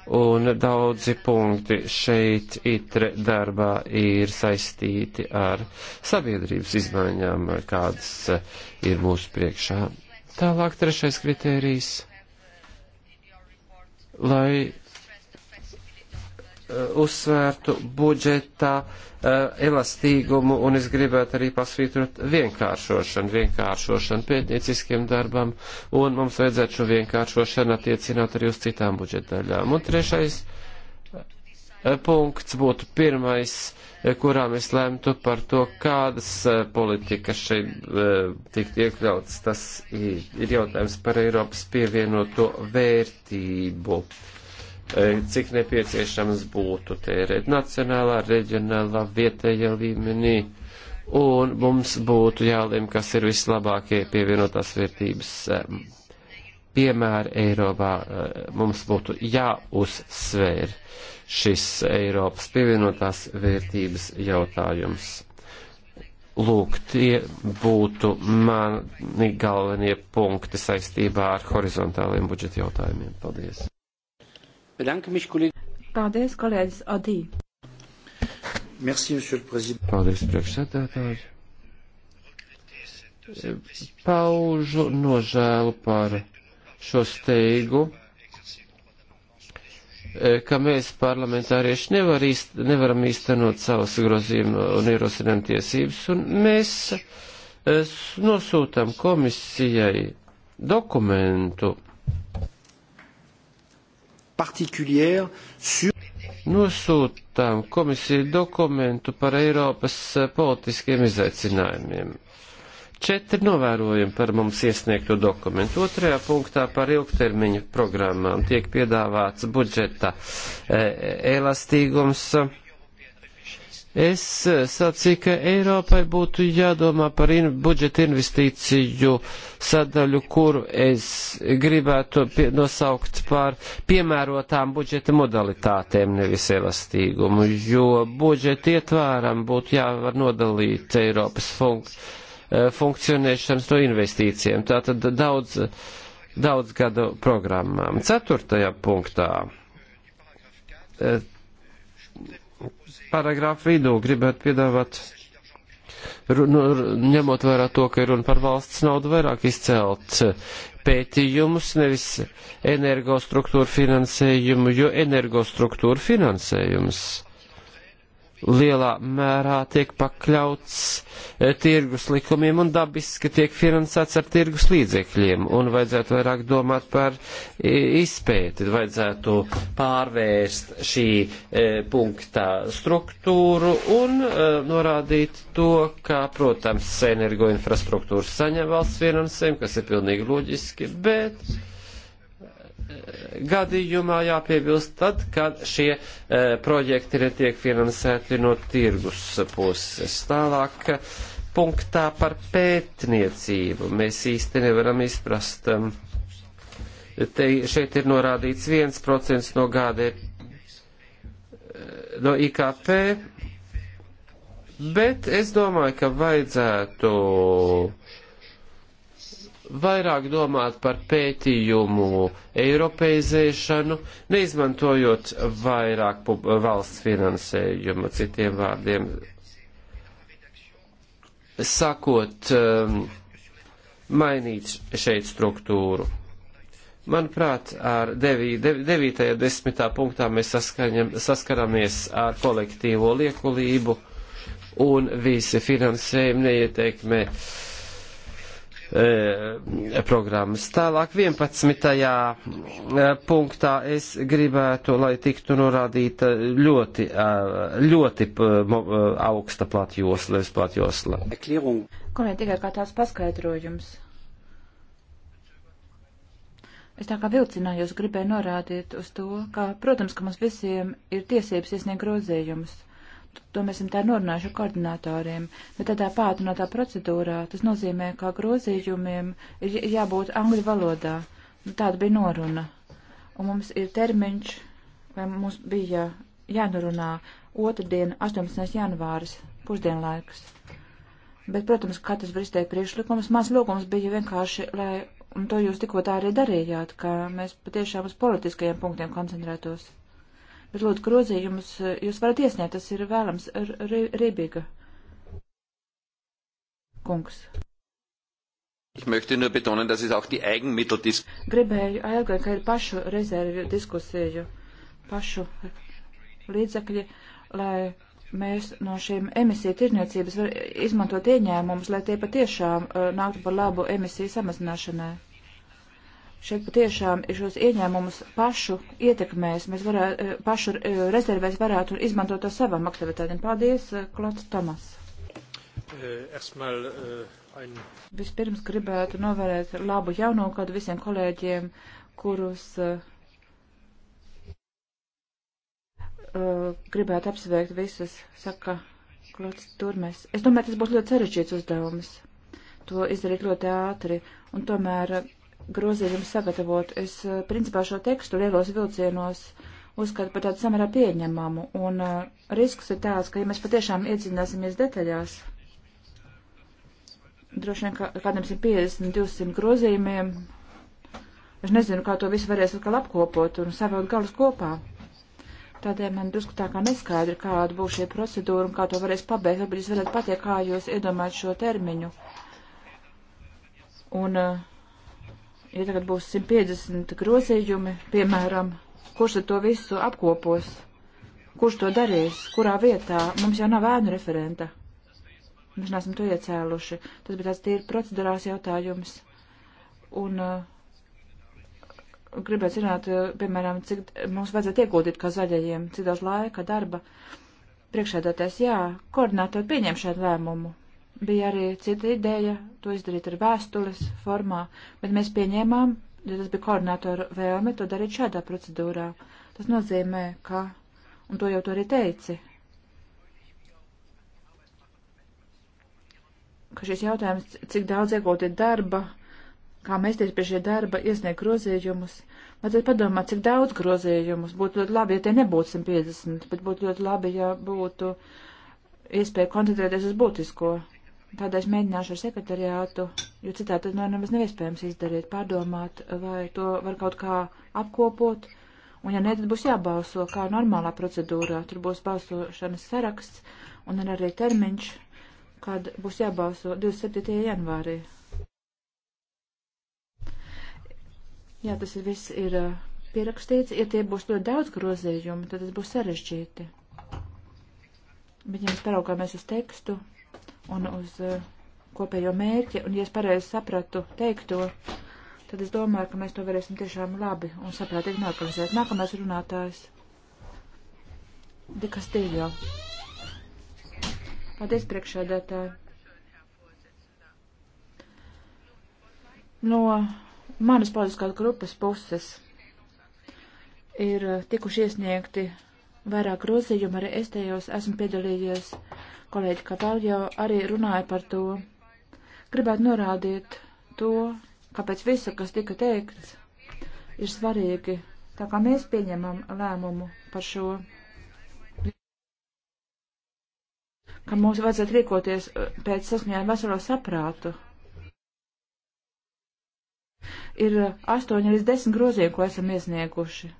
S2: un daudzi punkti šeit itre darbā ir saistīti ar sabiedrības izmaiņām, kādas eh, ir mūsu priekšā. Tālāk trešais kritērijs, lai Eh, uzsvērtu budžeta eh, elastīgumu un es gribētu arī pasvītrot vienkāršošanu, vienkāršošanu pētnieciskiem darbam un mums vajadzētu šo vienkāršošanu attiecināt arī uz citām budžeta daļām. Un trešais eh, punkts būtu pirmais, kurā mēs lemtu par to, kādas politikas šeit tikt iekļauts. Tas ir jautājums par Eiropas pievienoto vērtību. Uh, E, cik nepieciešams būtu tērēt nacionālā, reģionālā, vietējā līmenī, un mums būtu jālem, kas ir vislabākie pievienotās vērtības e, piemēri Eiropā. E, mums būtu jāuzsvēr šis Eiropas pievienotās vērtības jautājums. Lūk, tie būtu mani galvenie punkti saistībā ar horizontāliem budžeta jautājumiem. Paldies!
S1: Paldies, kolēģis Adī.
S2: Merci, Paldies, priekšsēdētāji. Paužu nožēlu par šo steigu ka mēs parlamentārieši nevar īst, nevaram īstenot savas grozījuma un ierosinājuma tiesības, un mēs es, eh, nosūtam komisijai dokumentu, particulière sur Nosūtām komisiju dokumentu par Eiropas eh, politiskiem izaicinājumiem. Četri novērojumi par mums iesniegto dokumentu. Otrajā punktā par ilgtermiņa programmām tiek piedāvāts budžeta e, elastīgums. E, Es eh, sacīju, ka Eiropai būtu jādomā par in budžeta investīciju sadaļu, kuru es gribētu pie nosaukt par piemērotām budžeta modalitātēm, nevis elastīgumu, jo budžeta ietvāram būtu jāvar nodalīt Eiropas funk eh, funkcionēšanas no investīcijiem, tātad daudz, daudz gadu programmām. Ceturtajā punktā eh, paragrāfu vidū gribētu piedāvāt, run, nu, ņemot vērā to, ka ir runa par valsts naudu, vairāk izcelt pētījumus, nevis energostruktūru finansējumu, jo energostruktūru finansējums lielā mērā tiek pakļauts e, tirgus likumiem un dabiski tiek finansēts ar tirgus līdzekļiem. Un vajadzētu vairāk domāt par e, izpēti, vajadzētu pārvērst šī e, punkta struktūru un e, norādīt to, ka, protams, energoinfrastruktūras saņem valsts finansējumu, kas ir pilnīgi loģiski, bet gadījumā jāpiebilst tad, kad šie e, projekti netiek finansēti no tirgus puses. Tālāk punktā par pētniecību mēs īsti nevaram izprast. Ehm, te, šeit ir norādīts 1% no GD, eh, no IKP, bet es domāju, ka vajadzētu uh, vairāk domāt par pētījumu eiropeizēšanu, neizmantojot vairāk valsts finansējumu, citiem vārdiem sakot, um, mainīt šeit struktūru. Manuprāt, ar 9. un 10. punktā mēs saskaņam, saskaramies ar kolektīvo liekulību un visi finansējumi neietekmē uh, Eh, programmas. Tālāk 11. Eh, punktā es gribētu, lai tiktu norādīta ļoti, eh, ļoti augsta platjosla, nevis platjosla. Kolēģi,
S1: tikai kā tāds paskaidrojums. Es tā kā vilcinājos, gribēju norādīt uz to, ka, protams, ka mums visiem ir tiesības iesniegt grozījumus. Uh, to mēs esam tā norunājuši ar koordinatoriem, bet tādā pātrinātā procedūrā tas nozīmē, kā grozījumiem ir jābūt angļu valodā. Nu, tāda bija noruna. Un mums ir termiņš, vai mums bija jānorunā otrdien, 18. janvāris, pusdienlaiks. Bet, protams, katrs var izteikt priekšlikumus. Mans lūgums bija vienkārši, lai, un to jūs tikko tā arī darījāt, ka mēs patiešām uz politiskajiem punktiem koncentrētos. Bet, lūdzu, grozījumus eh, jūs varat iesniegt, tas ir vēlams. Rībiga kungs.
S2: Ich möchte nur betonen, dass es auch die Eigenmittel dis
S1: Gribēju aizgāju, ka ir pašu rezervju diskusiju, pašu līdzekļi, lai mēs no šīm emisiju tirniecības var izmantot ieņēmumus, lai tie patiešām uh, nāktu par labu emisiju samazināšanai šeit patiešām šos ieņēmumus pašu ietekmēs, mēs varētu, eh, pašu eh, rezervēs varētu izmantot to savam aktivitātēm. Paldies, eh, Klats Tomas.
S4: Erstmal, ein...
S1: Vispirms gribētu novērēt labu jauno gadu visiem kolēģiem, kurus uh, gribētu apsveikt visus, saka Klots Turmes. Es domāju, tas būs ļoti sarežģīts uzdevums. To izdarīt ļoti ātri. Un tomēr uh, grozījumu sagatavot. Es eh, principā šo tekstu lielos vilcienos uzskatu par tādu samērā pieņemamu, un uh, risks ir tāds, ka, ja mēs patiešām iedzināsimies detaļās, droši vien kā, kādiem 150, 200 grozījumiem, es nezinu, kā to visu varēs atkal apkopot un savēl galus kopā. Tādēļ man drusku tā kā neskaidri, kāda būs šī procedūra un kā to varēs pabeigt, varbūt jūs varat pateikt, kā jūs iedomājat šo termiņu. Un uh, ja tagad būs 150 grozījumi, piemēram, kurš tad to visu apkopos, kurš to darīs, kurā vietā, mums jau nav ēnu referenta. Mēs neesam to iecēluši. Tas bija tāds tīri procedurās jautājums. Un uh, gribētu zināt, uh, piemēram, cik mums vajadzētu iegūtīt kā zaļajiem, cik daudz laika, darba. Priekšēdāties, jā, koordinātori pieņem šādu lēmumu. Bija arī cita ideja to izdarīt ar vēstules formā, bet mēs pieņēmām, jo tas bija koordinātora vēlme, to darīt šādā procedūrā. Tas nozīmē, ka, un to jau tu arī teici, ka šis jautājums, cik daudz iegūt ir darba, kā mēs tieši pie šie darba iesniegt grozījumus, vajadzētu padomāt, cik daudz grozījumus būtu ļoti labi, ja tie nebūtu 150, bet būtu ļoti labi, ja būtu iespēja koncentrēties uz būtisko. Tādēļ es mēģināšu ar sekretariātu, jo citādi tad nu, nav nemaz neiespējams izdarīt, pārdomāt, vai to var kaut kā apkopot. Un, ja nē, tad būs jābalso kā normālā procedūrā. Tur būs balsošanas saraksts un arī termiņš, kad būs jābalso 27. janvārī. Jā, tas viss ir uh, pierakstīts. Ja tie būs ļoti daudz grozījumu, tad tas būs sarežģīti. Bet, ja mēs paraugāmies uz tekstu, un uz eh, kopējo mērķi, un, ja es pareizi sapratu teikto, tad es domāju, ka mēs to varēsim tiešām labi un saprātīgi norganizēt. Nākamais runātājs - Dikas Tīļo. Paldies, priekšēdētāji. No manas politiskās grupas puses ir tikuši iesniegti vairāk grozījumu, arī es tajos esmu piedalījies kolēģi Kataljo arī runāja par to. Gribētu norādīt to, kāpēc visu, kas tika teikts, ir svarīgi, tā kā mēs pieņemam lēmumu par šo, ka mums vajadzētu rīkoties uh, pēc saskaņā ar veselo saprātu. Ir uh, astoņi līdz desmit grozījumi, ko esam iesnieguši.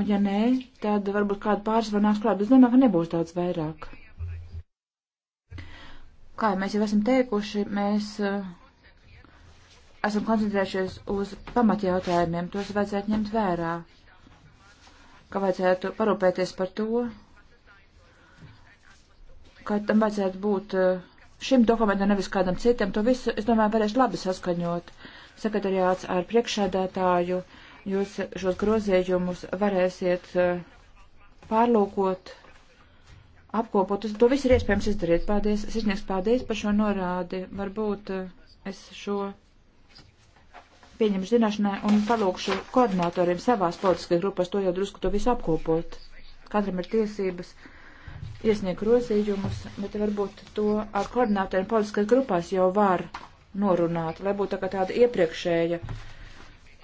S1: Un ja nē, tad varbūt kādu pāris var nāks klāt, bet es domāju, ka nebūs daudz vairāk. Kā jau mēs jau esam teikuši, mēs uh, esam koncentrējušies uz pamatjautājumiem, tos vajadzētu ņemt vērā, ka vajadzētu parūpēties par to, ka tam vajadzētu būt eh, šim dokumentam, nevis kādam citam. To visu, es domāju, varēs labi saskaņot sekretariāts ar priekšsēdētāju, Jūs šos grozējumus varēsiet eh, pārlūkot, apkopot. To visu ir iespējams izdarīt. Paldies, sirsnieks, paldies par šo norādi. Varbūt eh, es šo pieņemšu zināšanai un palūkšu koordinatoriem savās politiskajās grupās to jau drusku to visu apkopot. Katram ir tiesības iesniegt grozījumus, bet varbūt to ar koordinatoriem politiskajās grupās jau var norunāt, lai būtu tā kā tāda iepriekšēja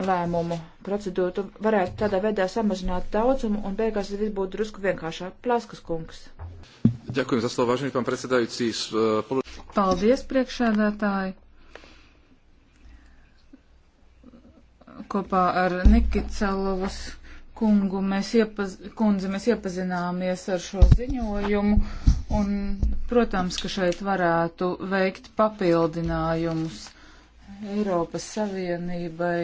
S1: lēmumu procedūru, tu varētu tādā veidā samazināt daudzumu un beigās tas viss būtu drusku vienkāršāk. Plāskas kungs.
S2: Ďakujem za slovo, vážený pán predsedajúci. E,
S1: Paldies, priekšēdētāji.
S3: Kopā ar Nikicalovas kungu mēs, iepaz kundzi, mēs iepazināmies ar šo ziņojumu un, protams, ka šeit varētu veikt papildinājumus Eiropas Savienībai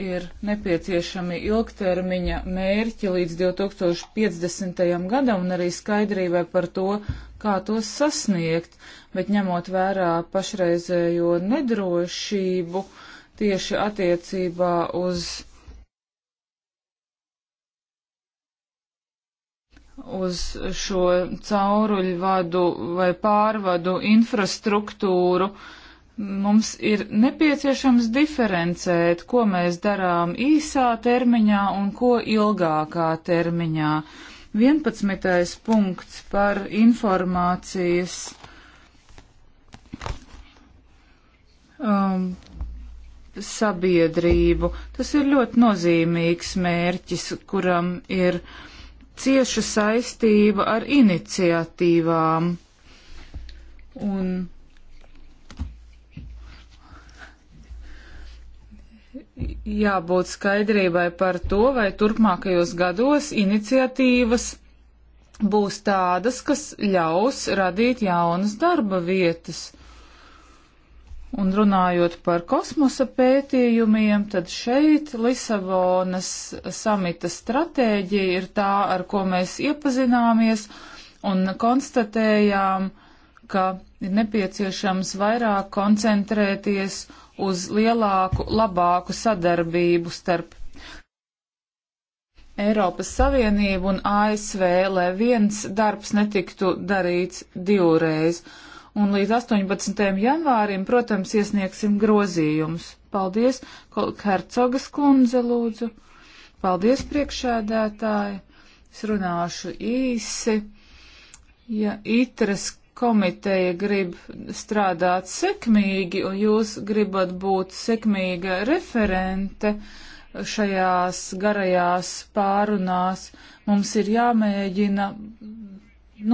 S3: ir nepieciešami ilgtermiņa mērķi līdz 2050. gadam un arī skaidrībai par to, kā tos sasniegt, bet ņemot vērā pašreizējo nedrošību tieši attiecībā uz, uz šo cauruļvadu vai pārvadu infrastruktūru, uh, Mums ir nepieciešams diferencēt, ko mēs darām īsā termiņā un ko ilgākā termiņā. 11. punkts par informācijas um, sabiedrību. Tas ir ļoti nozīmīgs mērķis, kuram ir cieša saistība ar iniciatīvām. Un jābūt skaidrībai par to, vai turpmākajos gados iniciatīvas būs tādas, kas ļaus radīt jaunas darba vietas. Un runājot par kosmosa pētījumiem, tad šeit Lisabonas samita stratēģija ir tā, ar ko mēs iepazināmies un konstatējām, ka ir nepieciešams vairāk koncentrēties uz lielāku, labāku sadarbību starp Eiropas Savienību un ASV, lai viens darbs netiktu darīts divreiz. Un līdz 18. janvārim, protams, iesniegsim grozījumus. Paldies, Hercogas kundze, lūdzu. Paldies, priekšēdētāji. Es runāšu īsi. Ja itras komiteja grib strādāt sekmīgi un jūs gribat būt sekmīga referente šajās garajās pārunās, mums ir jāmēģina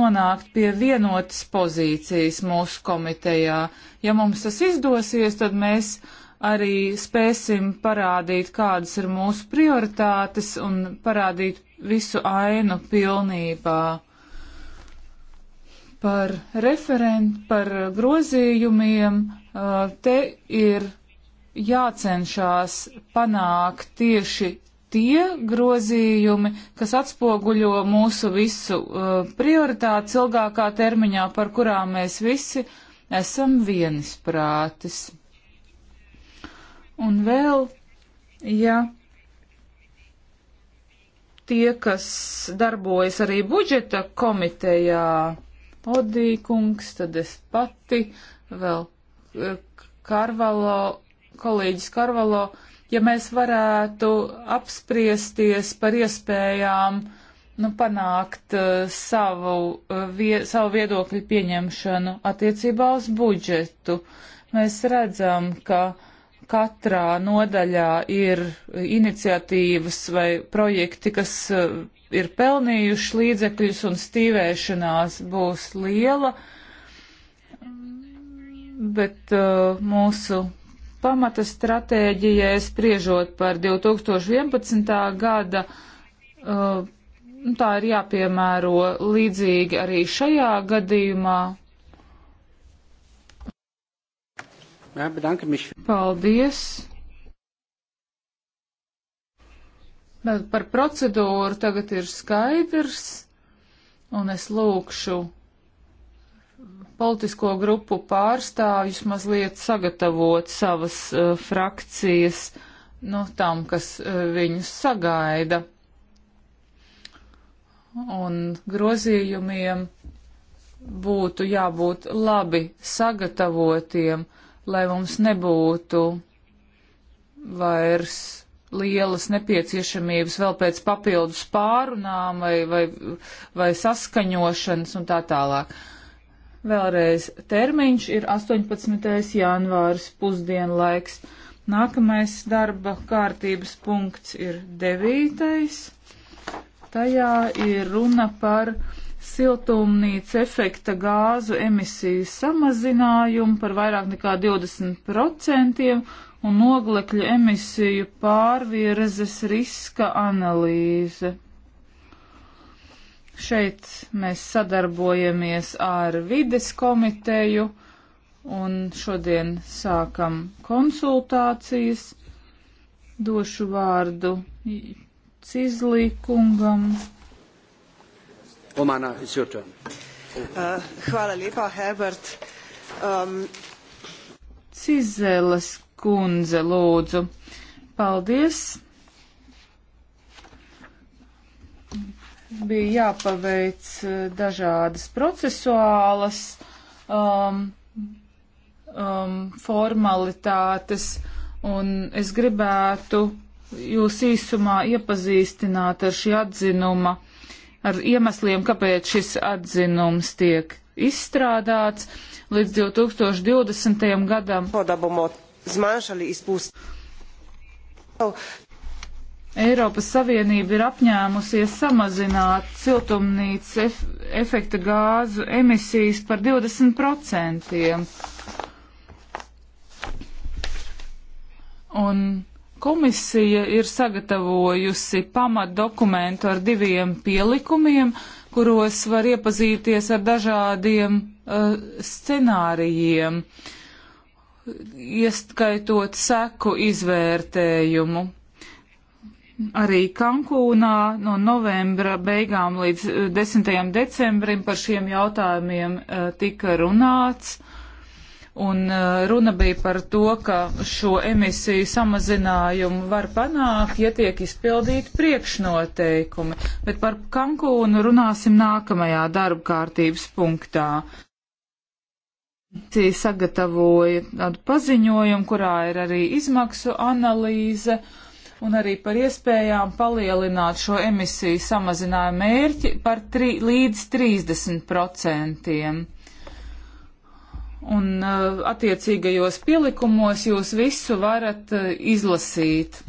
S3: nonākt pie vienotas pozīcijas mūsu komitejā. Ja mums tas izdosies, tad mēs arī spēsim parādīt, kādas ir mūsu prioritātes un parādīt visu ainu pilnībā par referentu, par grozījumiem. Te ir jācenšas panākt tieši tie grozījumi, kas atspoguļo mūsu visu prioritātes ilgākā termiņā, par kurām mēs visi esam vienisprātis. Un vēl, ja tie, kas darbojas arī budžeta komitejā, Odīkungs, tad es pati, vēl eh, Karvalo, kolēģis Karvalo, ja mēs varētu apspriesties par iespējām nu, panākt uh, savu, uh, vie, savu viedokļu pieņemšanu attiecībā uz budžetu. Mēs redzam, ka katrā nodaļā ir iniciatīvas vai projekti, kas uh, ir pelnījuši līdzekļus un stīvēšanās būs liela, bet uh, mūsu pamata stratēģijai spriežot par 2011. gada, uh, tā ir jāpiemēro līdzīgi arī šajā gadījumā. Paldies! Par procedūru tagad ir skaidrs, un es lūkšu politisko grupu pārstāvjus mazliet sagatavot savas uh, frakcijas no nu, tam, kas uh, viņus sagaida. Un grozījumiem būtu jābūt labi sagatavotiem, lai mums nebūtu vairs lielas nepieciešamības vēl pēc papildus pārunām vai, vai, vai saskaņošanas un tā tālāk. Vēlreiz termiņš ir 18. janvāris pusdienlaiks. Nākamais darba kārtības punkts ir 9. Tajā ir runa par siltumnīca efekta gāzu emisiju samazinājumu par vairāk nekā 20% un oglekļa emisiju pārvirzes riska analīze. Šeit mēs sadarbojamies ar vides komiteju un šodien sākam konsultācijas. Došu vārdu Cizlī kungam.
S2: Omana, it's your turn. Uh, hvala lijepa, Herbert. Um...
S3: Cizeles kundze, lūdzu. Paldies. Bija jāpaveic eh, dažādas procesuālas um, um, formalitātes, un es gribētu jūs īsumā iepazīstināt ar šī atzinuma, ar iemesliem, kāpēc šis atzinums tiek izstrādāts līdz 2020. gadam.
S1: Podabumot zmanjšali izpustov.
S3: Eiropas Savienība ir apņēmusies samazināt siltumnīcas ef efekta gāzu emisijas par 20%. Un komisija ir sagatavojusi pamatdokumentu ar diviem pielikumiem, kuros var iepazīties ar dažādiem uh, scenārijiem. Uh, ieskaitot seku izvērtējumu. Arī Kankūnā no novembra beigām līdz 10. Eh, decembrim par šiem jautājumiem eh, tika runāts. Un eh, runa bija par to, ka šo emisiju samazinājumu var panākt, ja tiek izpildīti priekšnoteikumi. Bet par Kankūnu runāsim nākamajā darba kārtības punktā. Tī sagatavoja tādu paziņojumu, kurā ir arī izmaksu analīze un arī par iespējām palielināt šo emisiju samazinājumu mērķi par tri, līdz 30%. Un uh, attiecīgajos pielikumos jūs visu varat uh, izlasīt.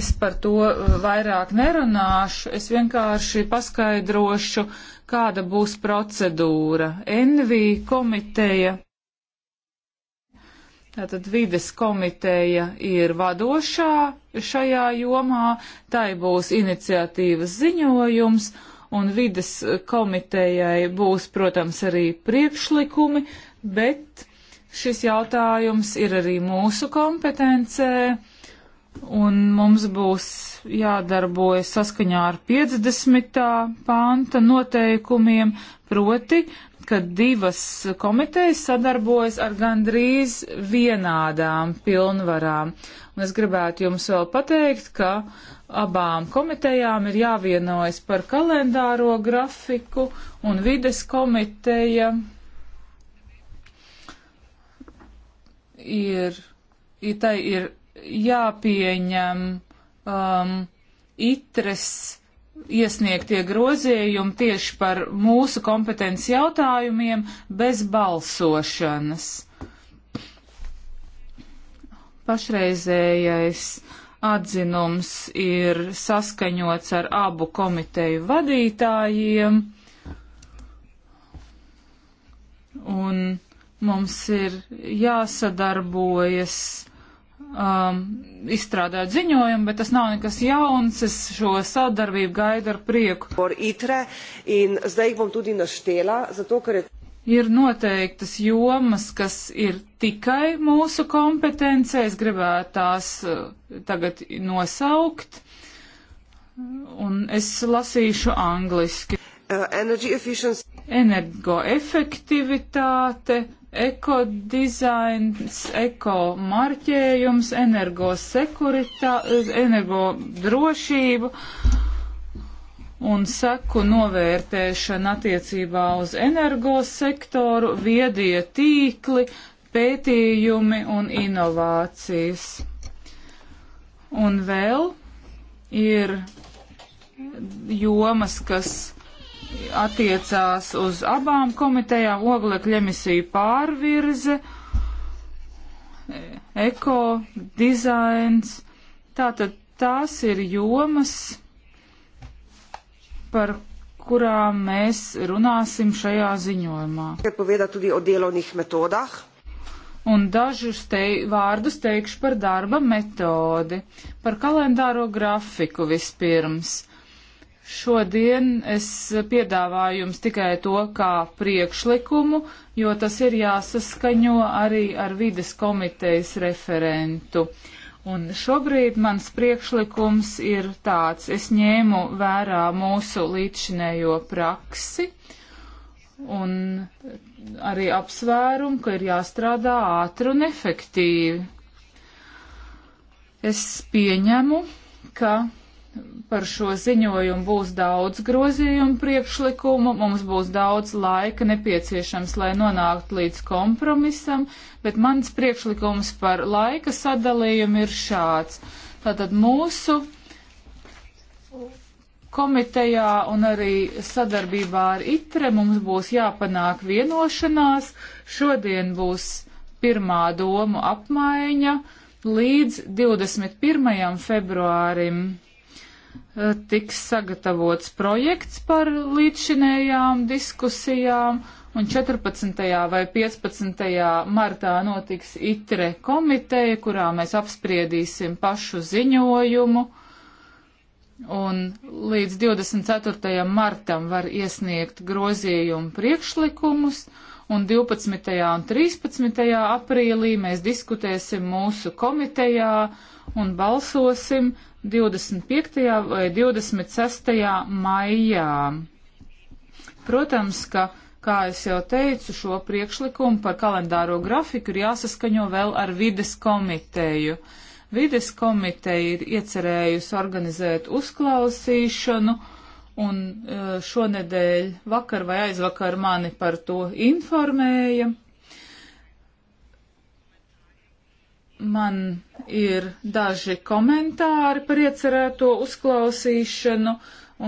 S3: Es par to uh, vairāk nerunāšu, es vienkārši paskaidrošu, kāda būs procedūra. NV komiteja Tātad vides komiteja ir vadošā šajā jomā, tai būs iniciatīvas ziņojums, un vides komitejai būs, protams, arī priekšlikumi, bet šis jautājums ir arī mūsu kompetencē, un mums būs jādarbojas saskaņā ar 50. panta noteikumiem, proti ka divas komitejas sadarbojas ar gandrīz vienādām pilnvarām. Un es gribētu jums vēl pateikt, ka abām komitejām ir jāvienojas par kalendāro grafiku un vides komiteja ir, ir, ir jāpieņem um, itres iesniegtie grozījumi tieši par mūsu kompetenci jautājumiem bez balsošanas. Pašreizējais atzinums ir saskaņots ar abu komiteju vadītājiem, un mums ir jāsadarbojas um, izstrādāt ziņojumu, bet tas nav nekas jauns. Es šo sadarbību gaidu ar prieku. Ir noteiktas jomas, kas ir tikai mūsu kompetencē. Es gribētu tās uh, tagad nosaukt. Un es lasīšu angliski. Uh, energoefektivitāte, ekodizains, eko marķējums, energo sekuritā, energo drošību un seku novērtēšana attiecībā uz energo sektoru, viedie tīkli, pētījumi un inovācijas. Un vēl ir jomas, kas attiecās uz abām komitejām - oglekļa emisiju pārvirze, eko, dizains. Tātad tās ir jomas, par kurām mēs runāsim šajā
S1: ziņojumā.
S3: Un dažus te, vārdus teikšu par darba metodi, par kalendāro grafiku vispirms. Šodien es piedāvāju jums tikai to kā priekšlikumu, jo tas ir jāsaskaņo arī ar vides komitejas referentu. Un šobrīd mans priekšlikums ir tāds, es ņēmu vērā mūsu līdzinējo praksi un arī apsvērumu, ka ir jāstrādā ātri un efektīvi. Es pieņemu, ka par šo ziņojumu būs daudz grozījumu priekšlikumu, mums būs daudz laika nepieciešams, lai nonāktu līdz kompromisam, bet mans priekšlikums par laika sadalījumu ir šāds. Tātad mūsu komitejā un arī sadarbībā ar ITRE mums būs jāpanāk vienošanās. Šodien būs pirmā domu apmaiņa līdz 21. februārim Eh, tiks sagatavots projekts par līdzšinējām diskusijām, un 14. vai 15. martā notiks ITRE komiteja, kurā mēs apspriedīsim pašu ziņojumu, un līdz 24. martam var iesniegt grozījumu priekšlikumus, un 12. un 13. aprīlī mēs diskutēsim mūsu komitejā un balsosim 25. vai 26. maijā. Protams, ka, kā es jau teicu, šo priekšlikumu par kalendāro grafiku ir jāsaskaņo vēl ar vides komiteju. Vides komiteja ir iecerējusi organizēt uzklausīšanu, un eh, šonedēļ vakar vai aizvakar mani par to informēja. man ir daži komentāri par iecerēto uzklausīšanu,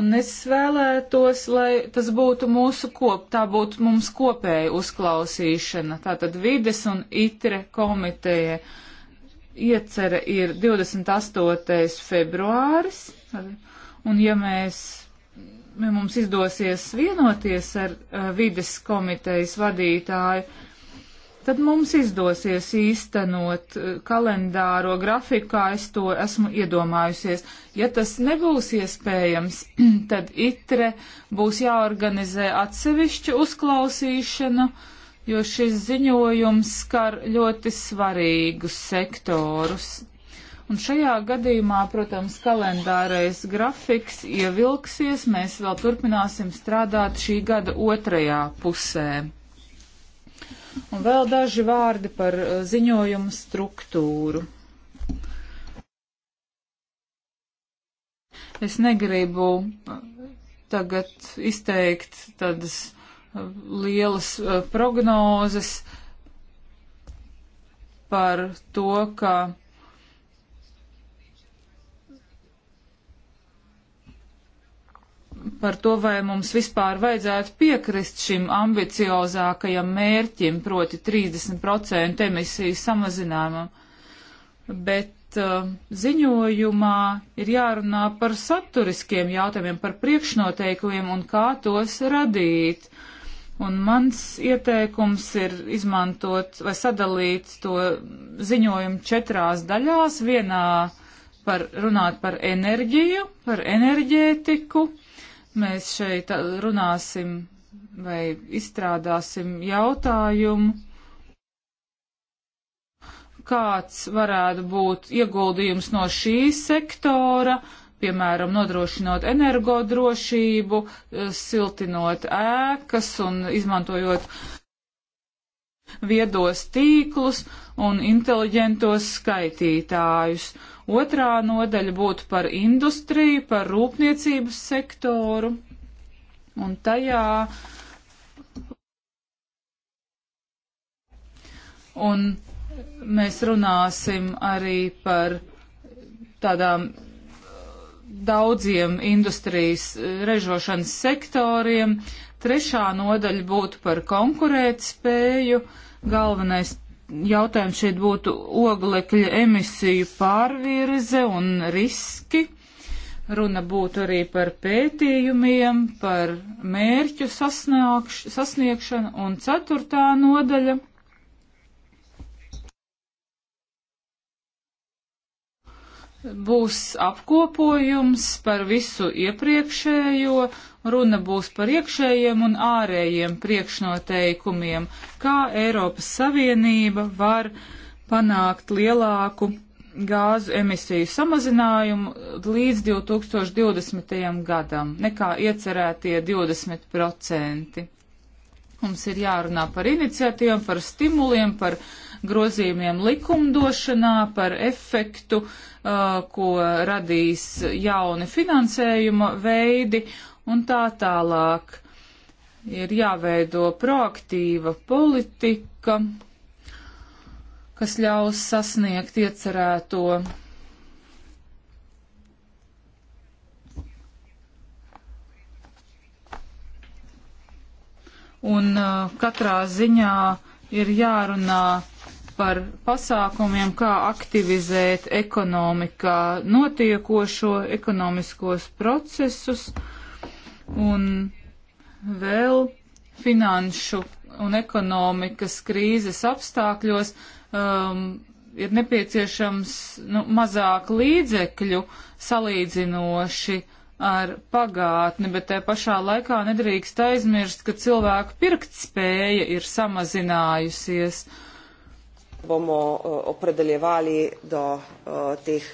S3: un es vēlētos, lai tas būtu mūsu kop, tā būtu mums kopēja uzklausīšana, tātad vides un itre komiteja. Iecere ir 28. februāris, un ja mēs, ja mums izdosies vienoties ar uh, vides komitejas vadītāju, tad mums izdosies īstenot eh, kalendāro grafiku, kā es to esmu iedomājusies. Ja tas nebūs iespējams, tad itre būs jāorganizē atsevišķa uzklausīšana, jo šis ziņojums skar ļoti svarīgus sektorus. Un šajā gadījumā, protams, kalendārais grafiks ievilksies, mēs vēl turpināsim strādāt šī gada otrajā pusē. Un vēl daži vārdi par eh, ziņojumu struktūru. Es negribu eh, tagad izteikt tādas eh, lielas prognozes par to, ka par to, vai mums vispār vajadzētu piekrist šim ambiciozākajam mērķim, proti 30% emisiju samazinājumam. Bet uh, ziņojumā ir jārunā par saturiskiem jautājumiem, par priekšnoteikumiem un kā tos radīt. Un mans ieteikums ir izmantot vai sadalīt to ziņojumu četrās daļās. Vienā par runāt par enerģiju, par enerģētiku, Mēs šeit runāsim vai izstrādāsim jautājumu, kāds varētu būt ieguldījums no šī sektora, piemēram, nodrošinot energodrošību, eh, siltinot ēkas un izmantojot viedos tīklus un inteliģentos skaitītājus. Otrā nodaļa būtu par industriju, par rūpniecības sektoru. Un tajā. Un mēs runāsim arī par tādām daudziem industrijas ražošanas sektoriem. Trešā nodaļa būtu par konkurētspēju. Galvenais jautājums šeit būtu oglekļa emisiju pārvirze un riski. Runa būtu arī par pētījumiem, par mērķu sasniegšanu un ceturtā nodaļa būs apkopojums par visu iepriekšējo, runa būs par iekšējiem un ārējiem priekšnoteikumiem, kā Eiropas Savienība var panākt lielāku gāzu emisiju samazinājumu līdz 2020. gadam, nekā iecerētie 20%. Mums ir jārunā par iniciatīvām, par stimuliem, par grozījumiem likumdošanā, par efektu, uh, ko radīs jauni finansējuma veidi un tā tālāk. Ir jāveido proaktīva politika, kas ļaus sasniegt iecerēto un uh, katrā ziņā ir jārunā par pasākumiem, kā aktivizēt ekonomikā notiekošo ekonomiskos procesus un vēl finanšu un ekonomikas krīzes apstākļos um, ir nepieciešams nu, mazāk līdzekļu salīdzinoši uh, ar pagātni, bet te pašā laikā nedrīkst aizmirst, ka cilvēku pirkt spēja ir samazinājusies. Bomo
S1: eh, opredeljevali do uh, teh.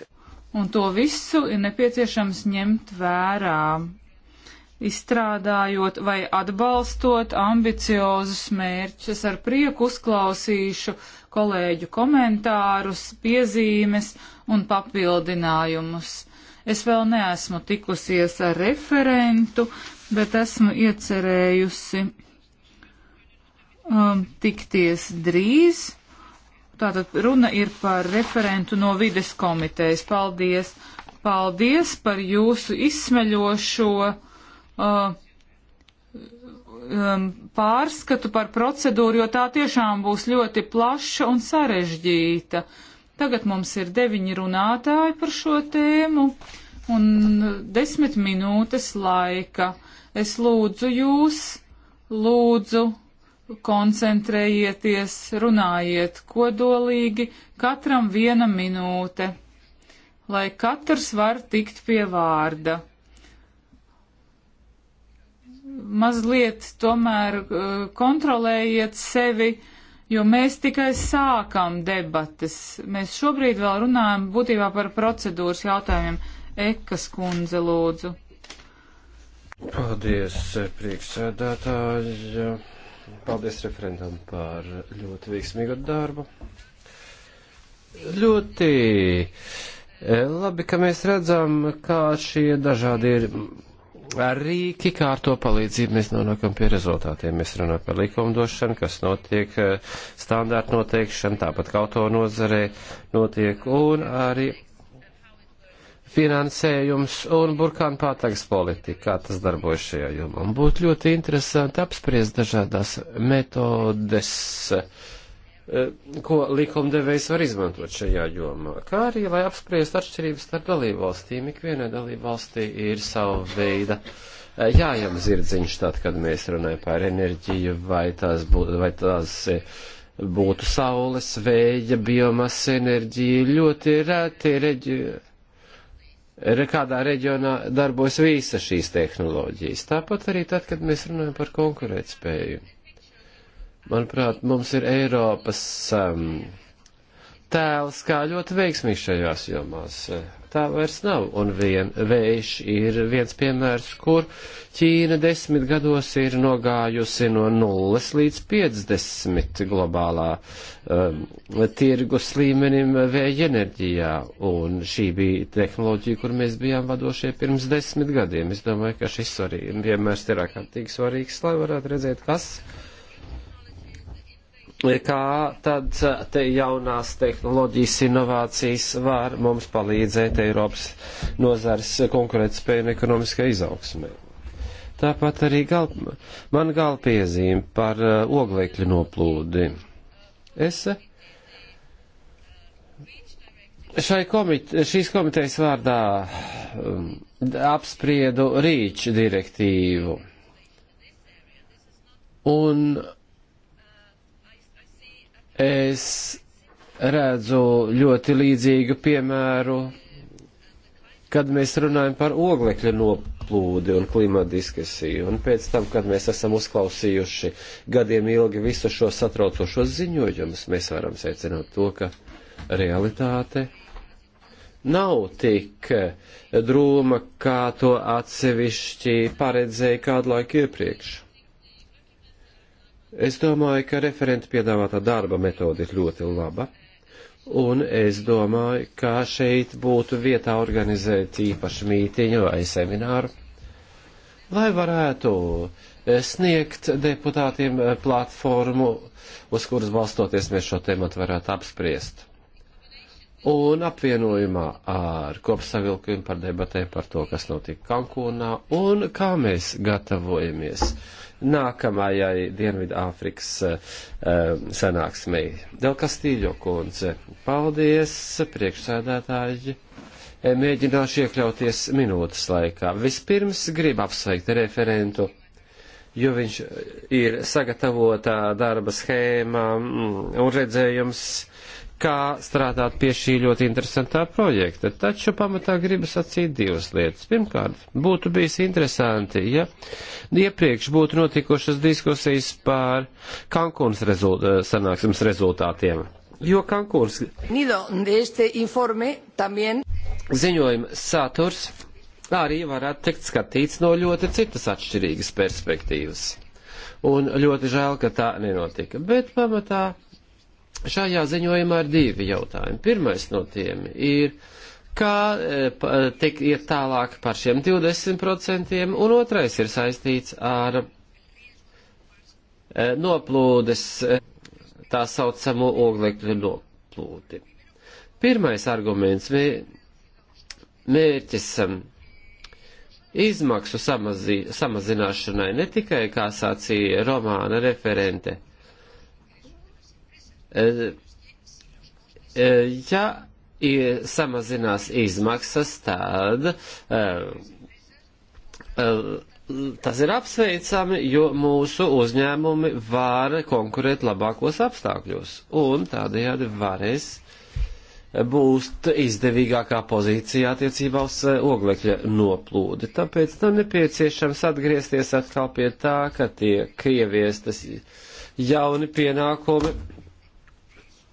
S3: Un to visu ir nepieciešams ņemt vērā, izstrādājot vai atbalstot ambiciozus mērķus. Ar prieku uzklausīšu kolēģu komentārus, piezīmes un papildinājumus Es vēl neesmu tikusies ar referentu, bet esmu iecerējusi um, tikties drīz. Tātad runa ir par referentu no vides komitejas. Paldies! Paldies par jūsu izsmeļošo uh, um, pārskatu par procedūru, jo tā tiešām būs ļoti plaša un sarežģīta. Uh, Tagad mums ir deviņi runātāji par šo tēmu un desmit minūtes laika. Es lūdzu jūs, lūdzu, koncentrējieties, runājiet kodolīgi, katram viena minūte, lai katrs var tikt pie vārda. Mazliet tomēr eh, kontrolējiet sevi jo mēs tikai sākam debatas. Mēs šobrīd vēl runājam būtībā par procedūras jautājumiem. Ekas kundze lūdzu.
S2: Paldies, priekšsēdētāji. Paldies referentam par ļoti veiksmīgu darbu. Ļoti labi, ka mēs redzam, kā šie dažādi ir ar rīki kārto palīdzību mēs nonākam pie rezultātiem. Mēs runājam par likumdošanu, kas notiek, eh, standārtu noteikšanu, tāpat kā auto nozarē notiek, un arī finansējums un burkānu pātagas politika, kā tas darbojas šajā jomā. Būtu ļoti interesanti apspriest dažādās metodes. Uh, Eh, ko likumdevējs var izmantot šajā jomā, kā arī, lai apspriest atšķirības starp dalībvalstīm. Ikvienai dalībvalstī ir sava veida eh, jājam zirdziņš, tad, kad mēs runājam par enerģiju, vai tās, būtu, vai tās eh, būtu saules, vēja, biomasa enerģija, ļoti reti reģi kādā reģionā darbojas visas šīs tehnoloģijas. Tāpat arī tad, kad mēs runājam par konkurētspēju. Manuprāt, mums ir Eiropas um, tēls kā ļoti veiksmīgs šajās jomās. Tā vairs nav. Un vien vējš ir viens piemērs, kur Ķīna desmit gados ir nogājusi no nulles līdz 50 globālā um, tirgus līmenim vēja enerģijā. Un šī bija tehnoloģija, kur mēs bijām vadošie pirms desmit gadiem. Es domāju, ka šis arī piemērs ir ārkārtīgi svarīgs, lai varētu redzēt, kas kā tad te jaunās tehnoloģijas inovācijas var mums palīdzēt Eiropas nozares konkurētspēju un ekonomiskai izaugsmē. Tāpat arī gal, man galpiezīme par uh, oglekļu noplūdi. Es uh, šai komit, šīs komitejas vārdā um, apspriedu rīču direktīvu. Un Es redzu ļoti līdzīgu piemēru, kad mēs runājam par oglekļa noplūdi un klimatdiskesiju, un pēc tam, kad mēs esam uzklausījuši gadiem ilgi visu šo satraucošos ziņojumus, mēs varam secināt to, ka realitāte nav tik drūma, kā to atsevišķi paredzēja kādu laiku iepriekš. Es domāju, ka referenta piedāvātā darba metode ir ļoti laba, un es domāju, ka šeit būtu vietā organizēt īpašu mītiņu vai semināru, lai varētu eh, sniegt deputātiem eh, platformu, uz kuras balstoties mēs šo tematu varētu apspriest. Un apvienojumā ar kopsavilkumu par debatēm par to, kas notika Kankūnā un kā mēs gatavojamies. Uh, nākamajai Dienvidāfrikas eh, eh, sanāksmei. Del Kastīļo kundze, paldies, priekšsēdētāji. Eh, mēģināšu iekļauties minūtes laikā. Vispirms gribu apsveikt referentu jo viņš ir sagatavotā darba schēmā mm, un redzējums kā strādāt pie šī ļoti interesantā projekta. Taču pamatā gribu sacīt divas lietas. Pirmkārt, būtu bijis interesanti, ja iepriekš būtu notikušas diskusijas pār Kankūnas rezult sanāksmes rezultātiem. Jo Kankūns ziņojuma saturs arī varētu tikt skatīts no ļoti citas atšķirīgas perspektīvas. Un ļoti žēl, ka tā nenotika. Bet pamatā Šajā ziņojumā ir divi jautājumi. Pirmais no tiem ir, kā e, tiek iet tālāk par šiem 20%, un otrais ir saistīts ar e, noplūdes e, tā saucamo oglekļu noplūdi. Pirmais arguments mērķis izmaksu samazī, samazināšanai ne tikai, kā sācīja Romāna referente, Eh, eh, ja samazinās izmaksas, tad eh, tas ir apsveicami, jo mūsu uzņēmumi var konkurēt labākos apstākļos un tādējādi varēs būt izdevīgākā pozīcijā attiecībā uz oglekļa noplūdi. Tāpēc tam nepieciešams atgriezties atkal pie tā, ka tiek ieviestas jauni pienākumi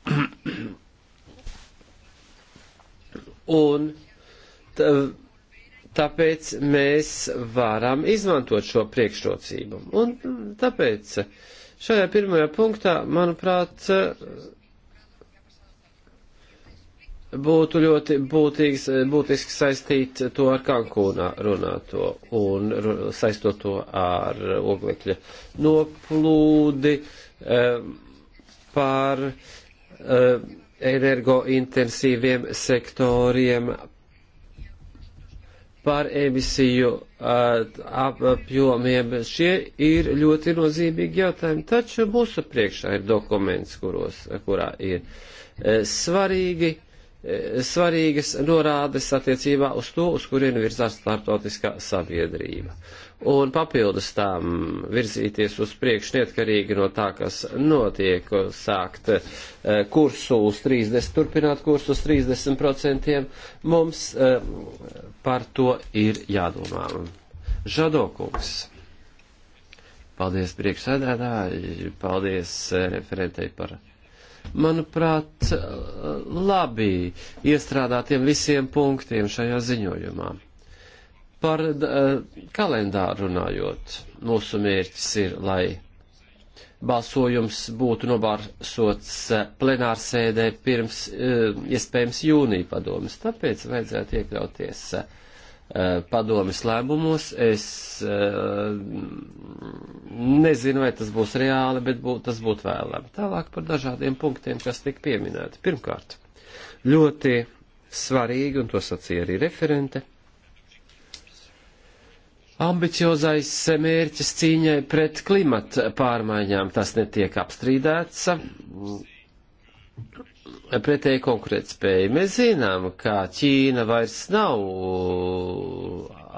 S2: Un tāpēc mēs varam izmantot šo priekšrocību. Un tāpēc šajā pirmajā punktā, manuprāt, būtu ļoti būtīgs, būtiski saistīt to ar Kankūnā runāto un saistot to ar oglekļa noplūdi um, par uh, Eh, energointensīviem sektoriem, par emisiju eh, apjomiem. Šie ir ļoti nozīmīgi jautājumi, taču mūsu priekšā ir dokuments, kuros, kurā ir eh, svarīgi, svarīgas norādes attiecībā uz to, uz kurien virzās startautiskā sabiedrība un papildus tām virzīties uz priekšu neatkarīgi no tā, kas notiek, sākt eh, kursu uz 30, turpināt kursu uz 30%, mums eh, par to ir jādomā. Žadokungs. Paldies priekšsēdētāji, paldies eh, referentei par manuprāt, labi iestrādātiem visiem punktiem šajā ziņojumā. Par kalendāru runājot, mūsu mērķis ir, lai balsojums būtu nobārsots eh, plenārsēdē pirms eh, iespējams jūnija padomas. Tāpēc vajadzētu iekļauties eh, padomas lēmumos. Es nezinu, vai tas būs reāli, bet būt, tas būtu vēlami. Tālāk par dažādiem punktiem, kas tika pieminēti. Pirmkārt, ļoti svarīgi, un to sacīja arī referente, ambiciozais mērķis cīņai pret klimata pārmaiņām. Tas netiek apstrīdēts. Pretēji konkurētspēja. Mēs zinām, ka Ķīna vairs nav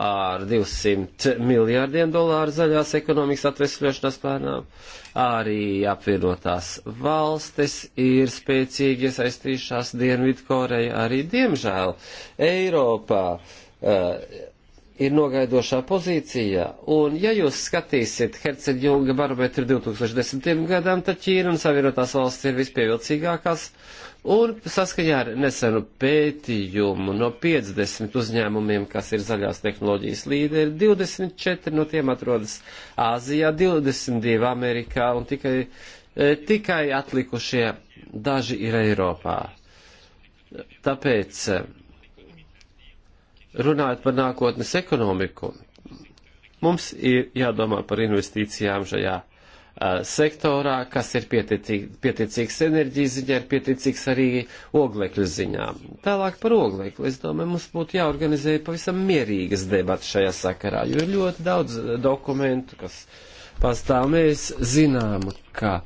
S2: ar 200 miljārdiem dolāru zaļās ekonomikas atvesļošanas plānām. Arī apvienotās valstis ir spēcīgi iesaistījušās Dienvidkoreja, arī diemžēl Eiropā. Uh, ir nogaidošā pozīcijā, un ja jūs skatīsiet Herceģunga barometru 2010. gadam, tad Ķīna un Savienotās valsts ir vispievilcīgākās, un saskaņā ar nesenu pētījumu no 50 uzņēmumiem, kas ir zaļās tehnoloģijas līderi, 24 no tiem atrodas Āzijā, 22 Amerikā, un tikai, e, tikai atlikušie daži ir Eiropā. Tāpēc eh, Runājot par nākotnes ekonomiku, mums ir jādomā par investīcijām šajā sektorā, kas ir pieticīgs, pieticīgs enerģijas ziņā, ir pieticīgs arī oglekļu ziņā. Tālāk par oglekli. Es domāju, mums būtu jāorganizē pavisam mierīgas debatas šajā sakarā, jo ir ļoti daudz dokumentu, kas pastāv. Mēs zinām, ka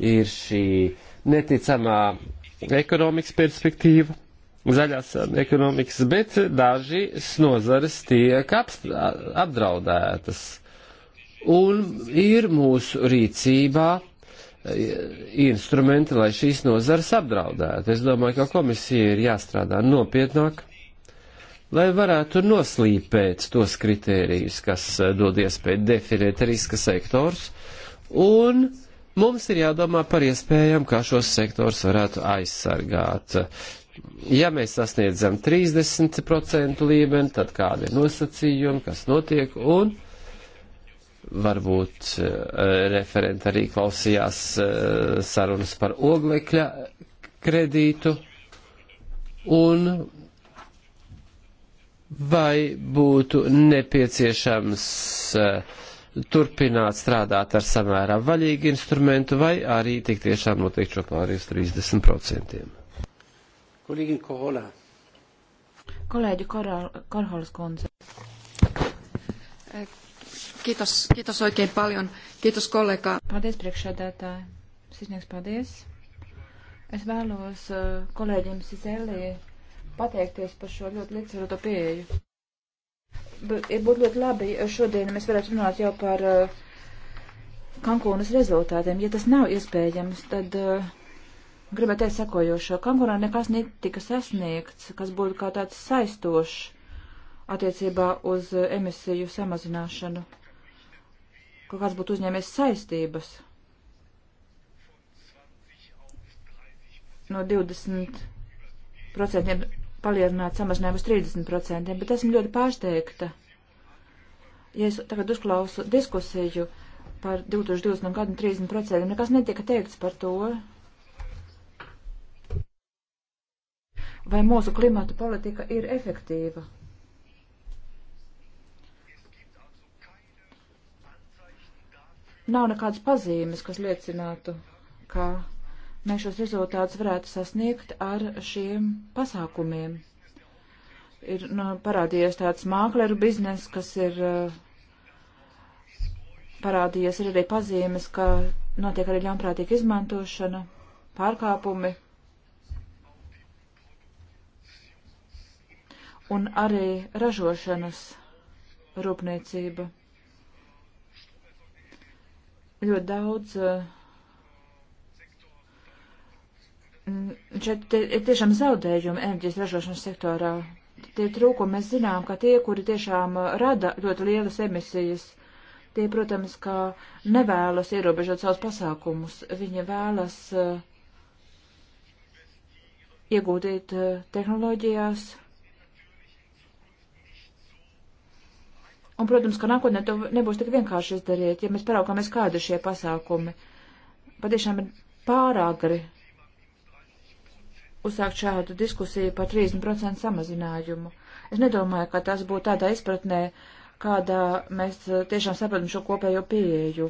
S2: ir šī neticamā ekonomikas perspektīva zaļās ekonomikas, bet daži nozares tiek apdraudētas. Un ir mūsu rīcībā e, instrumenti, lai šīs nozares apdraudētu. Es domāju, ka komisija ir jāstrādā nopietnāk, lai varētu noslīpēt tos kritērijus, kas e, dod iespēju definēt riska sektors, un mums ir jādomā par iespējām, kā šos sektors varētu aizsargāt ja mēs sasniedzam 30% līmeni, tad kādi ir nosacījumi, kas notiek, un varbūt uh, referenta arī klausījās uh, sarunas par oglekļa kredītu, un vai būtu nepieciešams uh, turpināt strādāt ar samērā vaļīgu instrumentu, vai arī tik tiešām noteikti šo pāri uz 30%. Kolēģi Korhola.
S1: Kolēģi Korholas kundze. Kiitos, kiitos oikein paljon. Kiitos kollega. Paldies priekšsēdētāji. Sirsnieks, paldies. Es vēlos eh, kolēģiem Sizelī pateikties par šo ļoti līdzsvaroto pieeju. Ir būtu ļoti labi, ja eh, šodien mēs varētu runāt jau par eh, Kankūnas rezultātiem. Ja tas nav iespējams, tad uh, Gribētu teikt sekojošo. Kankūnā nekas netika sasniegts, kas būtu kā tāds saistošs attiecībā uz emisiju samazināšanu. Kaut kāds būtu uzņēmies saistības no 20% palielināt samazinājumu uz 30%, bet esmu ļoti pārsteigta. Ja es tagad uzklausu diskusiju par 2020 gadu 30%, nekas netika teikts par to, vai mūsu klimata politika ir efektīva. Nav nekādas pazīmes, kas liecinātu, ka mēs šos rezultātus varētu sasniegt ar šiem pasākumiem. Ir nu, parādījies tāds mākleru biznes, kas ir eh, parādījies ir arī pazīmes, ka notiek arī ļaunprātīga izmantošana, pārkāpumi un arī ražošanas rūpniecība. Ļoti daudz uh, šeit tie, ir tiešām zaudējumi enerģijas ražošanas sektorā. Tie trūkumi mēs zinām, ka tie, kuri tiešām eh, rada ļoti lielas emisijas, tie, protams, ka nevēlas ierobežot savus pasākumus. Viņi vēlas uh, eh, ieguldīt uh, tehnoloģijās, Un, protams, ka nākotnē to nebūs tik vienkārši izdarīt, ja mēs paraugāmies, kādi ir šie pasākumi. Patiešām ir pārāgri uzsākt šādu diskusiju par 30% samazinājumu. Es nedomāju, ka tas būtu tādā izpratnē, kādā mēs eh, tiešām sapratam šo kopējo pieeju.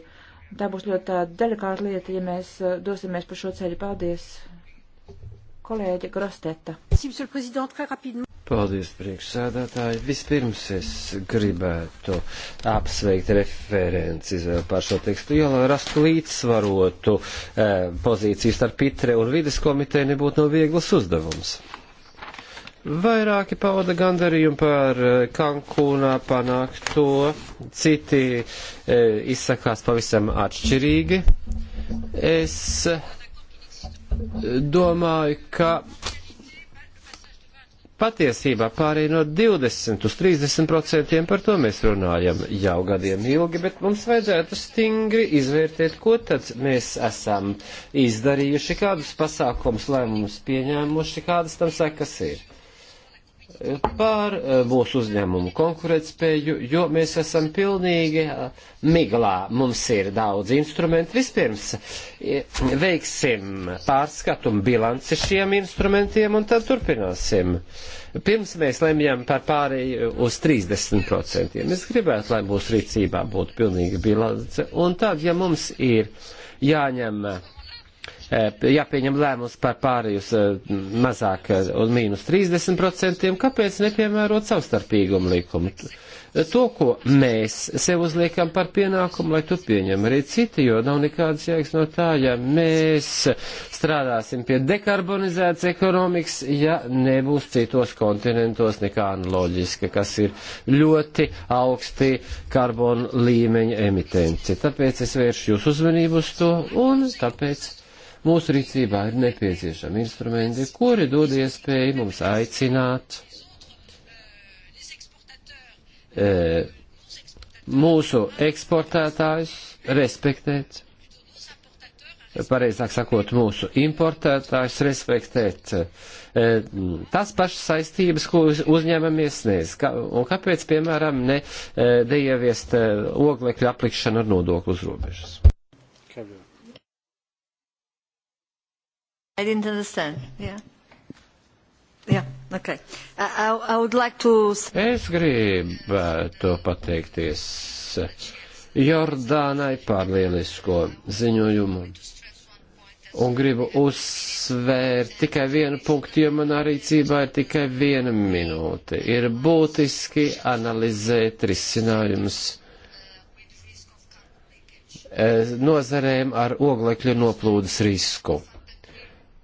S1: Tā būs ļoti tāda delikāta lieta, ja mēs eh, dosimies pa šo ceļu. Paldies, kolēģi Grosteta.
S2: Paldies, priekšsēdētāji. Vispirms es gribētu apsveikt referenci par šo tekstu, jo, lai rastu līdzsvarotu e, pozīciju starp ITRE un vides komiteju, nebūtu nav no vieglas uzdevums. Vairāki pauda gandarījumu par eh, Kankūnā panākto, citi e, izsakās pavisam atšķirīgi. Es domāju, ka Patiesībā pārēj no 20 uz 30 procentiem par to mēs runājam jau gadiem ilgi, bet mums vajadzētu stingri izvērtēt, ko tad mēs esam izdarījuši, kādus pasākums lēmumus pieņēmuši, kādas tam sekas ir par eh, mūsu uzņēmumu konkurētspēju, jo mēs esam pilnīgi eh, miglā. Mums ir daudz instrumentu. Vispirms eh, veiksim pārskatu un bilanci šiem instrumentiem un tad turpināsim. Pirms mēs lemjam par pārēju uz 30%. Es gribētu, lai mūsu rīcībā būtu pilnīga bilance. Un tad, ja mums ir jāņem Eh, jāpieņem lēmums par pārējus eh, mazāk eh, un mīnus 30%, kāpēc nepiemērot savstarpīgumu likumu? To, ko mēs sev uzliekam par pienākumu, lai tu pieņem arī citi, jo nav nekādas jēgas no tā, ja mēs strādāsim pie dekarbonizētas ekonomikas, ja nebūs citos kontinentos nekā analoģiska, kas ir ļoti augsti karbonu līmeņa emitenti. Tāpēc es vēršu jūs uzmanību uz to un tāpēc Mūsu rīcībā ir nepieciešami instrumenti, kuri dod iespēju mums aicināt e, mūsu eksportētājus respektēt pareizāk sakot, mūsu importētājs respektēt e, tās pašas saistības, ko uzņēmamies sniedz. Kā, un kāpēc, piemēram, ne e, deieviest e, oglekļa aplikšanu ar nodoklu uz robežas? I didn't understand. Yeah. Yeah, okay. I, I would like to... Es gribētu pateikties Jordānai par lielisko ziņojumu. Un gribu uzsvērt tikai vienu punktu, jo manā rīcībā ir tikai viena minūte. Ir būtiski analizēt risinājumus eh, nozarēm ar oglekļu noplūdes risku.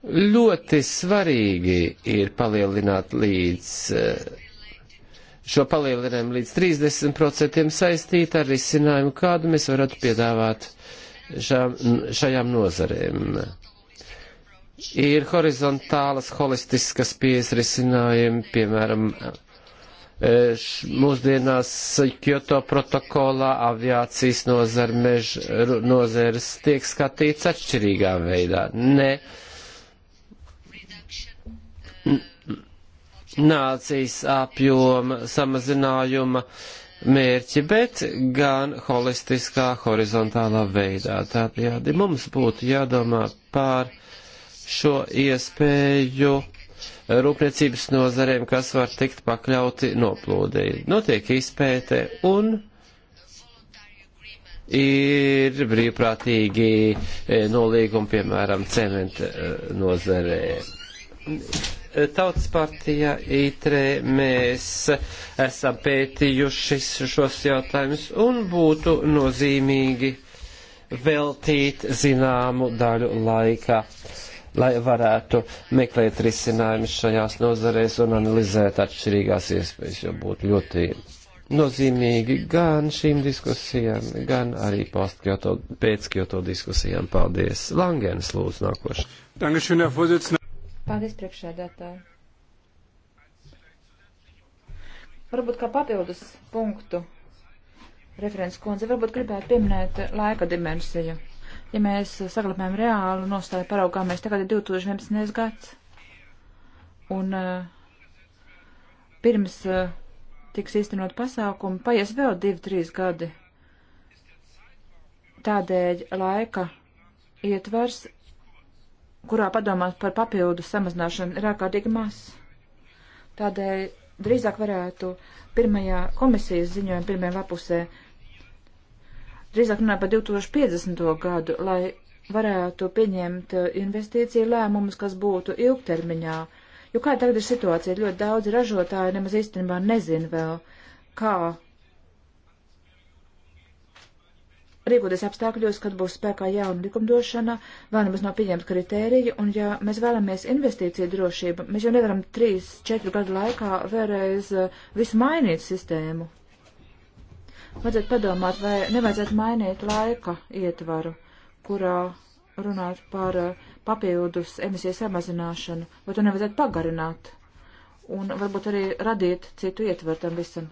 S2: Ļoti svarīgi ir palielināt līdz eh, šo palielinājumu līdz 30% saistīt ar risinājumu, kādu mēs varētu piedāvāt šām, šajām nozarēm. Ir horizontālas, holistiskas pieejas risinājumi, piemēram, eh, mūsdienās Kyoto protokolā aviācijas nozara, meža nozares tiek skatīts atšķirīgā veidā. Ne nācijas apjoma samazinājuma mērķi, bet gan holistiskā, horizontālā veidā. Tādējādi mums būtu jādomā par šo iespēju rūpniecības nozarēm, kas var tikt pakļauti noplūdei. Notiek izpēte un ir brīvprātīgi e, nolīgumi, piemēram, cementa e, nozarē Tautas partijā ITRE mēs esam pētījuši šos jautājumus un būtu nozīmīgi veltīt zināmu daļu laika, lai varētu meklēt risinājumus šajās nozarēs un analizēt atšķirīgās iespējas, jo būtu ļoti nozīmīgi gan šīm diskusijām, gan arī pēc Kyoto diskusijām. Paldies! Langenes lūdzu nākošais.
S1: Paldies, priekšsēdētāji. Varbūt kā papildus punktu referents kundze, varbūt gribētu pieminēt laika dimensiju. Ja mēs saglabājam reālu nostāju paraugāmies, tagad ir 2011. gads, un uh, pirms uh, tiks īstenot pasākumu, paies vēl 2-3 gadi. Tādēļ laika ietvars kurā padomās par papildu samazināšanu, ir ārkārtīgi maz. Tādēļ drīzāk varētu pirmajā komisijas ziņojuma pirmajā lapusē drīzāk runāt par 2050. gadu, lai varētu pieņemt uh, investīciju lēmumus, kas būtu ilgtermiņā. Jo kā tagad ir situācija, ļoti daudzi ražotāji nemaz īstenībā nezin vēl, kā rīkoties apstākļos, kad būs spēkā jauna likumdošana, vēl nemaz nav pieņemta kritērija, un ja mēs vēlamies investīciju drošību, mēs jau nevaram 3-4 gadu laikā vēlreiz eh, visu mainīt sistēmu. Vajadzētu padomāt, vai nevajadzētu mainīt laika ietvaru, kurā runāt par eh, papildus emisiju samazināšanu, vai to nevajadzētu pagarināt un varbūt arī radīt citu ietvaru tam visam.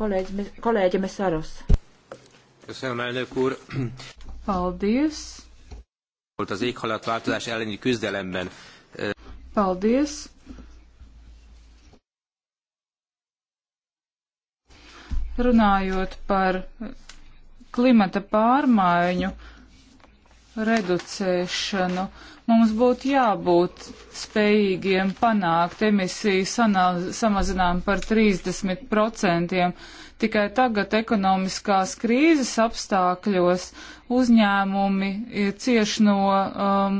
S1: Kolēģi, kolēģi Mesaros.
S2: Köszönöm, elnök úr.
S1: Paldies.
S2: Volt az éghajlatváltozás elleni küzdelemben.
S3: Paldies. Runājot par klimata pārmaiņu reducēšanu, mums būtu jābūt spējīgiem panākt emisiju samazinājumu par 30%. Tikai tagad ekonomiskās krīzes apstākļos uzņēmumi ir cieši no, um,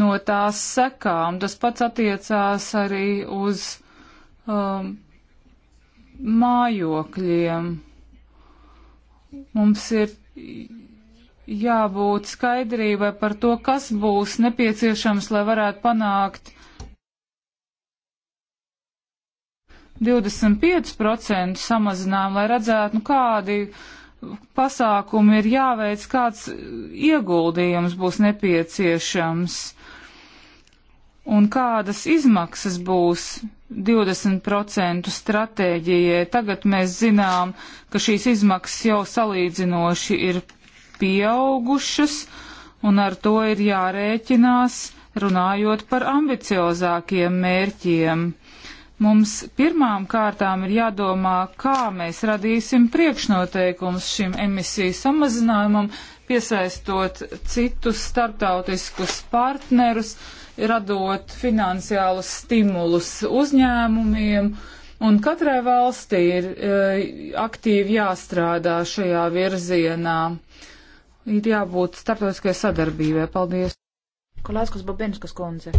S3: no tās sekām. Tas pats attiecās arī uz um, mājokļiem. Mums ir jābūt skaidrībai par to, kas būs nepieciešams, lai varētu panākt 25% samazinām, lai redzētu, nu, kādi pasākumi ir jāveic, kāds ieguldījums būs nepieciešams un kādas izmaksas būs 20% stratēģijai. Tagad mēs zinām, ka šīs izmaksas jau salīdzinoši ir pieaugušas, un ar to ir jārēķinās, runājot par ambiciozākiem mērķiem. Mums pirmām kārtām ir jādomā, kā mēs radīsim priekšnoteikums šim emisiju samazinājumam, piesaistot citus starptautiskus partnerus, radot finansiālus stimulus uzņēmumiem. Un katrai valstī ir e, aktīvi jāstrādā šajā virzienā. Ir jābūt starptautiskai sadarbībai.
S1: Paldies! Kolēskas Babenskas kundze.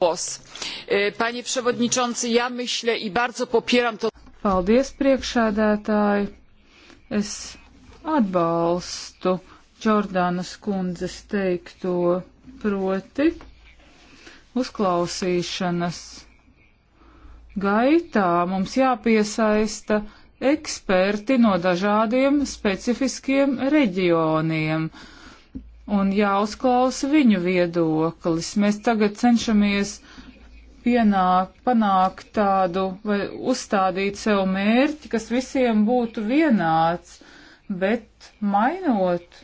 S3: Pos. E, panie przewodniczący, ja myślę i bardzo popieram to. Paldies, priekšēdētāji. Es atbalstu Čordānas kundzes teikto proti uzklausīšanas gaitā mums jāpiesaista eksperti no dažādiem specifiskiem reģioniem. Uh, un jāuzklausa viņu viedoklis. Mēs tagad cenšamies pienāk, panākt tādu vai uzstādīt sev mērķi, kas visiem būtu vienāds, bet mainot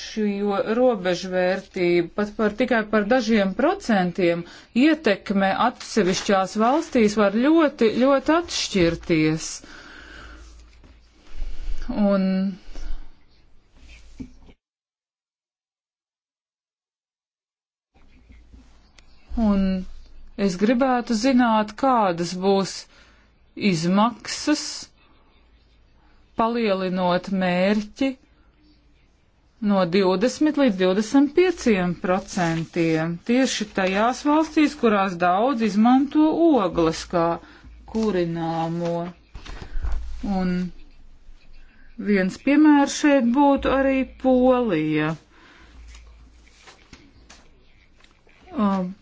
S3: šo robežvērtību pat par tikai par dažiem procentiem ietekme atsevišķās valstīs var ļoti, ļoti atšķirties. Un Un es gribētu zināt, kādas būs izmaksas, palielinot mērķi no 20 līdz 25 procentiem tieši tajās valstīs, kurās daudz izmanto ogles kā kurināmo. Un viens piemērs šeit būtu arī Polija. Um,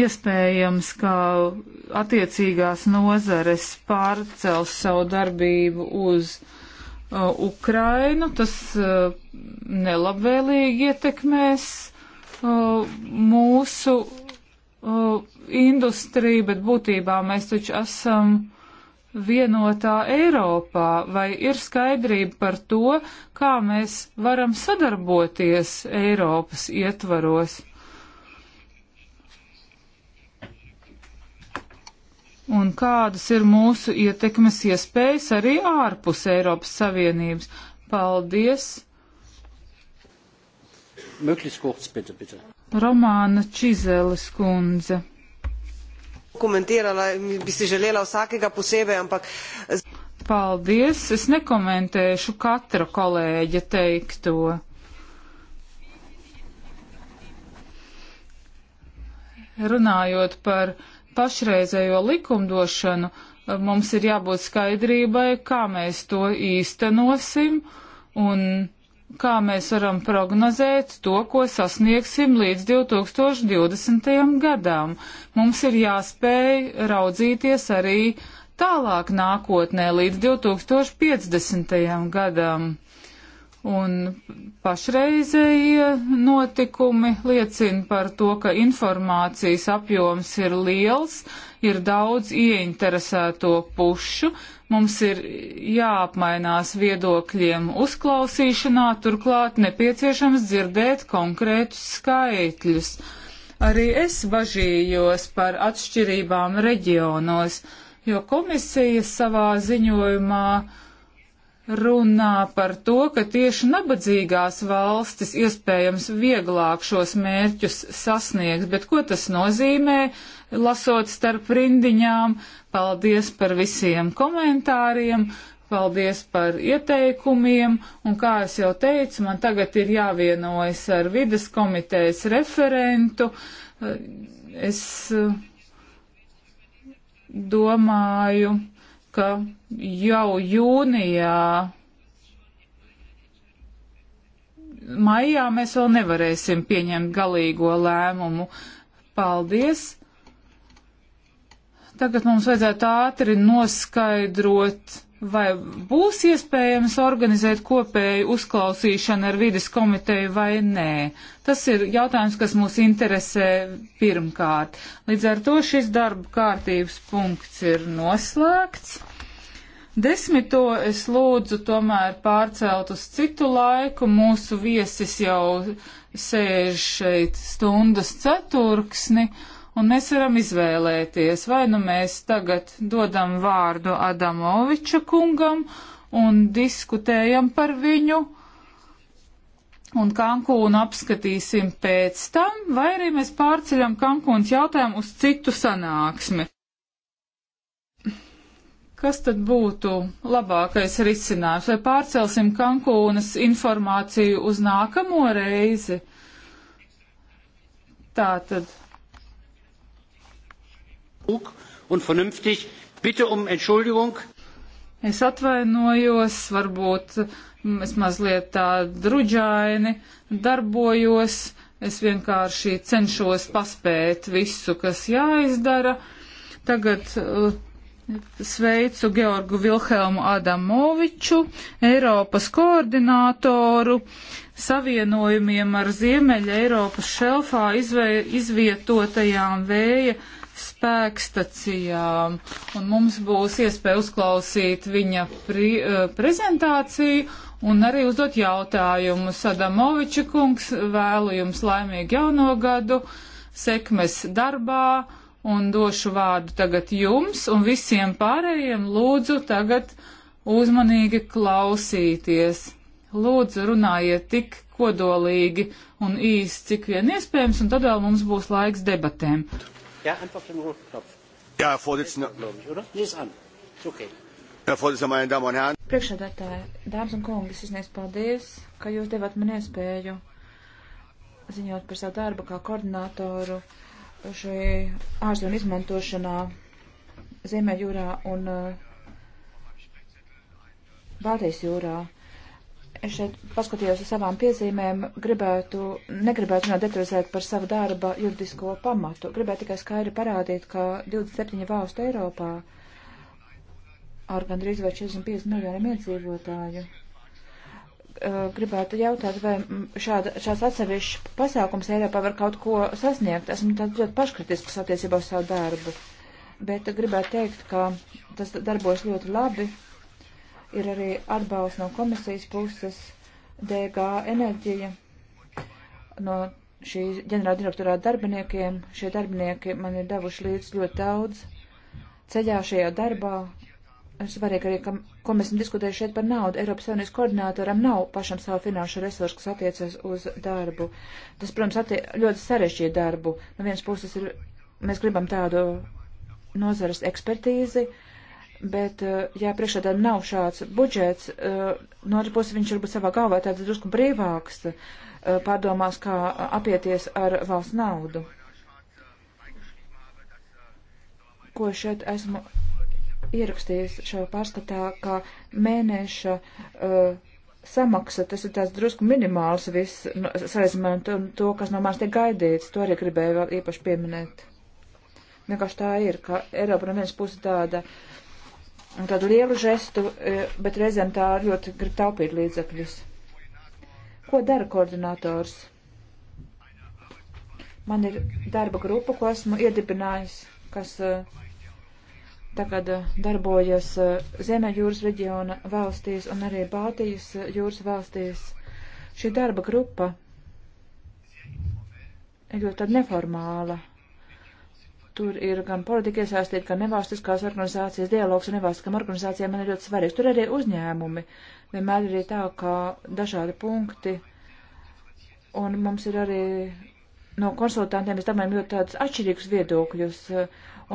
S3: Iespējams, ka attiecīgās nozares pārcels savu darbību uz uh, Ukrainu, tas uh, nelabvēlīgi ietekmēs uh, mūsu uh, industriju, bet būtībā mēs taču esam vienotā Eiropā, vai ir skaidrība par to, kā mēs varam sadarboties Eiropas ietvaros. un kādas ir mūsu ietekmes iespējas arī ārpus Eiropas Savienības. Paldies!
S2: Kurz, bitte, bitte.
S3: Romāna Čizeles kundze. Komentirala, bi si želela vsakega posebej, ampak. Paldies! Es nekomentēšu katra kolēģa teikto. Runājot par pašreizējo likumdošanu, eh, mums ir jābūt skaidrībai, kā mēs to īstenosim un kā mēs varam prognozēt to, ko sasniegsim līdz 2020. gadam. Mums ir jāspēj raudzīties arī tālāk nākotnē līdz 2050. gadam. Un pašreizējie notikumi liecina par to, ka informācijas apjoms ir liels, ir daudz ieinteresēto pušu, mums ir jāapmainās viedokļiem uzklausīšanā, turklāt nepieciešams dzirdēt konkrētus skaitļus. Arī es bažījos par atšķirībām reģionos, jo komisija savā ziņojumā uh, runā par to, ka tieši nabadzīgās valstis iespējams vieglāk šos mērķus sasniegs, bet ko tas nozīmē, lasot starp rindiņām? Paldies par visiem komentāriem, paldies par ieteikumiem, un kā es jau teicu, man tagad ir jāvienojas ar vides komitejas referentu. Es eh, domāju, ka jau jūnijā, maijā mēs vēl nevarēsim pieņemt galīgo lēmumu. Paldies! Tagad mums vajadzētu ātri noskaidrot Vai būs iespējams organizēt kopēju uzklausīšanu ar vides komiteju vai nē? Tas ir jautājums, kas mūs interesē pirmkārt. Līdz ar to šis darba kārtības punkts ir noslēgts. Desmito es lūdzu tomēr pārcelt uz citu laiku. Mūsu viesis jau sēž šeit stundas ceturksni. Uh, Un mēs varam izvēlēties, vai nu mēs tagad dodam vārdu Adamoviča kungam un diskutējam par viņu un Kankūnu apskatīsim pēc tam, vai arī mēs pārceļam Kankūnas jautājumu uz citu sanāksmi. Kas tad būtu labākais risinājums? Vai pārcelsim Kankūnas informāciju uz nākamo reizi? Tā tad
S2: klug un vernünftig. Bitte um Entschuldigung.
S3: Es atvainojos, varbūt es mazliet tā druģaini darbojos. Es vienkārši cenšos paspēt visu, kas jāizdara. Tagad uh, sveicu Georgu Vilhelmu Adamoviču, Eiropas koordinātoru savienojumiem ar Ziemeļa Eiropas šelfā izvē, izvietotajām vēja spēkstacijām, un mums būs iespēja uzklausīt viņa pri, eh, prezentāciju un arī uzdot jautājumu. Sadamoviča kungs, vēlu jums laimīgu jauno gadu, sekmes darbā, un došu vārdu tagad jums, un visiem pārējiem lūdzu tagad uzmanīgi klausīties. Lūdzu, runājiet tik kodolīgi un īsi, cik vien iespējams, un tad vēl mums būs laiks debatēm.
S2: Ja, einfach für den roten Knopf. Ja, Herr Vorsitzender. Ich, oder? Nee, ist an. Ist okay. Herr Vorsitzender, meine Damen un Herren.
S1: Priekšsēdētāji, dāmas un kungi, es izniedzu paldies, ka jūs devāt man iespēju ziņot par savu darbu kā koordinātoru šai ārzemju izmantošanā Ziemeļjūrā un uh, Baltijas jūrā. Es šeit paskatījos uz savām piezīmēm, gribētu, negribētu runāt detalizēt par savu darba juridisko pamatu. Gribētu tikai skaidri parādīt, ka 27 valstu Eiropā ar gandrīz vai 45 miljoniem iedzīvotāju. Gribētu jautāt, vai šāda, šāds atsevišķs pasākums Eiropā var kaut ko sasniegt. Esmu tāds ļoti paškritisks attiecībā uz savu darbu, bet gribētu teikt, ka tas darbojas ļoti labi ir arī atbalsts no komisijas puses, DG enerģija, no šī ģenerāla direktorā darbiniekiem. Šie darbinieki man ir devuši līdz ļoti daudz ceļā šajā darbā. Ir svarīgi arī, ka, ko mēs esam diskutējuši šeit par naudu. Eiropas Savienības koordinātoram nav pašam savu finanšu resursu, kas attiecas uz darbu. Tas, protams, attie, ļoti sarežģīja darbu. No vienas puses ir, mēs gribam tādu nozares ekspertīzi, uh, Bet, eh, ja priekšādā nav šāds budžets, eh, no otras puses viņš varbūt savā galvā tāds drusku brīvāks eh, pārdomās, kā apieties ar valsts naudu. Ko šeit esmu ierakstījis šajā pārskatā, kā mēneša uh, samaksa, tas ir tāds drusku minimāls viss, nu, salīdzinājumā to, to, kas no manis tiek gaidīts, to arī gribēju vēl īpaši pieminēt. Vienkārši tā ir, ka Eiropa no vienas puses tāda tādu lielu žestu, e, bet reizēm tā ļoti grib taupīt līdzekļus. Ko dara koordinators? Man ir darba grupa, ko esmu iedibinājis, kas e, tagad e, darbojas Ziemeļjūras reģiona valstīs un arī Baltijas jūras valstīs. Šī darba grupa ir ļoti neformāla. Tur ir gan politika iesaistīta, gan nevalstiskās organizācijas dialogs ar nevalstiskām organizācijām man ir ļoti svarīgs. Tur arī uzņēmumi. Vienmēr ir tā, kā dažādi punkti. Un mums ir arī no konsultantiem, mēs domājam, ļoti tādus atšķirīgus viedokļus.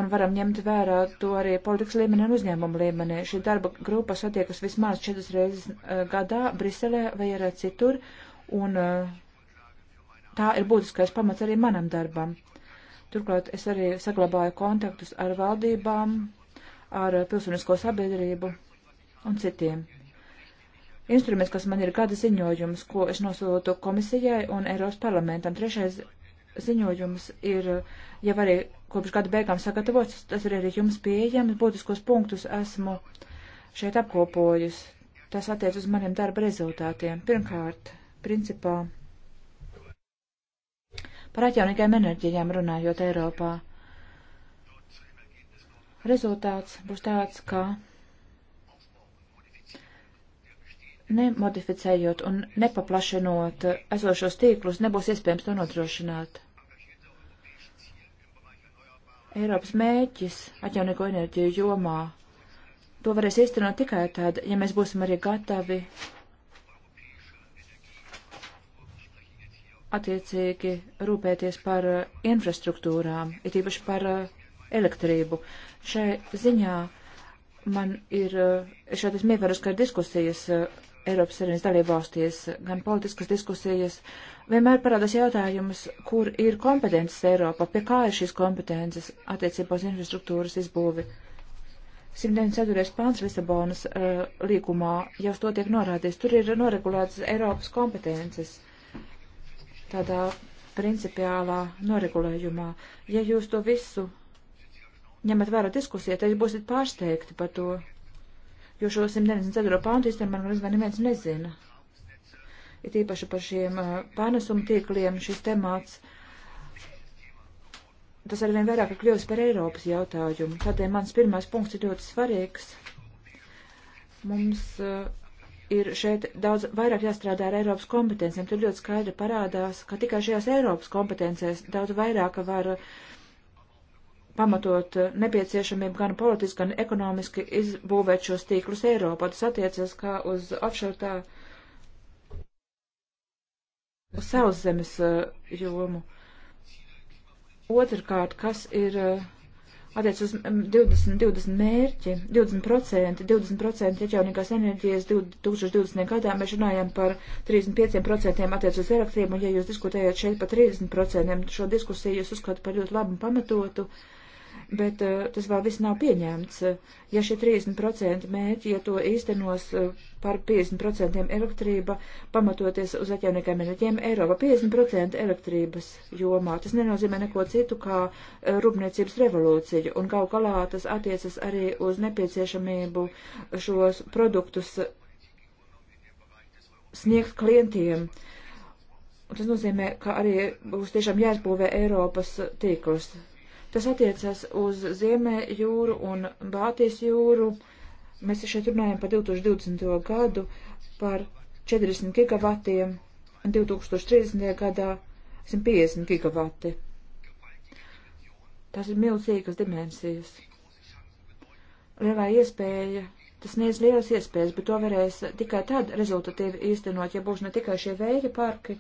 S1: Un varam ņemt vērā to arī politikas līmenī un uzņēmumu līmenī. Šī darba grupa satiekas vismaz četras reizes eh, gadā Briselē vai arī citur. Un eh, tā ir būtiskais pamats arī manam darbam. Turklāt es arī saglabāju kontaktus ar valdībām, ar pilsonisko sabiedrību un citiem. Instruments, kas man ir gada ziņojums, ko es nosūtu komisijai un Eiropas parlamentam. Trešais ziņojums ir jau arī kopš gada beigām sagatavots, tas ir arī jums pieejams. Būtiskos punktus esmu šeit apkopojus. Tas attiec uz maniem darba rezultātiem. Pirmkārt, principā Par atjaunīgajām enerģijām runājot Eiropā. Rezultāts būs tāds, ka nemodificējot un nepaplašinot esošos tīklus, nebūs iespējams to nodrošināt. Eiropas mēķis atjaunīgo enerģiju jomā to varēs īstenot tikai tad, ja mēs būsim arī gatavi attiecīgi rūpēties par eh, infrastruktūrām, ir īpaši par eh, elektrību. Šai ziņā man ir, eh, šeit esmu ievērus, ka ir diskusijas Eiropas Savienības dalībvalstīs, gan politiskas diskusijas, vienmēr parādās jautājums, kur ir kompetences Eiropa, pie kā ir šīs kompetences attiecībā uz infrastruktūras izbūvi. 194. pāns Lisabonas uh, līgumā jau to tiek norādīts. Tur ir noregulētas Eiropas kompetences tādā principiālā noregulējumā. Ja jūs to visu ņemat vērā diskusijā, tad jūs būsiet pārsteigti par to, jo šo 194 pantu īstenībā man gan neviens nezina. Ir tīpaši par šiem uh, pārnesumu tīkliem šis temāts. Tas arvien vairāk ir kļuvis par Eiropas jautājumu. Tādēļ mans pirmais punkts ir ļoti svarīgs. Mums uh, ir šeit daudz vairāk jāstrādā ar Eiropas kompetencijām. Tur ļoti skaidri parādās, ka tikai šajās Eiropas kompetencijas daudz vairāk var pamatot nepieciešamību gan politiski, gan ekonomiski izbūvēt šos tīklus Eiropā. Tas attiecas kā uz offshore tā uz savas zemes eh, jomu. Otrkārt, kas ir uh, attiec uz 20, mm, 20 mērķi, 20%, 20% atjaunīgās enerģijas 2020. gadā, mēs runājam par 35% attiec uz eraktiem, un ja jūs diskutējat šeit par 30%, šo diskusiju jūs uzskatāt par ļoti labu un pamatotu, uh, bet eh, tas vēl viss nav pieņemts. Ja šie 30% mērķi, ja to īstenos eh, par 50% elektrība, pamatoties uz atjaunīgiem enerģiem, Eiropa 50% elektrības jomā, tas nenozīmē neko citu kā eh, rūpniecības revolūciju, un kaut galā tas attiecas arī uz nepieciešamību šos produktus sniegt klientiem. Un tas nozīmē, ka arī būs tiešām jāizbūvē Eiropas tīklus. Tas attiecas uz Ziemē jūru un Baltijas jūru. Mēs šeit runājam par 2020. gadu, par 40 gigavatiem, 2030. gadā 150 gigavati. Tas ir milzīgas dimensijas. Lielā iespēja, tas sniedz lielas iespējas, bet to varēs tikai tad rezultatīvi īstenot, ja būs ne tikai šie vēja parki,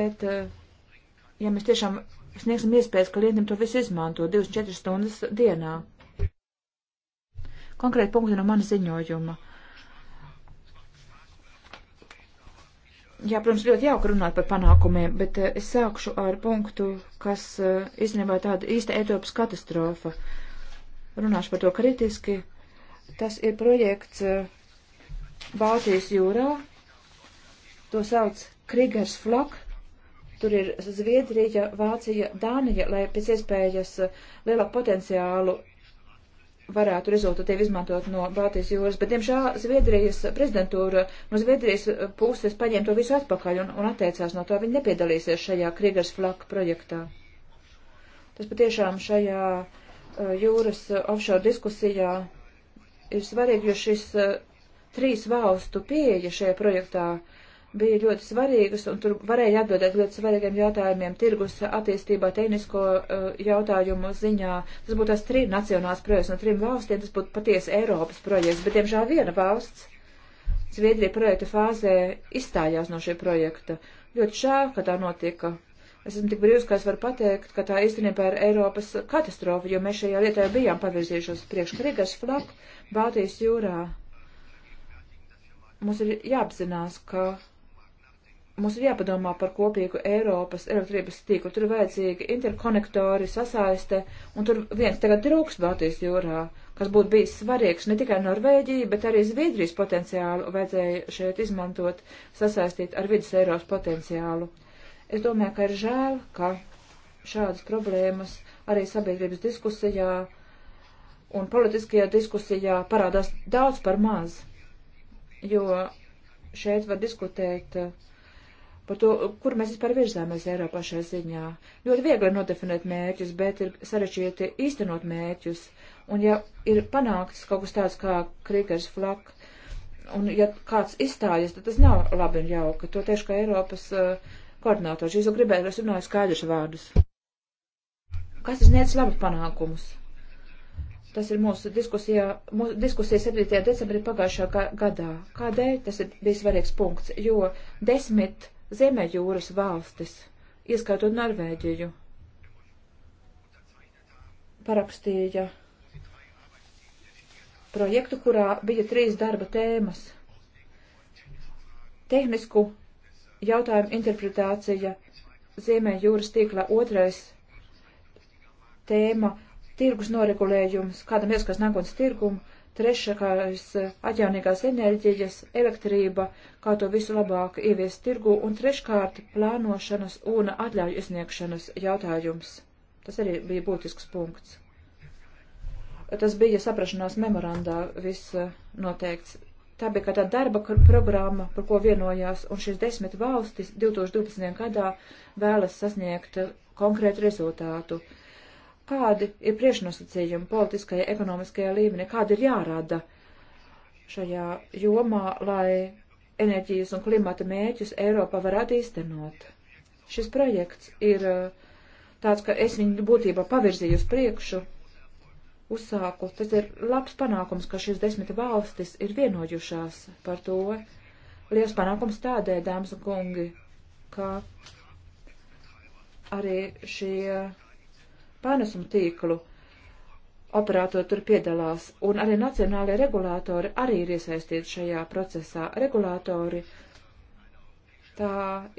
S1: bet, eh, ja mēs tiešām sniegsim iespējas klientam to visu izmanto 24 stundas dienā. Konkrēti punkti no mana ziņojuma. Jā, protams, ļoti jauki runāt par panākumiem, bet eh, es sākšu ar punktu, kas īstenībā eh, tāda īsta Eiropas katastrofa. Runāšu par to kritiski. Tas ir projekts eh, Baltijas jūrā. To sauc Krigers Flak. Tur ir Zviedrija, Vācija, Dānija, lai pēc iespējas uh, lielāku potenciālu varētu rezultatīvi izmantot no Baltijas jūras, bet, diemžēl, Zviedrijas prezidentūra no Zviedrijas uh, puses paņēma to visu atpakaļ un, un atteicās no tā. Viņi nepiedalīsies šajā Krigers flak projektā. Tas patiešām šajā uh, jūras offshore diskusijā ir svarīgi, jo šis trīs valstu pieeja šajā projektā uh, bija ļoti svarīgas, un tur varēja atbildēt ļoti svarīgiem jautājumiem tirgus attīstībā, tehnisko uh, jautājumu ziņā. Tas būtu tās trīs nacionāls projekts no trim valstīm, tas būtu patiesi Eiropas projekts, bet, diemžēl, viena valsts Zviedrija projekta fāzē izstājās no šī projekta. Ļoti žēl, ka tā notika. Es esmu tik brīvs, ka es varu pateikt, ka tā īstenībā ir Eiropas katastrofa, jo mēs šajā lietā bijām pavirzījušos priekš Krigas flak Baltijas jūrā. Mums ir jāapzinās, ka Mums ir jāpadomā par kopīgu Eiropas elektrības tīklu. Tur ir vajadzīgi interkonektori, sasaiste, un tur viens tagad trūks Baltijas jūrā, kas būtu bijis svarīgs ne tikai Norvēģiju, bet arī Zviedrijas potenciālu vajadzēja šeit izmantot, sasaistīt ar vidus Eiropas potenciālu. Es domāju, ka ir žēl, ka šādas problēmas arī sabiedrības diskusijā un politiskajā diskusijā parādās daudz par maz, jo šeit var diskutēt uh, par to, kur mēs vispār virzāmies Eiropā šajā ziņā. Ļoti viegli nodefinēt mērķus, bet ir sarežģīti īstenot mērķus. Un ja ir panākts kaut kas tāds kā Krīgers flak, un ja kāds izstājas, tad tas nav labi un jauki. To tieši kā Eiropas uh, koordinātors. Es jau gribēju, lai es runāju skaidrs vārdus. Kas ir sniedz labus panākumus? Tas ir mūsu diskusijā, mūsu diskusija 7. decembrī pagājušā gadā. Kādēļ tas ir bijis svarīgs punkts? Jo desmit Ziemeļjūras valstis, ieskaitot Norvēģiju, parakstīja projektu, kurā bija trīs darba tēmas - tehnisku jautājumu interpretācija Ziemē jūras tīklā, otrais tēma - tirgus noregulējums, kādam ieskats nākotnes tirgumu, trešais eh, atjaunīgās enerģijas, elektrība, kā to visu labāk ieviest tirgu, un treškārt plānošanas un atļauju izniegšanas jautājums. Tas arī bija būtisks punkts. Tas bija saprašanās memorandā viss eh, noteikts. Tā bija kā tā darba programma, par ko vienojās, un šīs desmit valstis 2012. gadā vēlas sasniegt eh, konkrētu rezultātu. Uh, kādi ir priešnosacījumi politiskajā, ekonomiskajā līmenī, kādi ir jārada šajā jomā, lai enerģijas un klimata mēķus Eiropā varētu īstenot. Šis projekts ir uh, tāds, ka es viņu būtībā pavirzīju uz priekšu, uzsāku. Tas ir labs panākums, ka šīs desmit valstis ir vienojušās par to. Liels panākums tādēļ, dāmas un kungi, ka arī šie pārnesumu tīklu operatori tur piedalās, un arī nacionālie regulātori arī ir iesaistīti šajā procesā. Regulātori, tā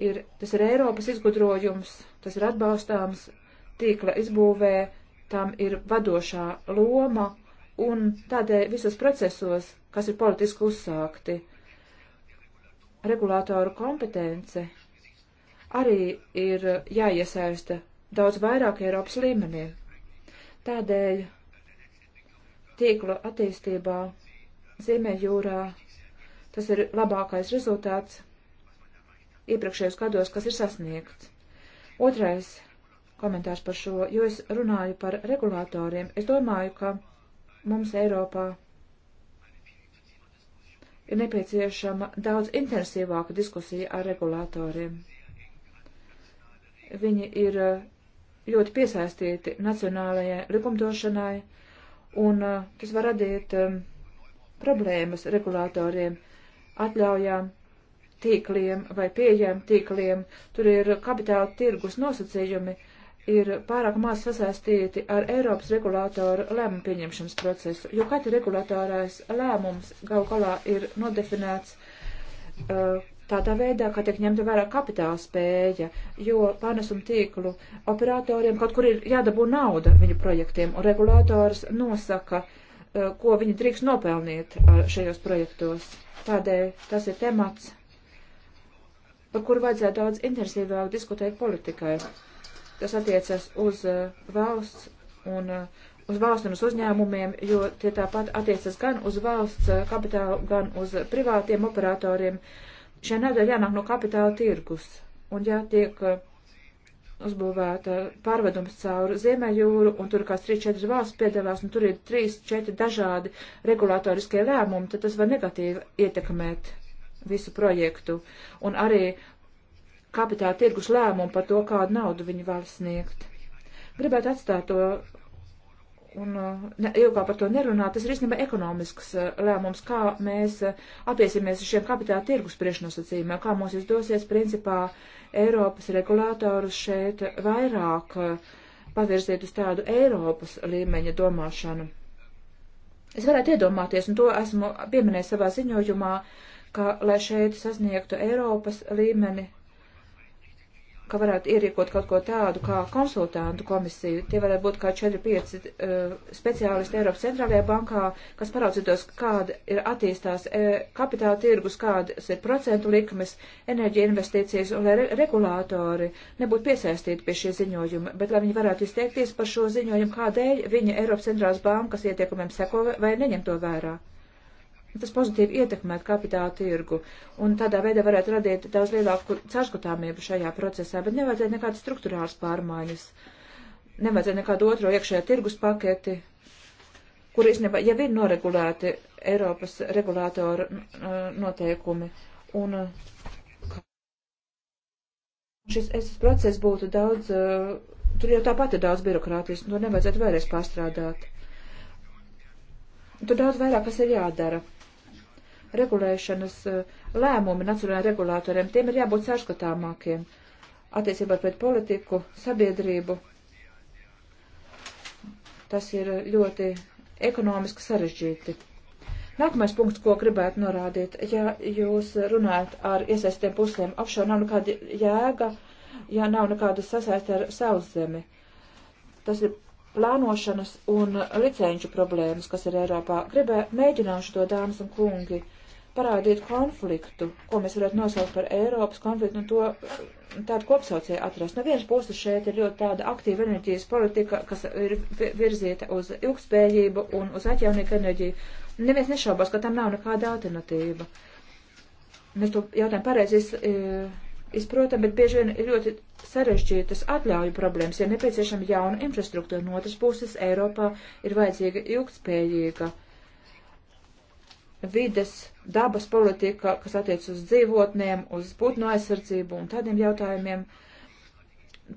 S1: ir, tas ir Eiropas izgudrojums, tas ir atbalstāms tīkla izbūvē, tam ir vadošā loma, un tādēļ visos procesos, kas ir politiski uzsākti, regulātoru kompetence arī ir jāiesaista daudz vairāk Eiropas līmenī. Tādēļ tīkla attīstībā Ziemeļjūrā tas ir labākais rezultāts iepriekšējos gados, kas ir sasniegts. Otrais komentārs par šo, jo es runāju par regulātoriem. Es domāju, ka mums Eiropā ir nepieciešama daudz intensīvāka diskusija ar regulātoriem. Viņi ir ļoti piesaistīti nacionālajai likumdošanai, un uh, tas var radīt um, problēmas regulātoriem, atļaujām, tīkliem vai pieejām tīkliem. Tur ir kapitāla tirgus nosacījumi, ir pārāk maz sasaistīti ar Eiropas regulātoru lēmumu pieņemšanas procesu, jo katra regulātorais lēmums gal galā ir nodefinēts uh, tādā veidā, ka tiek ņemta vērā kapitāla spēja, jo pārnesuma tīklu operatoriem kaut kur ir jādabū nauda viņu projektiem, un regulātors nosaka, eh, ko viņi drīkst nopelnīt eh, šajos projektos. Tādēļ tas ir temats, par kuru vajadzētu daudz intensīvāk diskutēt politikai. Tas attiecas uz eh, valsts un uz valsts un uz uzņēmumiem, jo tie tāpat attiecas gan uz valsts kapitālu, gan uz privātiem operatoriem. Uh, Šajā nedēļā jānāk no kapitāla tirgus, un ja tiek eh, uzbūvēta pārvedums caur Ziemējūru, un tur kāds 3-4 valsts piedalās, un tur ir 3-4 dažādi regulātoriskie lēmumi, tad tas var negatīvi ietekmēt visu projektu. Un arī kapitāla tirgus lēmumu par to, kādu naudu viņi var sniegt. Gribētu atstāt to un uh, ne, ilgāk par to nerunāt, tas ir īstenībā ekonomisks uh, lēmums, kā mēs uh, attiesimies uz šiem kapitāla tirgus priekšnosacījumiem, kā mums izdosies principā Eiropas regulātorus šeit vairāk pavirzīt uz tādu Eiropas līmeņa domāšanu. Es varētu iedomāties, un to esmu pieminējis savā ziņojumā, ka, lai šeit sasniegtu Eiropas līmeni, ka varētu ierīkot kaut ko tādu kā konsultantu komisiju. Tie varētu būt kā 4-5 uh, eh, speciālisti Eiropas centrālajā bankā, kas paraudzītos, kāda ir attīstās e, kapitāla tirgus, kādas ir procentu likmes, enerģija investīcijas, un lai re regulātori nebūtu piesaistīti pie šī ziņojuma, bet lai viņi varētu izteikties par šo ziņojumu, kādēļ viņa Eiropas centrālās bankas ietiekumiem seko vai neņem to vērā tas pozitīvi ietekmētu kapitāla tirgu, un tādā veidā varētu radīt daudz lielāku caurskatāmību šajā procesā, bet nevajadzētu nekādas struktūrāls pārmaiņas, nevajadzētu nekādu otro iekšējā tirgus paketi, kur īstenībā jau ir noregulēti Eiropas regulātoru noteikumi, un šis SS process būtu daudz, tur jau tāpat ir daudz birokrātijas, un to nevajadzētu vēlreiz pārstrādāt. Tur daudz vairāk kas ir jādara regulēšanas eh, lēmumi nacionālajiem regulātoriem, tiem ir jābūt sārskatāmākiem attiecībā pret politiku, sabiedrību. Tas ir ļoti ekonomiski sarežģīti. Nākamais punkts, ko gribētu norādīt, ja jūs runājat ar iesaistiem pusēm, apšau nav nekāda jēga, ja nav nekāda sasaiste ar savu zemi. Tas ir plānošanas un licenču problēmas, kas ir Eiropā. Gribēju mēģināšu to, dāmas un kungi, uh, parādīt konfliktu, ko mēs varētu nosaukt par Eiropas konfliktu un to tādu kopsaucēju atrast. No vienas puses šeit ir ļoti tāda aktīva enerģijas politika, kas ir virzīta uz ilgspējību un uz atjaunīgu enerģiju. Neviens nešaubās, ka tam nav nekāda alternatīva. Mēs to jautājumu pareizi iz, e, izprotam, bet bieži vien ir ļoti sarežģītas atļauju problēmas, ja nepieciešama jauna infrastruktūra. No otras puses, Eiropā ir vajadzīga ilgspējīga vides dabas politika, kas attiec uz dzīvotnēm, uz putnu aizsardzību un tādiem jautājumiem.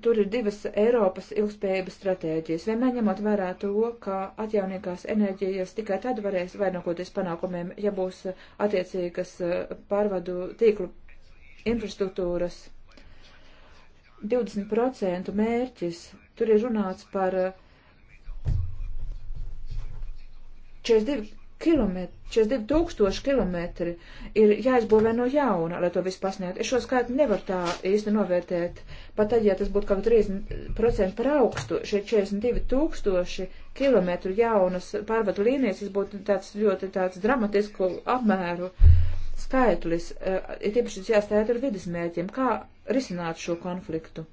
S1: Tur ir divas Eiropas ilgspējības stratēģijas, vienmēr ņemot vērā to, ka atjaunīgās enerģijas tikai tad varēs vainagoties panākumiem, ja būs attiecīgas eh, pārvadu tīklu infrastruktūras. 20% mērķis, tur ir runāts par 42 eh, kilometri, 42 tūkstoši kilometri ir jāizbūvē no jauna, lai to visu pasniegtu. Es šo skaitu nevaru tā īsti novērtēt, pat tad, ja tas būtu kaut 30% par augstu, šie 42 tūkstoši kilometru jaunas pārvadu līnijas, tas būtu tāds ļoti tāds dramatisku apmēru skaitlis, eh, ir tieši šis jāstāja ar vidas mērķiem, kā risināt šo konfliktu.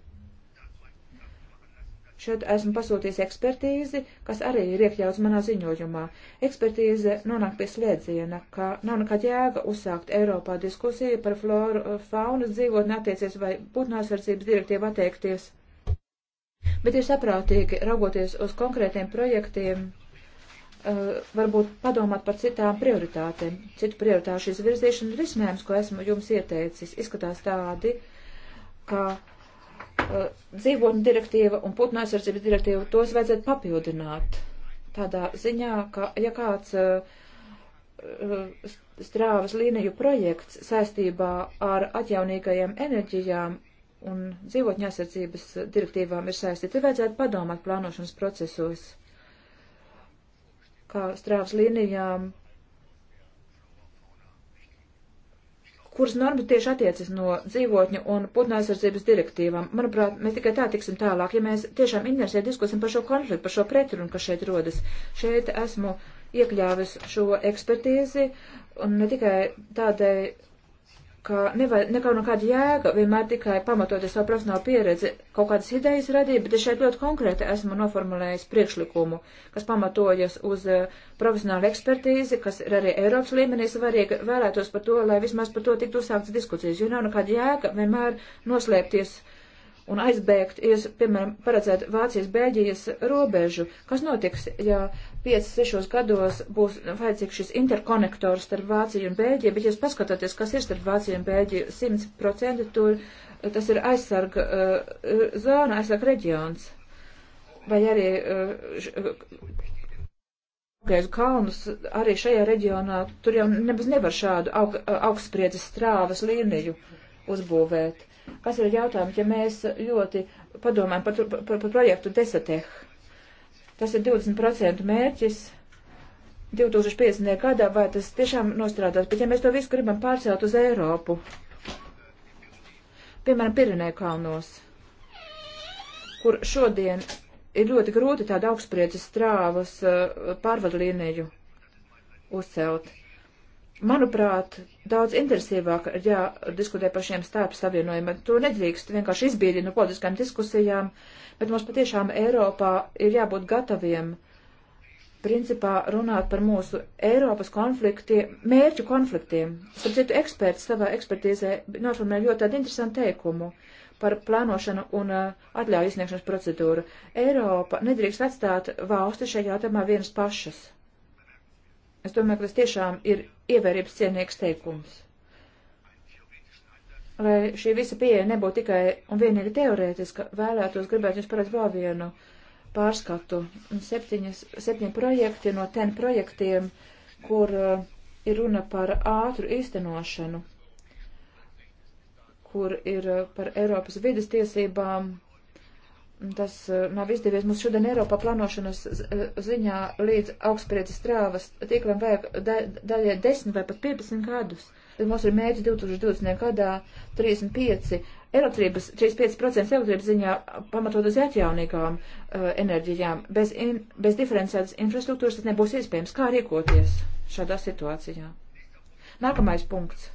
S1: Šeit esmu pasūtījis ekspertīzi, kas arī ir iekļauts manā ziņojumā. Ekspertīze nonāk pie slēdziena, ka nav nekāda jēga uzsākt Eiropā diskusiju par floru faunas dzīvotni attiecies vai putnāsardzības direktīvu attiekties. Bet ir saprātīgi raugoties uz konkrētiem projektiem, uh, varbūt padomāt par citām prioritātēm. Citu prioritāšu izvirzīšanu risinājums, ko esmu jums ieteicis, izskatās tādi, ka uh, dzīvotņu direktīva un putnu aizsardzības direktīva, tos vajadzētu papildināt. Tādā ziņā, ka ja kāds uh, strāvas līniju projekts saistībā ar atjaunīgajām enerģijām un dzīvotņu aizsardzības direktīvām ir saistīti, tad vajadzētu padomāt plānošanas procesos, kā strāvas līnijām kuras normas tieši attiecas no dzīvotņu un putnu aizsardzības direktīvām. Manuprāt, mēs tikai tā tiksim tālāk, ja mēs tiešām interesē diskusim par šo konfliktu, par šo pretrunu, kas šeit rodas. Šeit esmu iekļāvis šo ekspertīzi, un ne tikai tādēļ, ka nevajag nekā no kāda jēga vienmēr tikai pamatoties savu profesionālu pieredzi kaut kādas idejas radīt, bet es šeit ļoti konkrēti esmu noformulējis priekšlikumu, kas pamatojas uz eh, profesionālu ekspertīzi, kas ir arī Eiropas līmenī svarīga, vēlētos par to, lai vismaz par to tiktu uzsāktas diskusijas, jo nav nekāda jēga vienmēr noslēpties uh, un aizbēgt, ies, piemēram, paredzēt Vācijas-Bēļģijas robežu. Kas notiks, ja 5-6 gados būs vajadzīgs šis interkonektors starp Vāciju un Bēļģiju, bet, ja paskatāties, kas ir starp Vāciju un Bēļģiju, 100% tur, tas ir aizsarga uh, zona, aizsarga reģions. Vai arī uh, Gaizu uh, kalnus arī šajā reģionā, tur jau nebaz nevar šādu aug, uh, augstspriedzes strāvas līniju uzbūvēt. Kas ir jautājums, ja mēs ļoti padomājam par, par, par, par projektu Desatech? Tas ir 20% mērķis 2050. gadā, vai tas tiešām nostrādās, bet ja mēs to visu gribam pārcelt uz Eiropu, piemēram, Pirinē kalnos, kur šodien ir ļoti grūti tādu augstspriedzes strāvas eh, pārvadu līniju uzcelt. Manuprāt, daudz intensīvāk ir jādiskutē par šiem starp savienojumiem. To nedrīkst vienkārši izbīdīt no politiskām diskusijām, bet mums patiešām Eiropā ir jābūt gataviem principā runāt par mūsu Eiropas konfliktiem, mērķu konfliktiem. Starp citu, eksperts savā ekspertīzē noformulēja ļoti tādu interesantu teikumu par plānošanu un uh, atļauju izsniegšanas procedūru. Eiropa nedrīkst atstāt valsti šajā jautājumā vienas pašas Es domāju, ka tas tiešām ir ievērības cienīgs teikums. Lai šī visa pieeja nebūtu tikai un vienīgi teorētiska, vēlētos gribētu jums parādīt vēl vienu pārskatu. Septiņas, septiņi projekti no ten projektiem, kur uh, ir runa par ātru īstenošanu, kur ir uh, par Eiropas vidas tiesībām, tas uh, nav izdevies. Mums šodien Eiropā plānošanas uh, ziņā līdz augstspriedzes strāvas tīklam vajag da daļai 10 vai pat 15 gadus. Tad mums ir mērķis 2020. gadā 35 elektrības, 35% elektrības ziņā pamatot uz atjaunīgām uh, enerģijām. Bez, in, bez diferenciētas infrastruktūras tas nebūs iespējams. Kā rīkoties šādā situācijā? Nākamais punkts.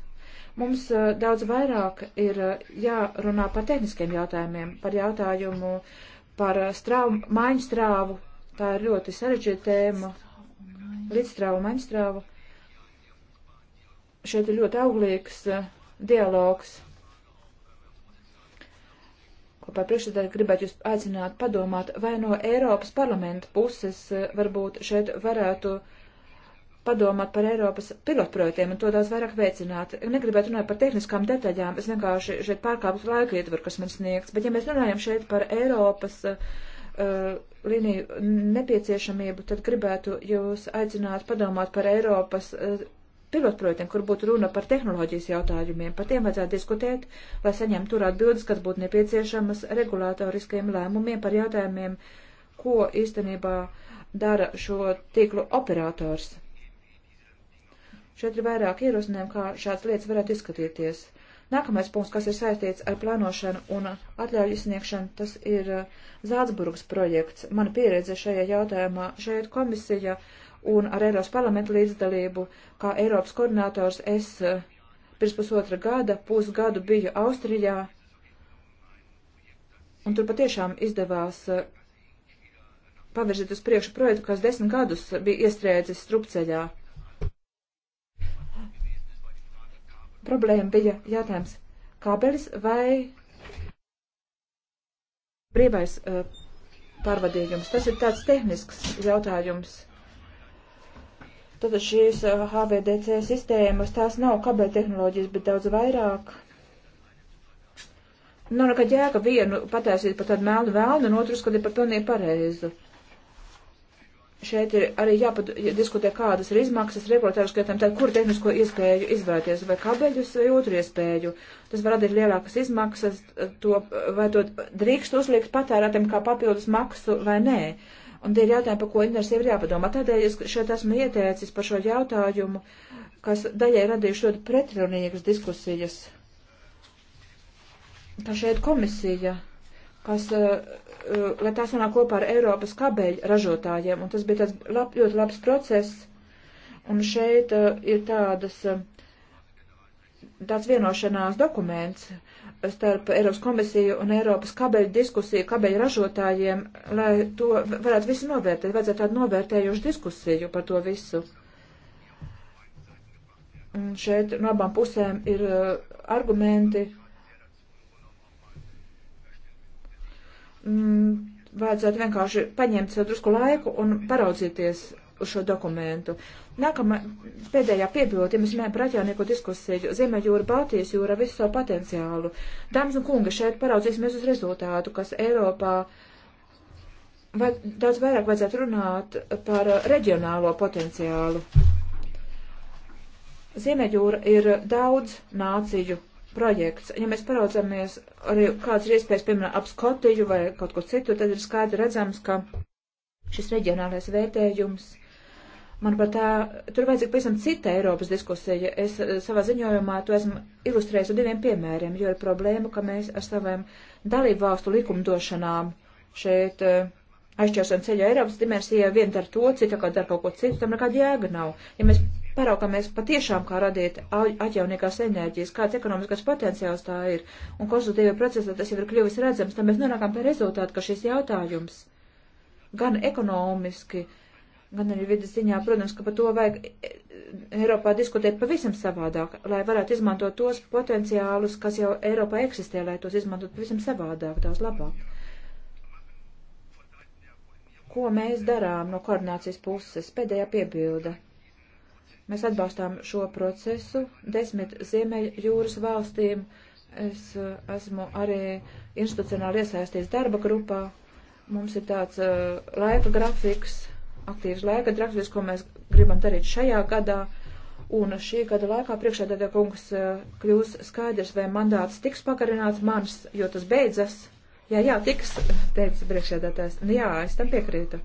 S1: Mums eh, daudz vairāk ir eh, jārunā par tehniskiem jautājumiem, par jautājumu par strāvu, maiņu strāvu. Tā ir ļoti sarežģīta tēma. Līdzstrāvu, maiņu strāvu. Šeit ir ļoti auglīgs eh, dialogs kopā priekšsēdētāji gribētu jūs aicināt padomāt, vai no Eiropas parlamenta puses varbūt šeit varētu uh, padomāt par Eiropas pilotprojektiem un to daudz vairāk veicināt. Negribētu runāt par tehniskām detaļām, es vienkārši šeit pārkāpu laika ietvaru, kas man sniegts, bet ja mēs runājam šeit par Eiropas uh, uh, līniju nepieciešamību, tad gribētu jūs aicināt padomāt par Eiropas uh, pilotprojektiem, kur būtu runa par tehnoloģijas jautājumiem. Par tiem vajadzētu diskutēt, lai saņemtu tur atbildes, kas būtu nepieciešamas regulātoriskiem lēmumiem par jautājumiem, ko īstenībā dara šo tīklu operators. Šeit ir vairāk ierosinājumu, kā šāds lietas varētu izskatīties. Nākamais punkts, kas ir saistīts ar plānošanu un atļauju izsniegšanu, tas ir uh, Zātsburgas projekts. Mana pieredze šajā jautājumā šeit komisija un ar Eiropas parlamentu līdzdalību, kā Eiropas koordinators, es uh, pirms pusotra gada, pusgadu biju Austrijā, Un tur patiešām izdevās uh, pavirzīt uz priekšu projektu, kas desmit gadus bija iestrēdzis strupceļā. problēma bija jautājums kabelis vai brīvais uh, eh, pārvadījums. Tas ir tāds tehnisks jautājums. Tātad šīs HVDC eh, sistēmas, tās nav kabeļu tehnoloģijas, bet daudz vairāk. Nav nekā ģēka vienu pataisīt par tādu melnu vēlnu, un otru skatīt par pilnīgi pareizu. Uh, šeit ir arī jāpadiskutē, kādas ir izmaksas regulatoru skaitām, tad kur tehnisko iespēju izvēlēties, vai kabeļus, vai otru iespēju. Tas var radīt lielākas izmaksas, to, vai to drīkst uzliekt patērētiem kā papildus maksu vai nē. Un tie ir jautājumi, par ko interesē ir jāpadomā. Tādēļ es šeit esmu ieteicis par šo jautājumu, kas daļai radījuši ļoti pretrunīgas diskusijas. Tā šeit komisija, kas uh, Eh, lai tā sanāk kopā ar Eiropas kabeļu ražotājiem, un tas bija tāds lab, ļoti labs process, un šeit eh, ir tādas, eh, tāds vienošanās dokuments starp Eiropas komisiju un Eiropas kabeļu diskusiju kabeļu ražotājiem, lai to varētu visu novērtēt, vajadzētu tādu novērtējušu diskusiju par to visu. Un šeit no abām pusēm ir argumenti, uh, mm, vajadzētu vienkārši paņemt sev drusku laiku un paraudzīties uz šo dokumentu. Nākamā pēdējā piebilde, ja mēs runājam par atjaunīgo diskusiju, Ziemeļjūra, Baltijas jūra, visu savu potenciālu. Dāmas un kunga, šeit paraudzīsimies uz rezultātu, kas Eiropā vai daudz vairāk vajadzētu runāt par reģionālo potenciālu. Ziemeļjūra ir daudz nāciju projekts. Ja mēs paraudzamies arī kāds ir iespējas, piemēram, ap Skotiju vai kaut ko citu, tad ir skaidri redzams, ka šis reģionālais vērtējums, manuprāt, tā, tur vajadzīga pavisam cita Eiropas diskusija. Es eh, savā ziņojumā to esmu ilustrējis ar diviem piemēriem, jo ir problēma, ka mēs ar saviem dalību valstu likumdošanām šeit eh, aizķersam ceļu Eiropas dimensijā, viena dara to, cita kā dara kaut ko citu, tam nekāda jēga nav. Ja mēs paraugamies patiešām, kā radīt atjaunīgās enerģijas, kāds ekonomiskais potenciāls tā ir, un konsultatīvā procesā tas jau ir kļuvis redzams, tad mēs nonākam pie rezultātu, ka šis jautājums gan ekonomiski, gan arī vidas ziņā, protams, ka par to vajag Eiropā diskutēt pavisam savādāk, lai varētu izmantot tos potenciālus, kas jau Eiropā eksistē, lai tos izmantot pavisam savādāk, tās labāk. Ko mēs darām no koordinācijas puses? Pēdējā piebilda Mēs atbalstām šo procesu desmit Ziemeļjūras valstīm. Es eh, esmu arī institucionāli iesaistīts darba grupā. Mums ir tāds uh, laika grafiks, aktīvs laika grafiks, ko mēs gribam darīt šajā gadā. Un šī gada laikā priekšēdētā kungs uh, kļūs skaidrs, vai mandāts tiks pagarināts mans, jo tas beidzas. Jā, jā, tiks, teica priekšēdētājs. Nu jā, es tam piekrītu.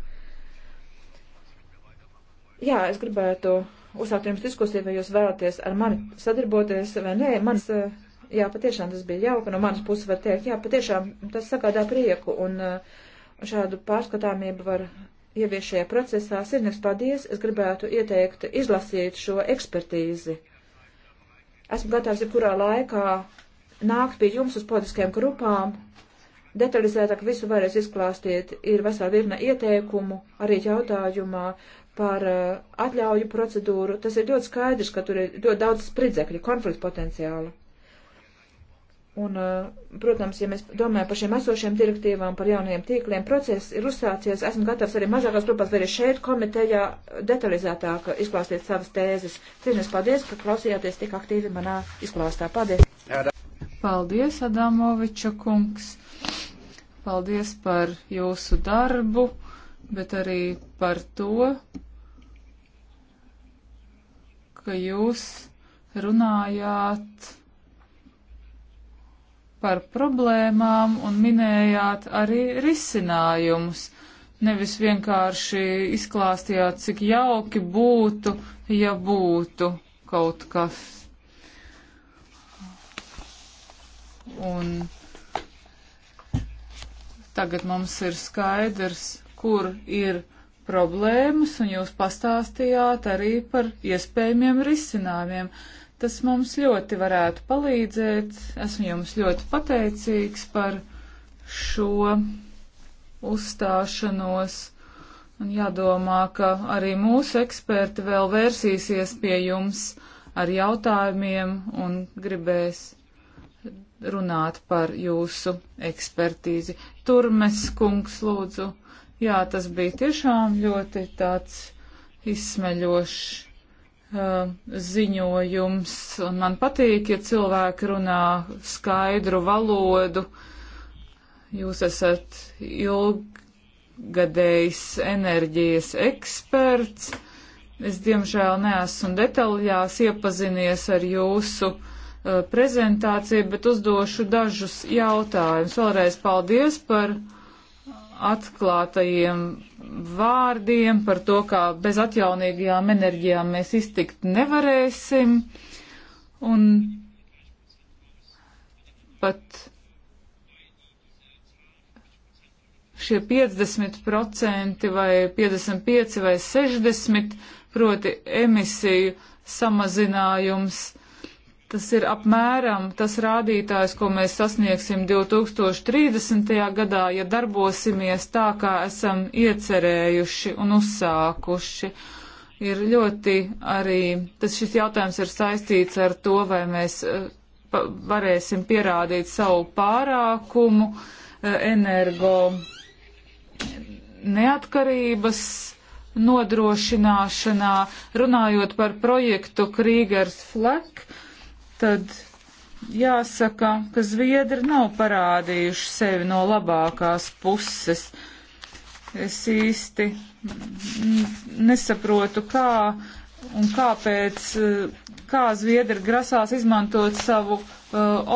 S1: Jā, es gribētu. Uh, uzsākt jums diskusiju, vai jūs vēlaties ar mani sadarboties vai nē. Mans, eh, jā, patiešām tas bija jauka, no manas puses var teikt, jā, patiešām tas sagādā prieku un eh, šādu pārskatāmību var ievies šajā procesā. Sirdnieks paldies, es gribētu ieteikt izlasīt šo ekspertīzi. Esmu gatavs jebkurā laikā nākt pie jums uz politiskajām grupām. Detalizētāk visu varēs izklāstīt, ir vesela virkne ieteikumu, arī jautājumā, par eh, atļauju procedūru, tas ir ļoti skaidrs, ka tur ir ļoti daudz spridzekļu, konfliktu potenciālu. Un, eh, protams, ja mēs domājam par šiem esošiem direktīvām, par jaunajiem tīkliem, process ir uzsācies. Esmu gatavs arī mazākās grupās, vai arī šeit komitejā detalizētāk izklāstīt savas tēzes. Cīnīties paldies, ka klausījāties tik aktīvi manā izklāstā. Paldies!
S3: Paldies, Adamoviča kungs! Paldies par jūsu darbu! bet arī par to, ka jūs runājāt par problēmām un minējāt arī risinājumus. Nevis vienkārši izklāstījāt, cik jauki būtu, ja būtu kaut kas. Un tagad mums ir skaidrs, kur ir problēmas, un jūs pastāstījāt arī par iespējamiem risinājumiem. Tas mums ļoti varētu palīdzēt. Esmu jums ļoti pateicīgs par šo uzstāšanos. Un jādomā, ka arī mūsu eksperti vēl vērsīsies pie jums ar jautājumiem un gribēs runāt par jūsu ekspertīzi. Turmes kungs, lūdzu. Jā, tas bija tiešām ļoti tāds izsmeļošs uh, ziņojums, un man patīk, ja cilvēki runā skaidru valodu. Jūs esat ilgadējs enerģijas eksperts. Es, diemžēl, neesmu detaļās iepazinies ar jūsu uh, prezentāciju, bet uzdošu dažus jautājumus. Vēlreiz paldies par atklātajiem vārdiem par to, kā bez atjaunīgajām enerģijām mēs iztikt nevarēsim. Un pat šie 50% vai 55 vai 60 proti emisiju samazinājums Tas ir apmēram tas rādītājs, ko mēs sasniegsim 2030. gadā, ja darbosimies tā, kā esam iecerējuši un uzsākuši. Ir ļoti arī, tas šis jautājums ir saistīts ar to, vai mēs eh, varēsim pierādīt savu pārākumu eh, energo neatkarības nodrošināšanā, runājot par projektu Krīgers Flek tad jāsaka, ka Zviedri nav parādījuši sevi no labākās puses. Es īsti nesaprotu, kā un kāpēc, kā Zviedri grasās izmantot savu uh,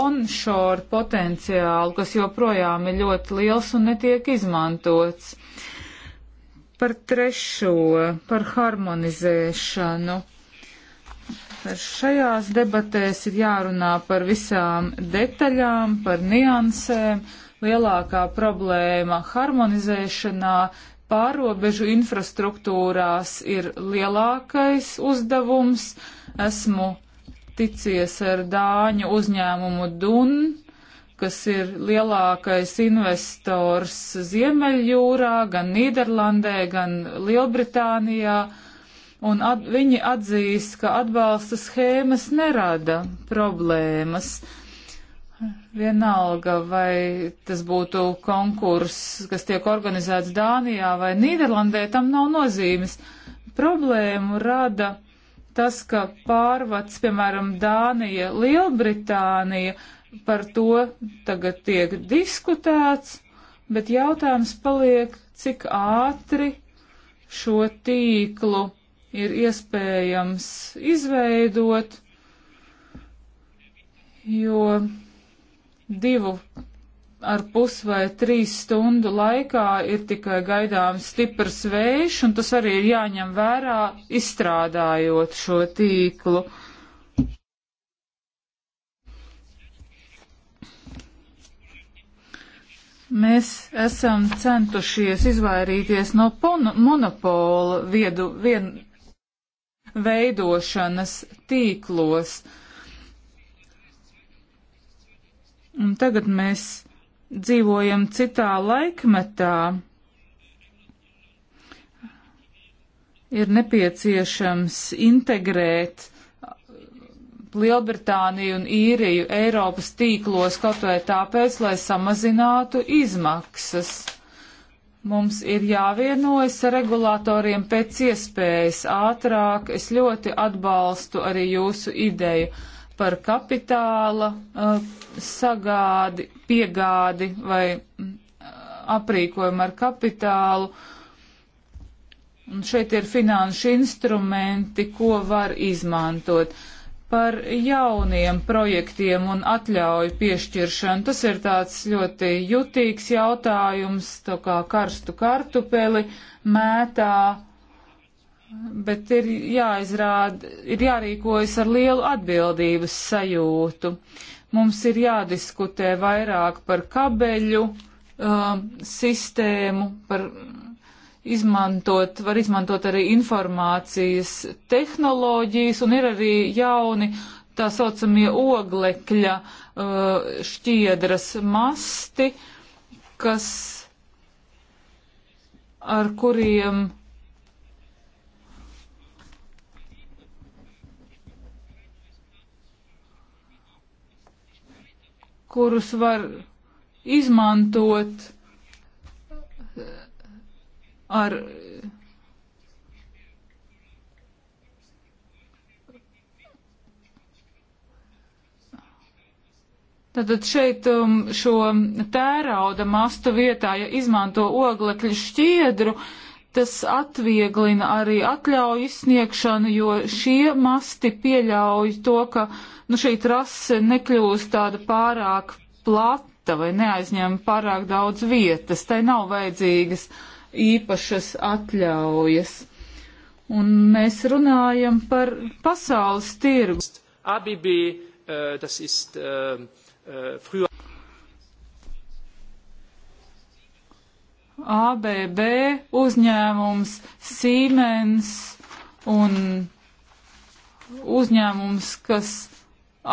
S3: onshore potenciālu, kas joprojām ir ļoti liels un netiek izmantots. Par trešo, par harmonizēšanu. Šajās debatēs ir jārunā par visām detaļām, par niansēm. Lielākā problēma harmonizēšanā pārobežu infrastruktūrās ir lielākais uzdevums. Esmu ticies ar Dāņu uzņēmumu DUN, kas ir lielākais investors Ziemeļjūrā, gan Nīderlandē, gan Lielbritānijā un at, viņi atzīst, ka atbalsta schēmas nerada problēmas. Vienalga, vai tas būtu konkurss, kas tiek organizēts Dānijā vai Nīderlandē, tam nav nozīmes. Problēmu rada tas, ka pārvads, piemēram, Dānija, Lielbritānija, par to tagad tiek diskutēts, bet jautājums paliek, cik ātri šo tīklu ir iespējams izveidot, jo divu ar pus vai trīs stundu laikā ir tikai gaidāms stiprs vējš, un tas arī ir jāņem vērā, izstrādājot šo tīklu. Mēs esam centušies izvairīties no monopola viedu, vien, veidošanas tīklos. Un tagad mēs dzīvojam citā laikmetā. Ir nepieciešams integrēt Lielbritāniju un īriju Eiropas tīklos kaut vai tāpēc, lai samazinātu izmaksas. Mums ir jāvienojas ar regulātoriem pēc iespējas ātrāk. Es ļoti atbalstu arī jūsu ideju par kapitāla uh, sagādi, piegādi vai uh, aprīkojumu ar kapitālu. Un šeit ir finanšu instrumenti, ko var izmantot. Uh, par jauniem projektiem un atļauju piešķiršanu. Tas ir tāds ļoti jutīgs jautājums, tā kā karstu kartupeli mētā, bet ir jāizrāda, ir jārīkojas ar lielu atbildības sajūtu. Mums ir jādiskutē vairāk par kabeļu um, sistēmu, par izmantot, var izmantot arī informācijas tehnoloģijas un ir arī jauni tā saucamie oglekļa uh, šķiedras masti, kas ar kuriem kurus var izmantot ar Tātad šeit um, šo tērauda mastu vietā, ja izmanto oglekļu šķiedru, tas atvieglina arī atļauju izsniegšanu, jo šie masti pieļauj to, ka nu, šī trase nekļūst tāda pārāk plata vai neaizņem pārāk daudz vietas. Tai nav vajadzīgas uh, īpašas atļaujas. Un mēs runājam par pasaules tirgu.
S2: ABB, uh, eh, tas ist uh, uh, früher.
S3: ABB uzņēmums Siemens un uzņēmums, kas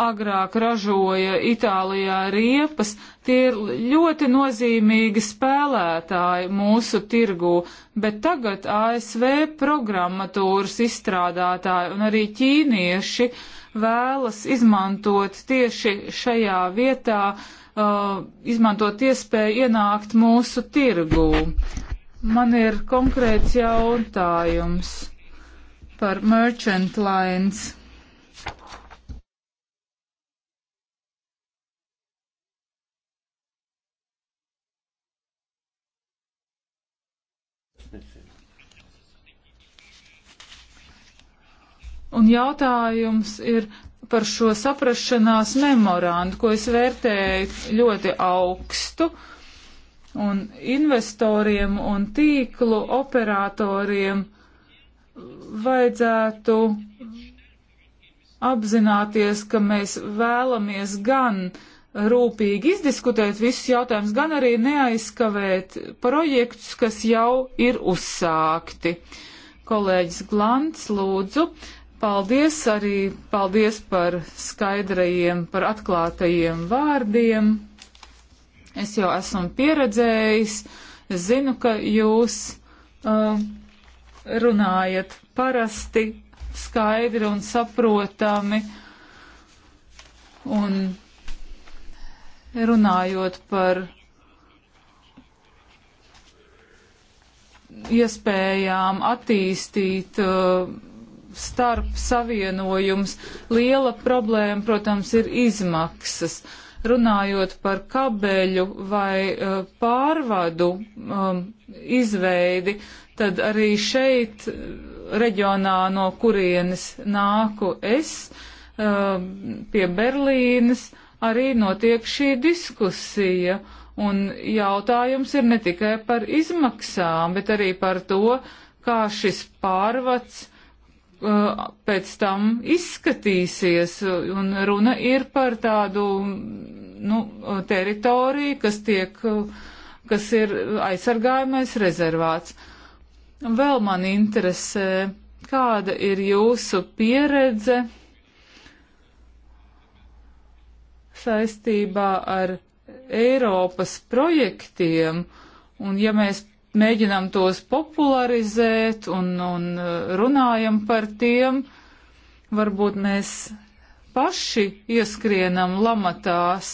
S3: agrāk ražoja Itālijā riepas, tie ir ļoti nozīmīgi spēlētāji mūsu tirgū, bet tagad ASV programmatūras izstrādātāji un arī ķīnieši vēlas izmantot tieši šajā vietā, uh, izmantot iespēju ienākt mūsu tirgū. Man ir konkrēts jautājums par Merchant Lines Un jautājums ir par šo saprašanās memorandu, ko es vērtēju ļoti augstu. Un investoriem un tīklu operatoriem vajadzētu apzināties, ka mēs vēlamies gan rūpīgi izdiskutēt visus jautājumus, gan arī neaizskavēt projektus, kas jau ir uzsākti. Kolēģis Glants, lūdzu, Paldies arī, paldies par skaidrajiem, par atklātajiem vārdiem. Es jau esmu pieredzējis, es zinu, ka jūs uh, runājat parasti, skaidri un saprotami. Un runājot par iespējām attīstīt uh, starp savienojums. Liela problēma, protams, ir izmaksas. Runājot par kabeļu vai uh, pārvadu um, izveidi, tad arī šeit e, reģionā, no kurienes nāku es, uh, pie Berlīnes, arī notiek šī diskusija. Un jautājums ir ne tikai par izmaksām, bet arī par to, kā šis pārvads Uh, pēc tam izskatīsies, un runa ir par tādu nu, teritoriju, kas, tiek, uh, kas ir aizsargājumais rezervāts. Vēl man interesē, kāda ir jūsu pieredze saistībā ar Eiropas projektiem, un ja mēs mēģinam tos popularizēt un, un uh, runājam par tiem. Varbūt mēs paši ieskrienam lamatās,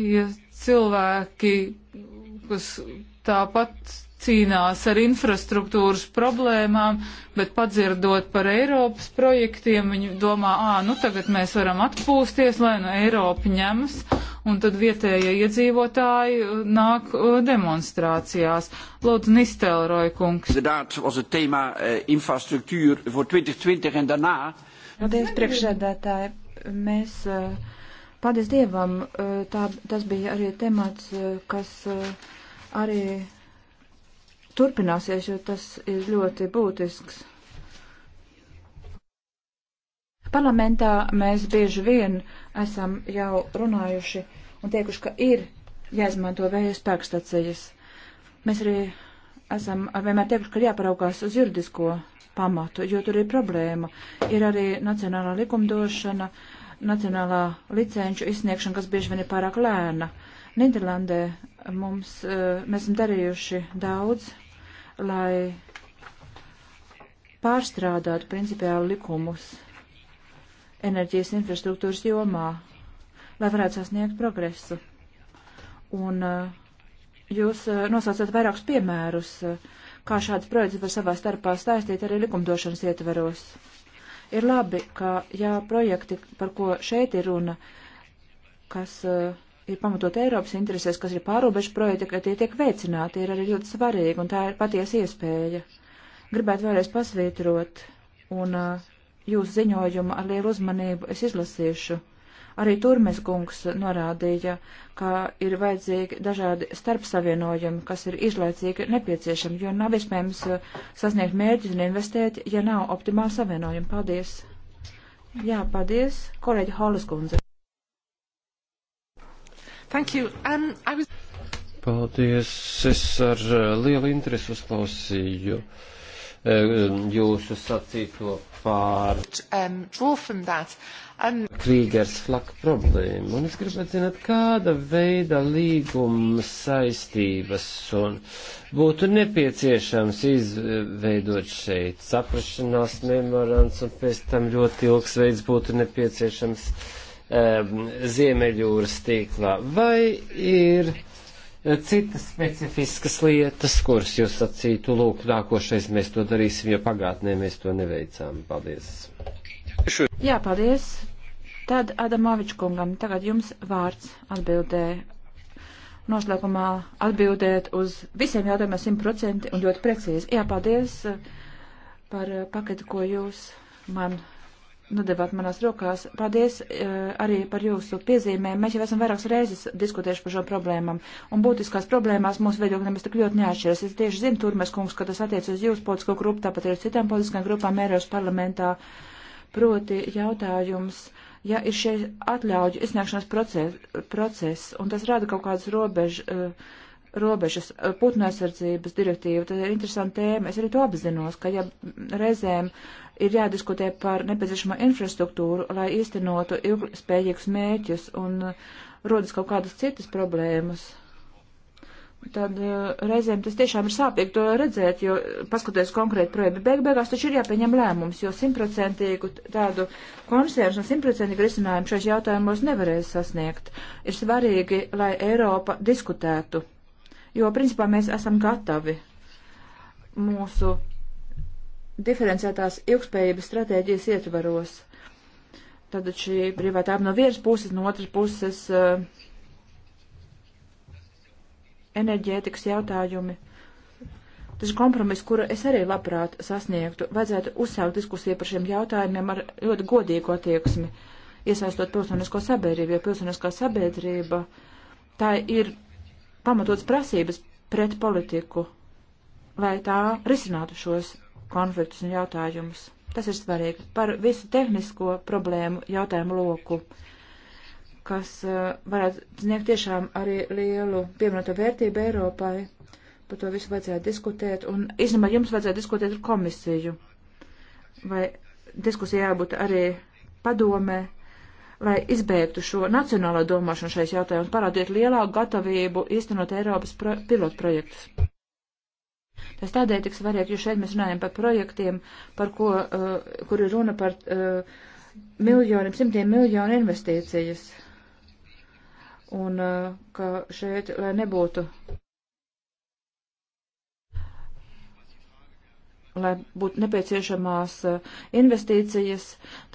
S3: ja cilvēki, kas tāpat cīnās ar infrastruktūras problēmām, bet padzirdot par Eiropas projektiem, viņi domā, ā, nu tagad mēs varam atpūsties, lai no nu Eiropa ņemas, un tad vietējie iedzīvotāji uh, nāk uh, demonstrācijās. Lūdzu, Nistelroja kungs.
S2: Eh,
S1: paldies, priekšsēdētāji. Mēs, eh, paldies Dievam, eh, tā, tas bija arī temats, kas arī turpināsies, jo tas ir ļoti būtisks. Parlamentā mēs bieži vien esam jau runājuši un tiekuši, ka ir jāizmanto vēja spēkstacijas. Mēs arī esam vienmēr tiekuši, ka ir jāparaugās uz juridisko pamatu, jo tur ir problēma. Ir arī nacionālā likumdošana, nacionālā licenču izsniegšana, kas bieži vien ir pārāk lēna. Uh, Nīderlandē mums, eh, mēs esam darījuši daudz, lai pārstrādātu principiāli likumus enerģijas infrastruktūras jomā, lai varētu sasniegt progresu. Un eh, jūs eh, nosaucat vairākus piemērus, kā šāds projekts var savā starpā stāstīt arī likumdošanas ietveros. Ir labi, ka jā, projekti, par ko šeit ir runa, kas uh, ir pamatot Eiropas interesēs, kas ir pārobežu projekti, ka tie tiek veicināti, ir arī ļoti svarīgi, un tā ir patiesa iespēja. Gribētu vēlreiz pasvītrot, un uh, jūsu ziņojumu ar lielu uzmanību es izlasīšu. Arī Turmes kungs norādīja, ka ir vajadzīgi dažādi starpsavienojumi, kas ir izlaicīgi nepieciešami, jo nav iespējams uh, sasniegt mērķus un investēt, ja nav optimāli savienojumi. Paldies! Jā, paldies, kolēģi Holas kundze. Thank
S2: you. Um, I was... Paldies. Es ar uh, lielu interesi uzklausīju uh, jūsu sacīto pār
S3: um, um...
S2: Krīgers flaka problēmu. Un es gribētu zināt, kāda veida līguma saistības un būtu nepieciešams izveidot šeit saprašanās memorands un pēc tam ļoti ilgs veids būtu nepieciešams uh, um, Ziemeļjūras tīklā, vai ir citas specifiskas lietas, kuras jūs sacītu, lūk, nākošais mēs to darīsim, jo pagātnē mēs to neveicām. Paldies.
S1: Jā, paldies. Tad Adamovičs kungam, tagad jums vārds atbildē. Noslēgumā atbildēt uz visiem jautājumiem simtprocentīgi un ļoti precīzi. Jā, paldies uh, par uh, paketu, ko jūs man nodevāt nu, manās rokās. Paldies uh, arī par jūsu piezīmēm. Mēs jau esam vairākas reizes diskutējuši par šo problēmām. Un būtiskās problēmās mūsu viedokļi nemaz tik ļoti neatšķiras. Es tieši zinu, Turmes kungs, ka tas attiec uz jūsu politisko grupu, tāpat arī uz citām politiskām grupām Eiropas parlamentā. Proti jautājums, ja ir šie atļauju izsniegšanas process, process, un tas rada kaut kādas eh, robežas. Uh, eh, robežas putnu aizsardzības direktīva, tad ir interesanta tēma. Es arī to apzinos, ka ja reizēm ir jādiskutē par nepieciešamo infrastruktūru, lai īstenotu ilgspējīgus mērķus un uh, rodas kaut kādas citas problēmas. Tad uh, reizēm tas tiešām ir sāpīgi to redzēt, jo uh, paskatoties konkrēti projektu, beig beigās taču ir jāpieņem lēmums, jo simtprocentīgu tādu konsensu un simtprocentīgu risinājumu šajos jautājumos nevarēs sasniegt. Ir svarīgi, lai Eiropa diskutētu, jo principā mēs esam gatavi mūsu diferenciētās ilgspējības stratēģijas ietvaros. Tātad šī privātāba no vienas puses, no otras puses uh, enerģētikas jautājumi. Tas kompromiss, kuru es arī labprāt sasniegtu, vajadzētu uzsākt diskusiju par šiem jautājumiem ar ļoti godīgu attieksmi, iesaistot pilsonisko sabiedrību, jo pilsoniskā sabiedrība tā ir pamatots prasības pret politiku, lai tā risinātu šos konfliktus un jautājumus. Tas ir svarīgi. Par visu tehnisko problēmu jautājumu loku, kas uh, varētu sniegt tiešām arī lielu pievienoto vērtību Eiropai. Par to visu vajadzēja diskutēt. Un, īstenībā, jums vajadzēja diskutēt ar komisiju. Vai diskusija jābūt arī padomē, lai izbeigtu šo nacionālo domāšanu šais jautājums, parādiet lielāku gatavību īstenot Eiropas pro pilotprojektus. Tas tādēļ tik svarīgi, jo šeit mēs runājam par projektiem, par ko, uh, kur ir runa par uh, miljoniem, simtiem miljonu investīcijas. Un uh, ka šeit, lai nebūtu. lai būtu nepieciešamās investīcijas,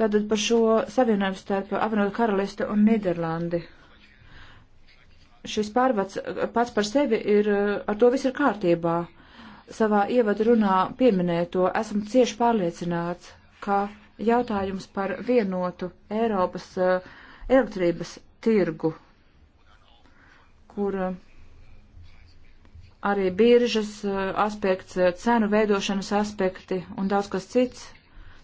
S1: tātad par šo savienojumu starp apvienot karalisti un Nīderlandi. Šis pārvads pats par sevi ir, ar to viss ir kārtībā savā ievadrunā pieminēja to, esmu cieši pārliecināts, ka jautājums par vienotu Eiropas uh, elektrības tirgu, kur uh, arī biržas uh, aspekts, cenu veidošanas aspekti un daudz kas cits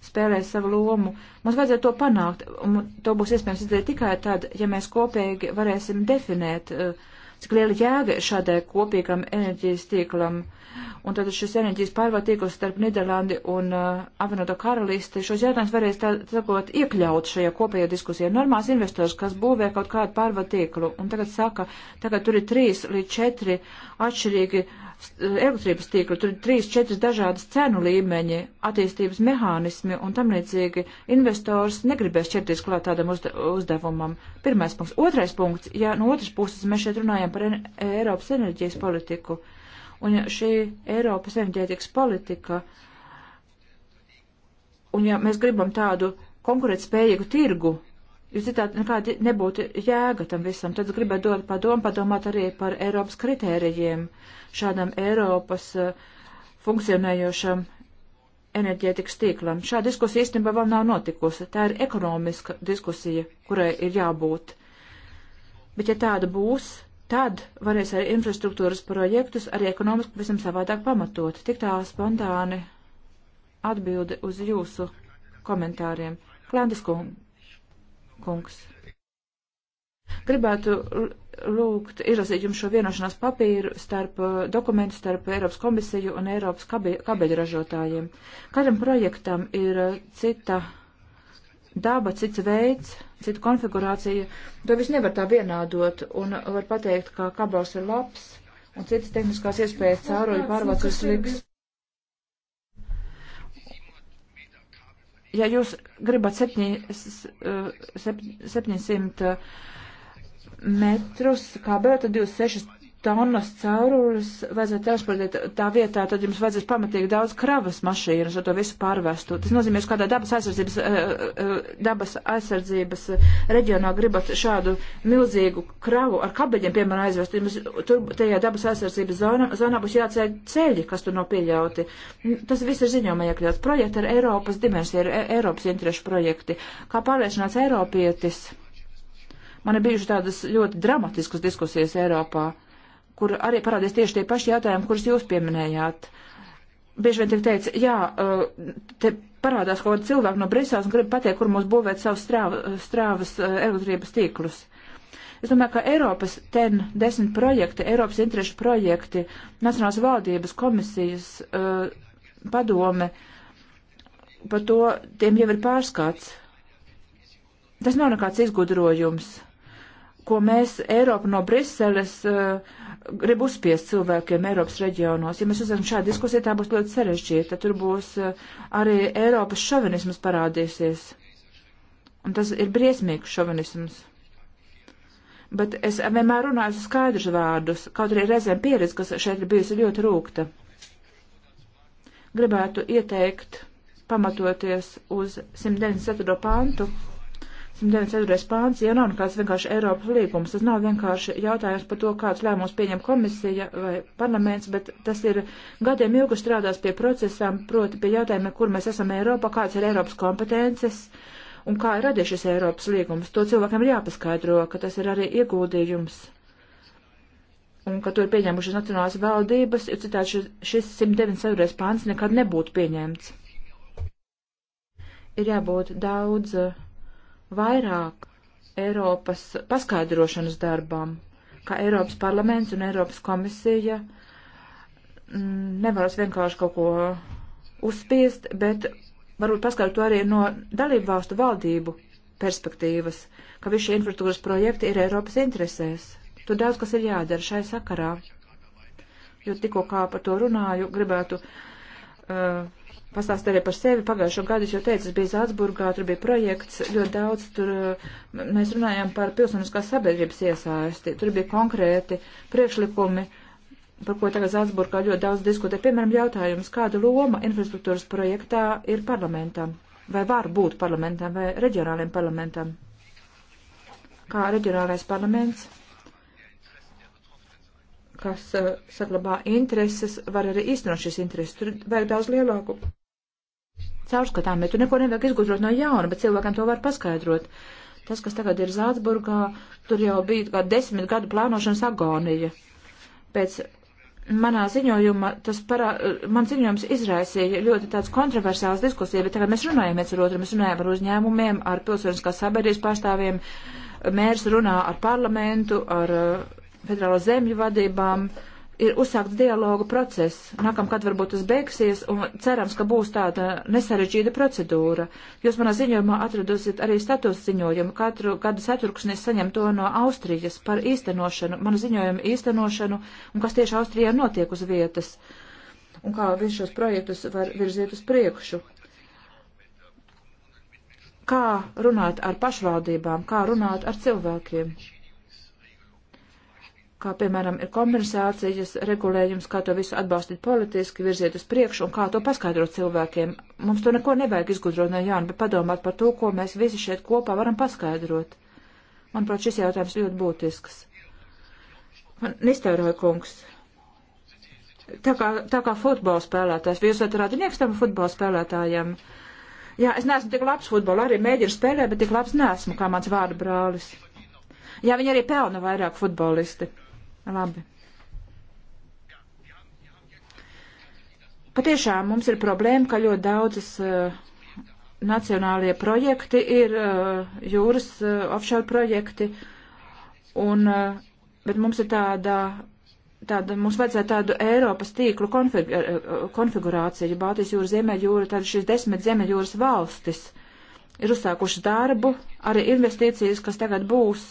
S1: spēlēs savu lomu. Mums vajadzētu to panākt, un to būs iespējams izdarīt tikai tad, ja mēs kopīgi varēsim definēt uh, cik liela jēga ir šādai kopīgam enerģijas tīklam. Un tad šis enerģijas pārvaldīgums starp Nīderlandi un uh, apvienoto karalisti šos jautājumus varēs tagad iekļaut šajā kopējā diskusijā. Normāls investors, kas būvē kaut kādu pārvaldīklu, un tagad saka, tagad tur ir trīs līdz četri atšķirīgi uh, elektrības tīklu, tur ir trīs, četras dažādas cenu līmeņi, attīstības mehānismi un tam līdzīgi investors negribēs ķerties klāt tādam uzde uzdevumam. Pirmais punkts. Otrais punkts, ja no otras puses mēs šeit runājam par en Eiropas enerģijas politiku, un ja šī Eiropas enerģētikas politika, un ja mēs gribam tādu konkurētspējīgu tirgu, jo citādi nekādi nebūtu jēga tam visam. Tad es gribētu dot padomu, padomāt arī par Eiropas kritērijiem šādam Eiropas uh, funkcionējošam enerģētikas tīklam. Šāda diskusija īstenībā vēl nav notikusi. Tā ir ekonomiska diskusija, kurai ir jābūt. Bet ja tāda būs, tad varēs arī infrastruktūras projektus arī ekonomiski pavisam savādāk pamatot. Tik tā spontāni atbildi uz jūsu komentāriem. Klandis kungs kungs. Gribētu lūgt izlasīt jums šo vienošanās papīru starp uh, dokumentu starp Eiropas komisiju un Eiropas kabeļražotājiem. Katram projektam ir uh, cita daba, cits veids, cita konfigurācija. To viss nevar tā vienādot un var pateikt, ka kabels ir labs un citas tehniskās iespējas cauruļu pārvācis ir sliks. ja jūs gribat 700 metrus kabeli, tad 26 tonnas caurules vajadzētu transportēt tā vietā, tad jums vajadzēs pamatīgi daudz kravas mašīnas, lai to visu pārvestu. Tas nozīmē, ka kādā dabas aizsardzības, eh, eh, dabas aizsardzības reģionā gribat šādu milzīgu kravu ar kabeļiem, piemēram, aizvest, jums tur tajā dabas aizsardzības zonā, zonā būs jāceļ ceļi, kas tur nav pieļauti. Tas viss ir ziņojumā iekļauts. Projekti ar Eiropas dimensiju, ir e, Eiropas interešu projekti. Kā pārliecināts Eiropietis? Man ir bijušas tādas ļoti dramatiskas diskusijas Eiropā. Uh, kur arī parādīs tieši tie paši jautājumi, kurus jūs pieminējāt. Bieži vien tiek teica, jā, uh, te parādās kaut kāda cilvēka no Briseles un grib pateikt, kur mums būvēt savus strāva, strāvas uh, elektrības tīklus. Es domāju, ka Eiropas ten desmit projekti, Eiropas interešu projekti, Nacionālās valdības komisijas uh, padome par to, tiem jau ir pārskats. Tas nav nekāds izgudrojums, ko mēs Eiropu no Briseles uh, grib uzspiest cilvēkiem Eiropas reģionos. Ja mēs uzsākam šādu diskusiju, tā būs ļoti sarežģīta. Tur būs eh, arī Eiropas šovinisms parādīsies. Un tas ir briesmīgs šovinisms. Bet es vienmēr runāju skaidrus vārdus, kaut arī reizēm pieredze, kas šeit ir bijusi ļoti rūkta. Gribētu ieteikt, pamatoties uz 194. pantu 94. pāns jau nav nekāds vienkārši Eiropas līgums. Tas nav vienkārši jautājums par to, kāds lēmums pieņem komisija vai parlaments, bet tas ir gadiem ilgi strādās pie procesām, proti pie jautājumiem, kur mēs esam Eiropā, kāds ir Eiropas kompetences un kā ir radies šis Eiropas līgums. To cilvēkiem ir jāpaskaidro, ka tas ir arī ieguldījums un ka to ir pieņēmušas nacionālās valdības, jo citādi šis, šis 194. pāns nekad nebūtu pieņemts. Ir jābūt daudz. Uh, vairāk Eiropas paskaidrošanas darbam, kā Eiropas parlaments un Eiropas komisija mm, nevaras vienkārši kaut ko uzspiest, bet varbūt paskaidrot arī no dalību valstu valdību perspektīvas, ka visi šie infrastruktūras projekti ir Eiropas interesēs. Tur daudz kas ir jādara šai sakarā. Jo tikko kā par to runāju, gribētu uh, pastāstīt arī par sevi. Pagājušo gadu es jau teicu, es biju Zātsburgā, tur bija projekts ļoti daudz, tur mēs runājām par pilsoniskās sabiedrības iesaisti, tur bija konkrēti priekšlikumi, par ko tagad Zātsburgā ļoti daudz diskutē. Piemēram, jautājums, kāda loma infrastruktūras projektā ir parlamentam? Vai var būt parlamentam vai reģionāliem parlamentam? Kā reģionālais parlaments? kas uh, saglabā intereses, var arī īstenot šīs intereses. Tur vajag daudz lielāku caurskatāmies. Tur neko nevajag izgudrot no jauna, bet cilvēkiem to var paskaidrot. Tas, kas tagad ir Zātsburgā, tur jau bija kā desmit gadu plānošanas agonija. Pēc manā ziņojumā, tas parā, man ziņojums izraisīja ļoti tāds kontroversāls diskusija, bet tagad mēs runājam viens ar otru, mēs runājam ar uzņēmumiem, ar pilsoniskās sabiedrības pārstāvjiem, mērs runā ar parlamentu, ar uh, federālo zemju vadībām. Uh, ir uzsākts dialogu process. Nākamgad varbūt tas beigsies un cerams, ka būs tāda nesarežģīta procedūra. Jūs manā ziņojumā atradosiet arī status ziņojumu. Katru gadu ceturksni saņem to no Austrijas par īstenošanu, manu ziņojumu īstenošanu un kas tieši Austrijā notiek uz vietas un kā visus šos projektus var virzīt uz priekšu kā runāt ar pašvaldībām, kā runāt ar cilvēkiem kā piemēram ir kompensācijas regulējums, kā to visu atbalstīt politiski, virziet uz priekšu un kā to paskaidrot cilvēkiem. Mums to neko nevajag izgudrot no jauna, bet padomāt par to, ko mēs visi šeit kopā varam paskaidrot. Manuprāt, šis jautājums ļoti būtisks. Man iztēroja kungs. Tā kā, tā kā futbola spēlētājs, vai jūs esat radinieks tam futbola spēlētājiem? Jā, es neesmu tik labs futbolā, arī mēģinu spēlēt, bet tik labs neesmu, kā mans vārda brālis. Jā, viņi arī pelna vairāk futbolisti. Labi. Patiešām mums ir problēma, ka ļoti daudzas uh, nacionālie projekti ir uh, jūras uh, offshore projekti, un, uh, bet mums ir tāda, tāda, mums vajadzētu tādu Eiropas tīklu konfig, uh, konfigurāciju, Baltijas jūra, Ziemeļjūra, tad šīs desmit Ziemeļjūras valstis ir uzsākušas darbu, arī investīcijas, kas tagad būs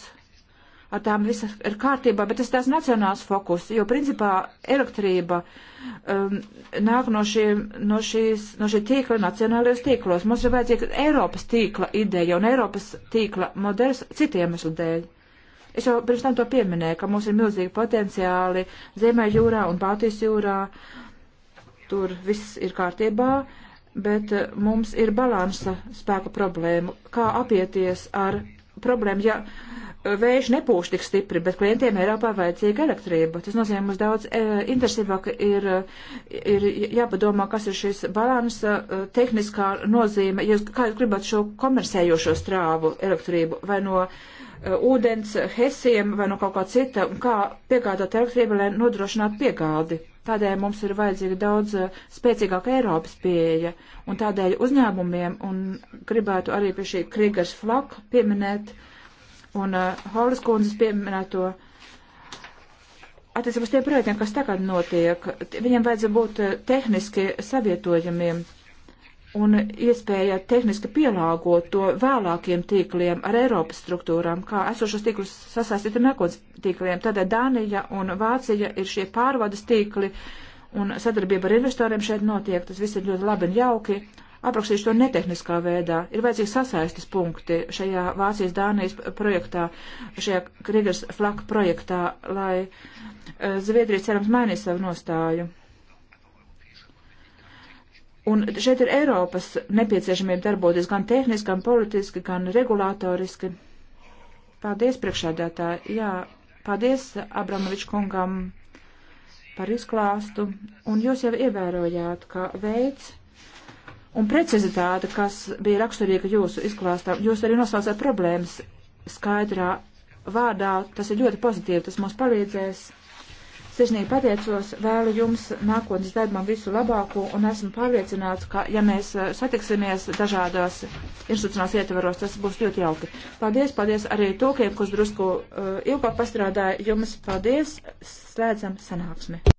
S1: ar tām viss ir kārtībā, bet tas tās nacionāls fokus, jo principā elektrība um, nāk no, šī, no, šīs, no šī tīkla nacionālajos tīklos. Mums ir vajadzīga Eiropas tīkla ideja un Eiropas tīkla modelis citiem iemeslu dēļ. Es jau pirms tam to pieminēju, ka mums ir milzīgi potenciāli Ziemē jūrā un Baltijas jūrā. Tur viss ir kārtībā, bet uh, mums ir balansa spēka problēma. Kā apieties ar problēmu, ja vējš nepūš tik stipri, bet klientiem Eiropā vajadzīga elektrība. Tas nozīmē, mums daudz e, interesīvāk ir, ir jāpadomā, kas ir šis balans, e, tehniskā nozīme, ja jūs, kā jūs gribat šo komersējošo strāvu elektrību, vai no e, ūdens, hesiem, vai no kaut kā cita, un kā piegādāt elektrību, lai nodrošinātu piegādi. Tādēļ mums ir vajadzīga daudz e, spēcīgāka Eiropas pieeja, un tādēļ uzņēmumiem, un gribētu arī pie šī Krigers flak pieminēt, uh, un uh, Holas kundzes pieminēto attiecībā uz tiem projektiem, kas tagad notiek. Viņiem vajadzētu būt uh, tehniski savietojamiem un iespēja tehniski pielāgot to vēlākiem tīkliem ar Eiropas struktūrām, kā esošos tīklus sasaistīt ar nākotnes tīkliem. Tādēļ Dānija un Vācija ir šie pārvades tīkli, un sadarbība ar investoriem šeit notiek. Tas viss ir ļoti labi un jauki, aprakstīšu to netehniskā veidā. Ir vajadzīgi sasaistes punkti šajā Vācijas Dānijas projektā, šajā Krigers flak projektā, lai e, Zviedrija cerams mainīs savu nostāju. Un šeit ir Eiropas nepieciešamība darboties gan tehniski, gan politiski, gan regulātoriski. Paldies priekšādātāji. Jā, paldies Abramovičs kungam par izklāstu. Un jūs jau ievērojāt, ka veids, un precizitāte, kas bija raksturīga jūsu izklāstā. Jūs arī nosaucāt problēmas skaidrā vārdā. Tas ir ļoti pozitīvi, tas mums palīdzēs. Sirsnīgi pateicos, vēlu jums nākotnes darbam visu labāko un esmu pārliecināts, ka ja mēs eh, satiksimies dažādās institucionālās ietvaros, tas būs ļoti jauki. Paldies, paldies arī tūkiem, kas drusku uh, ilgāk pastrādāja jums. Paldies, slēdzam sanāksmi.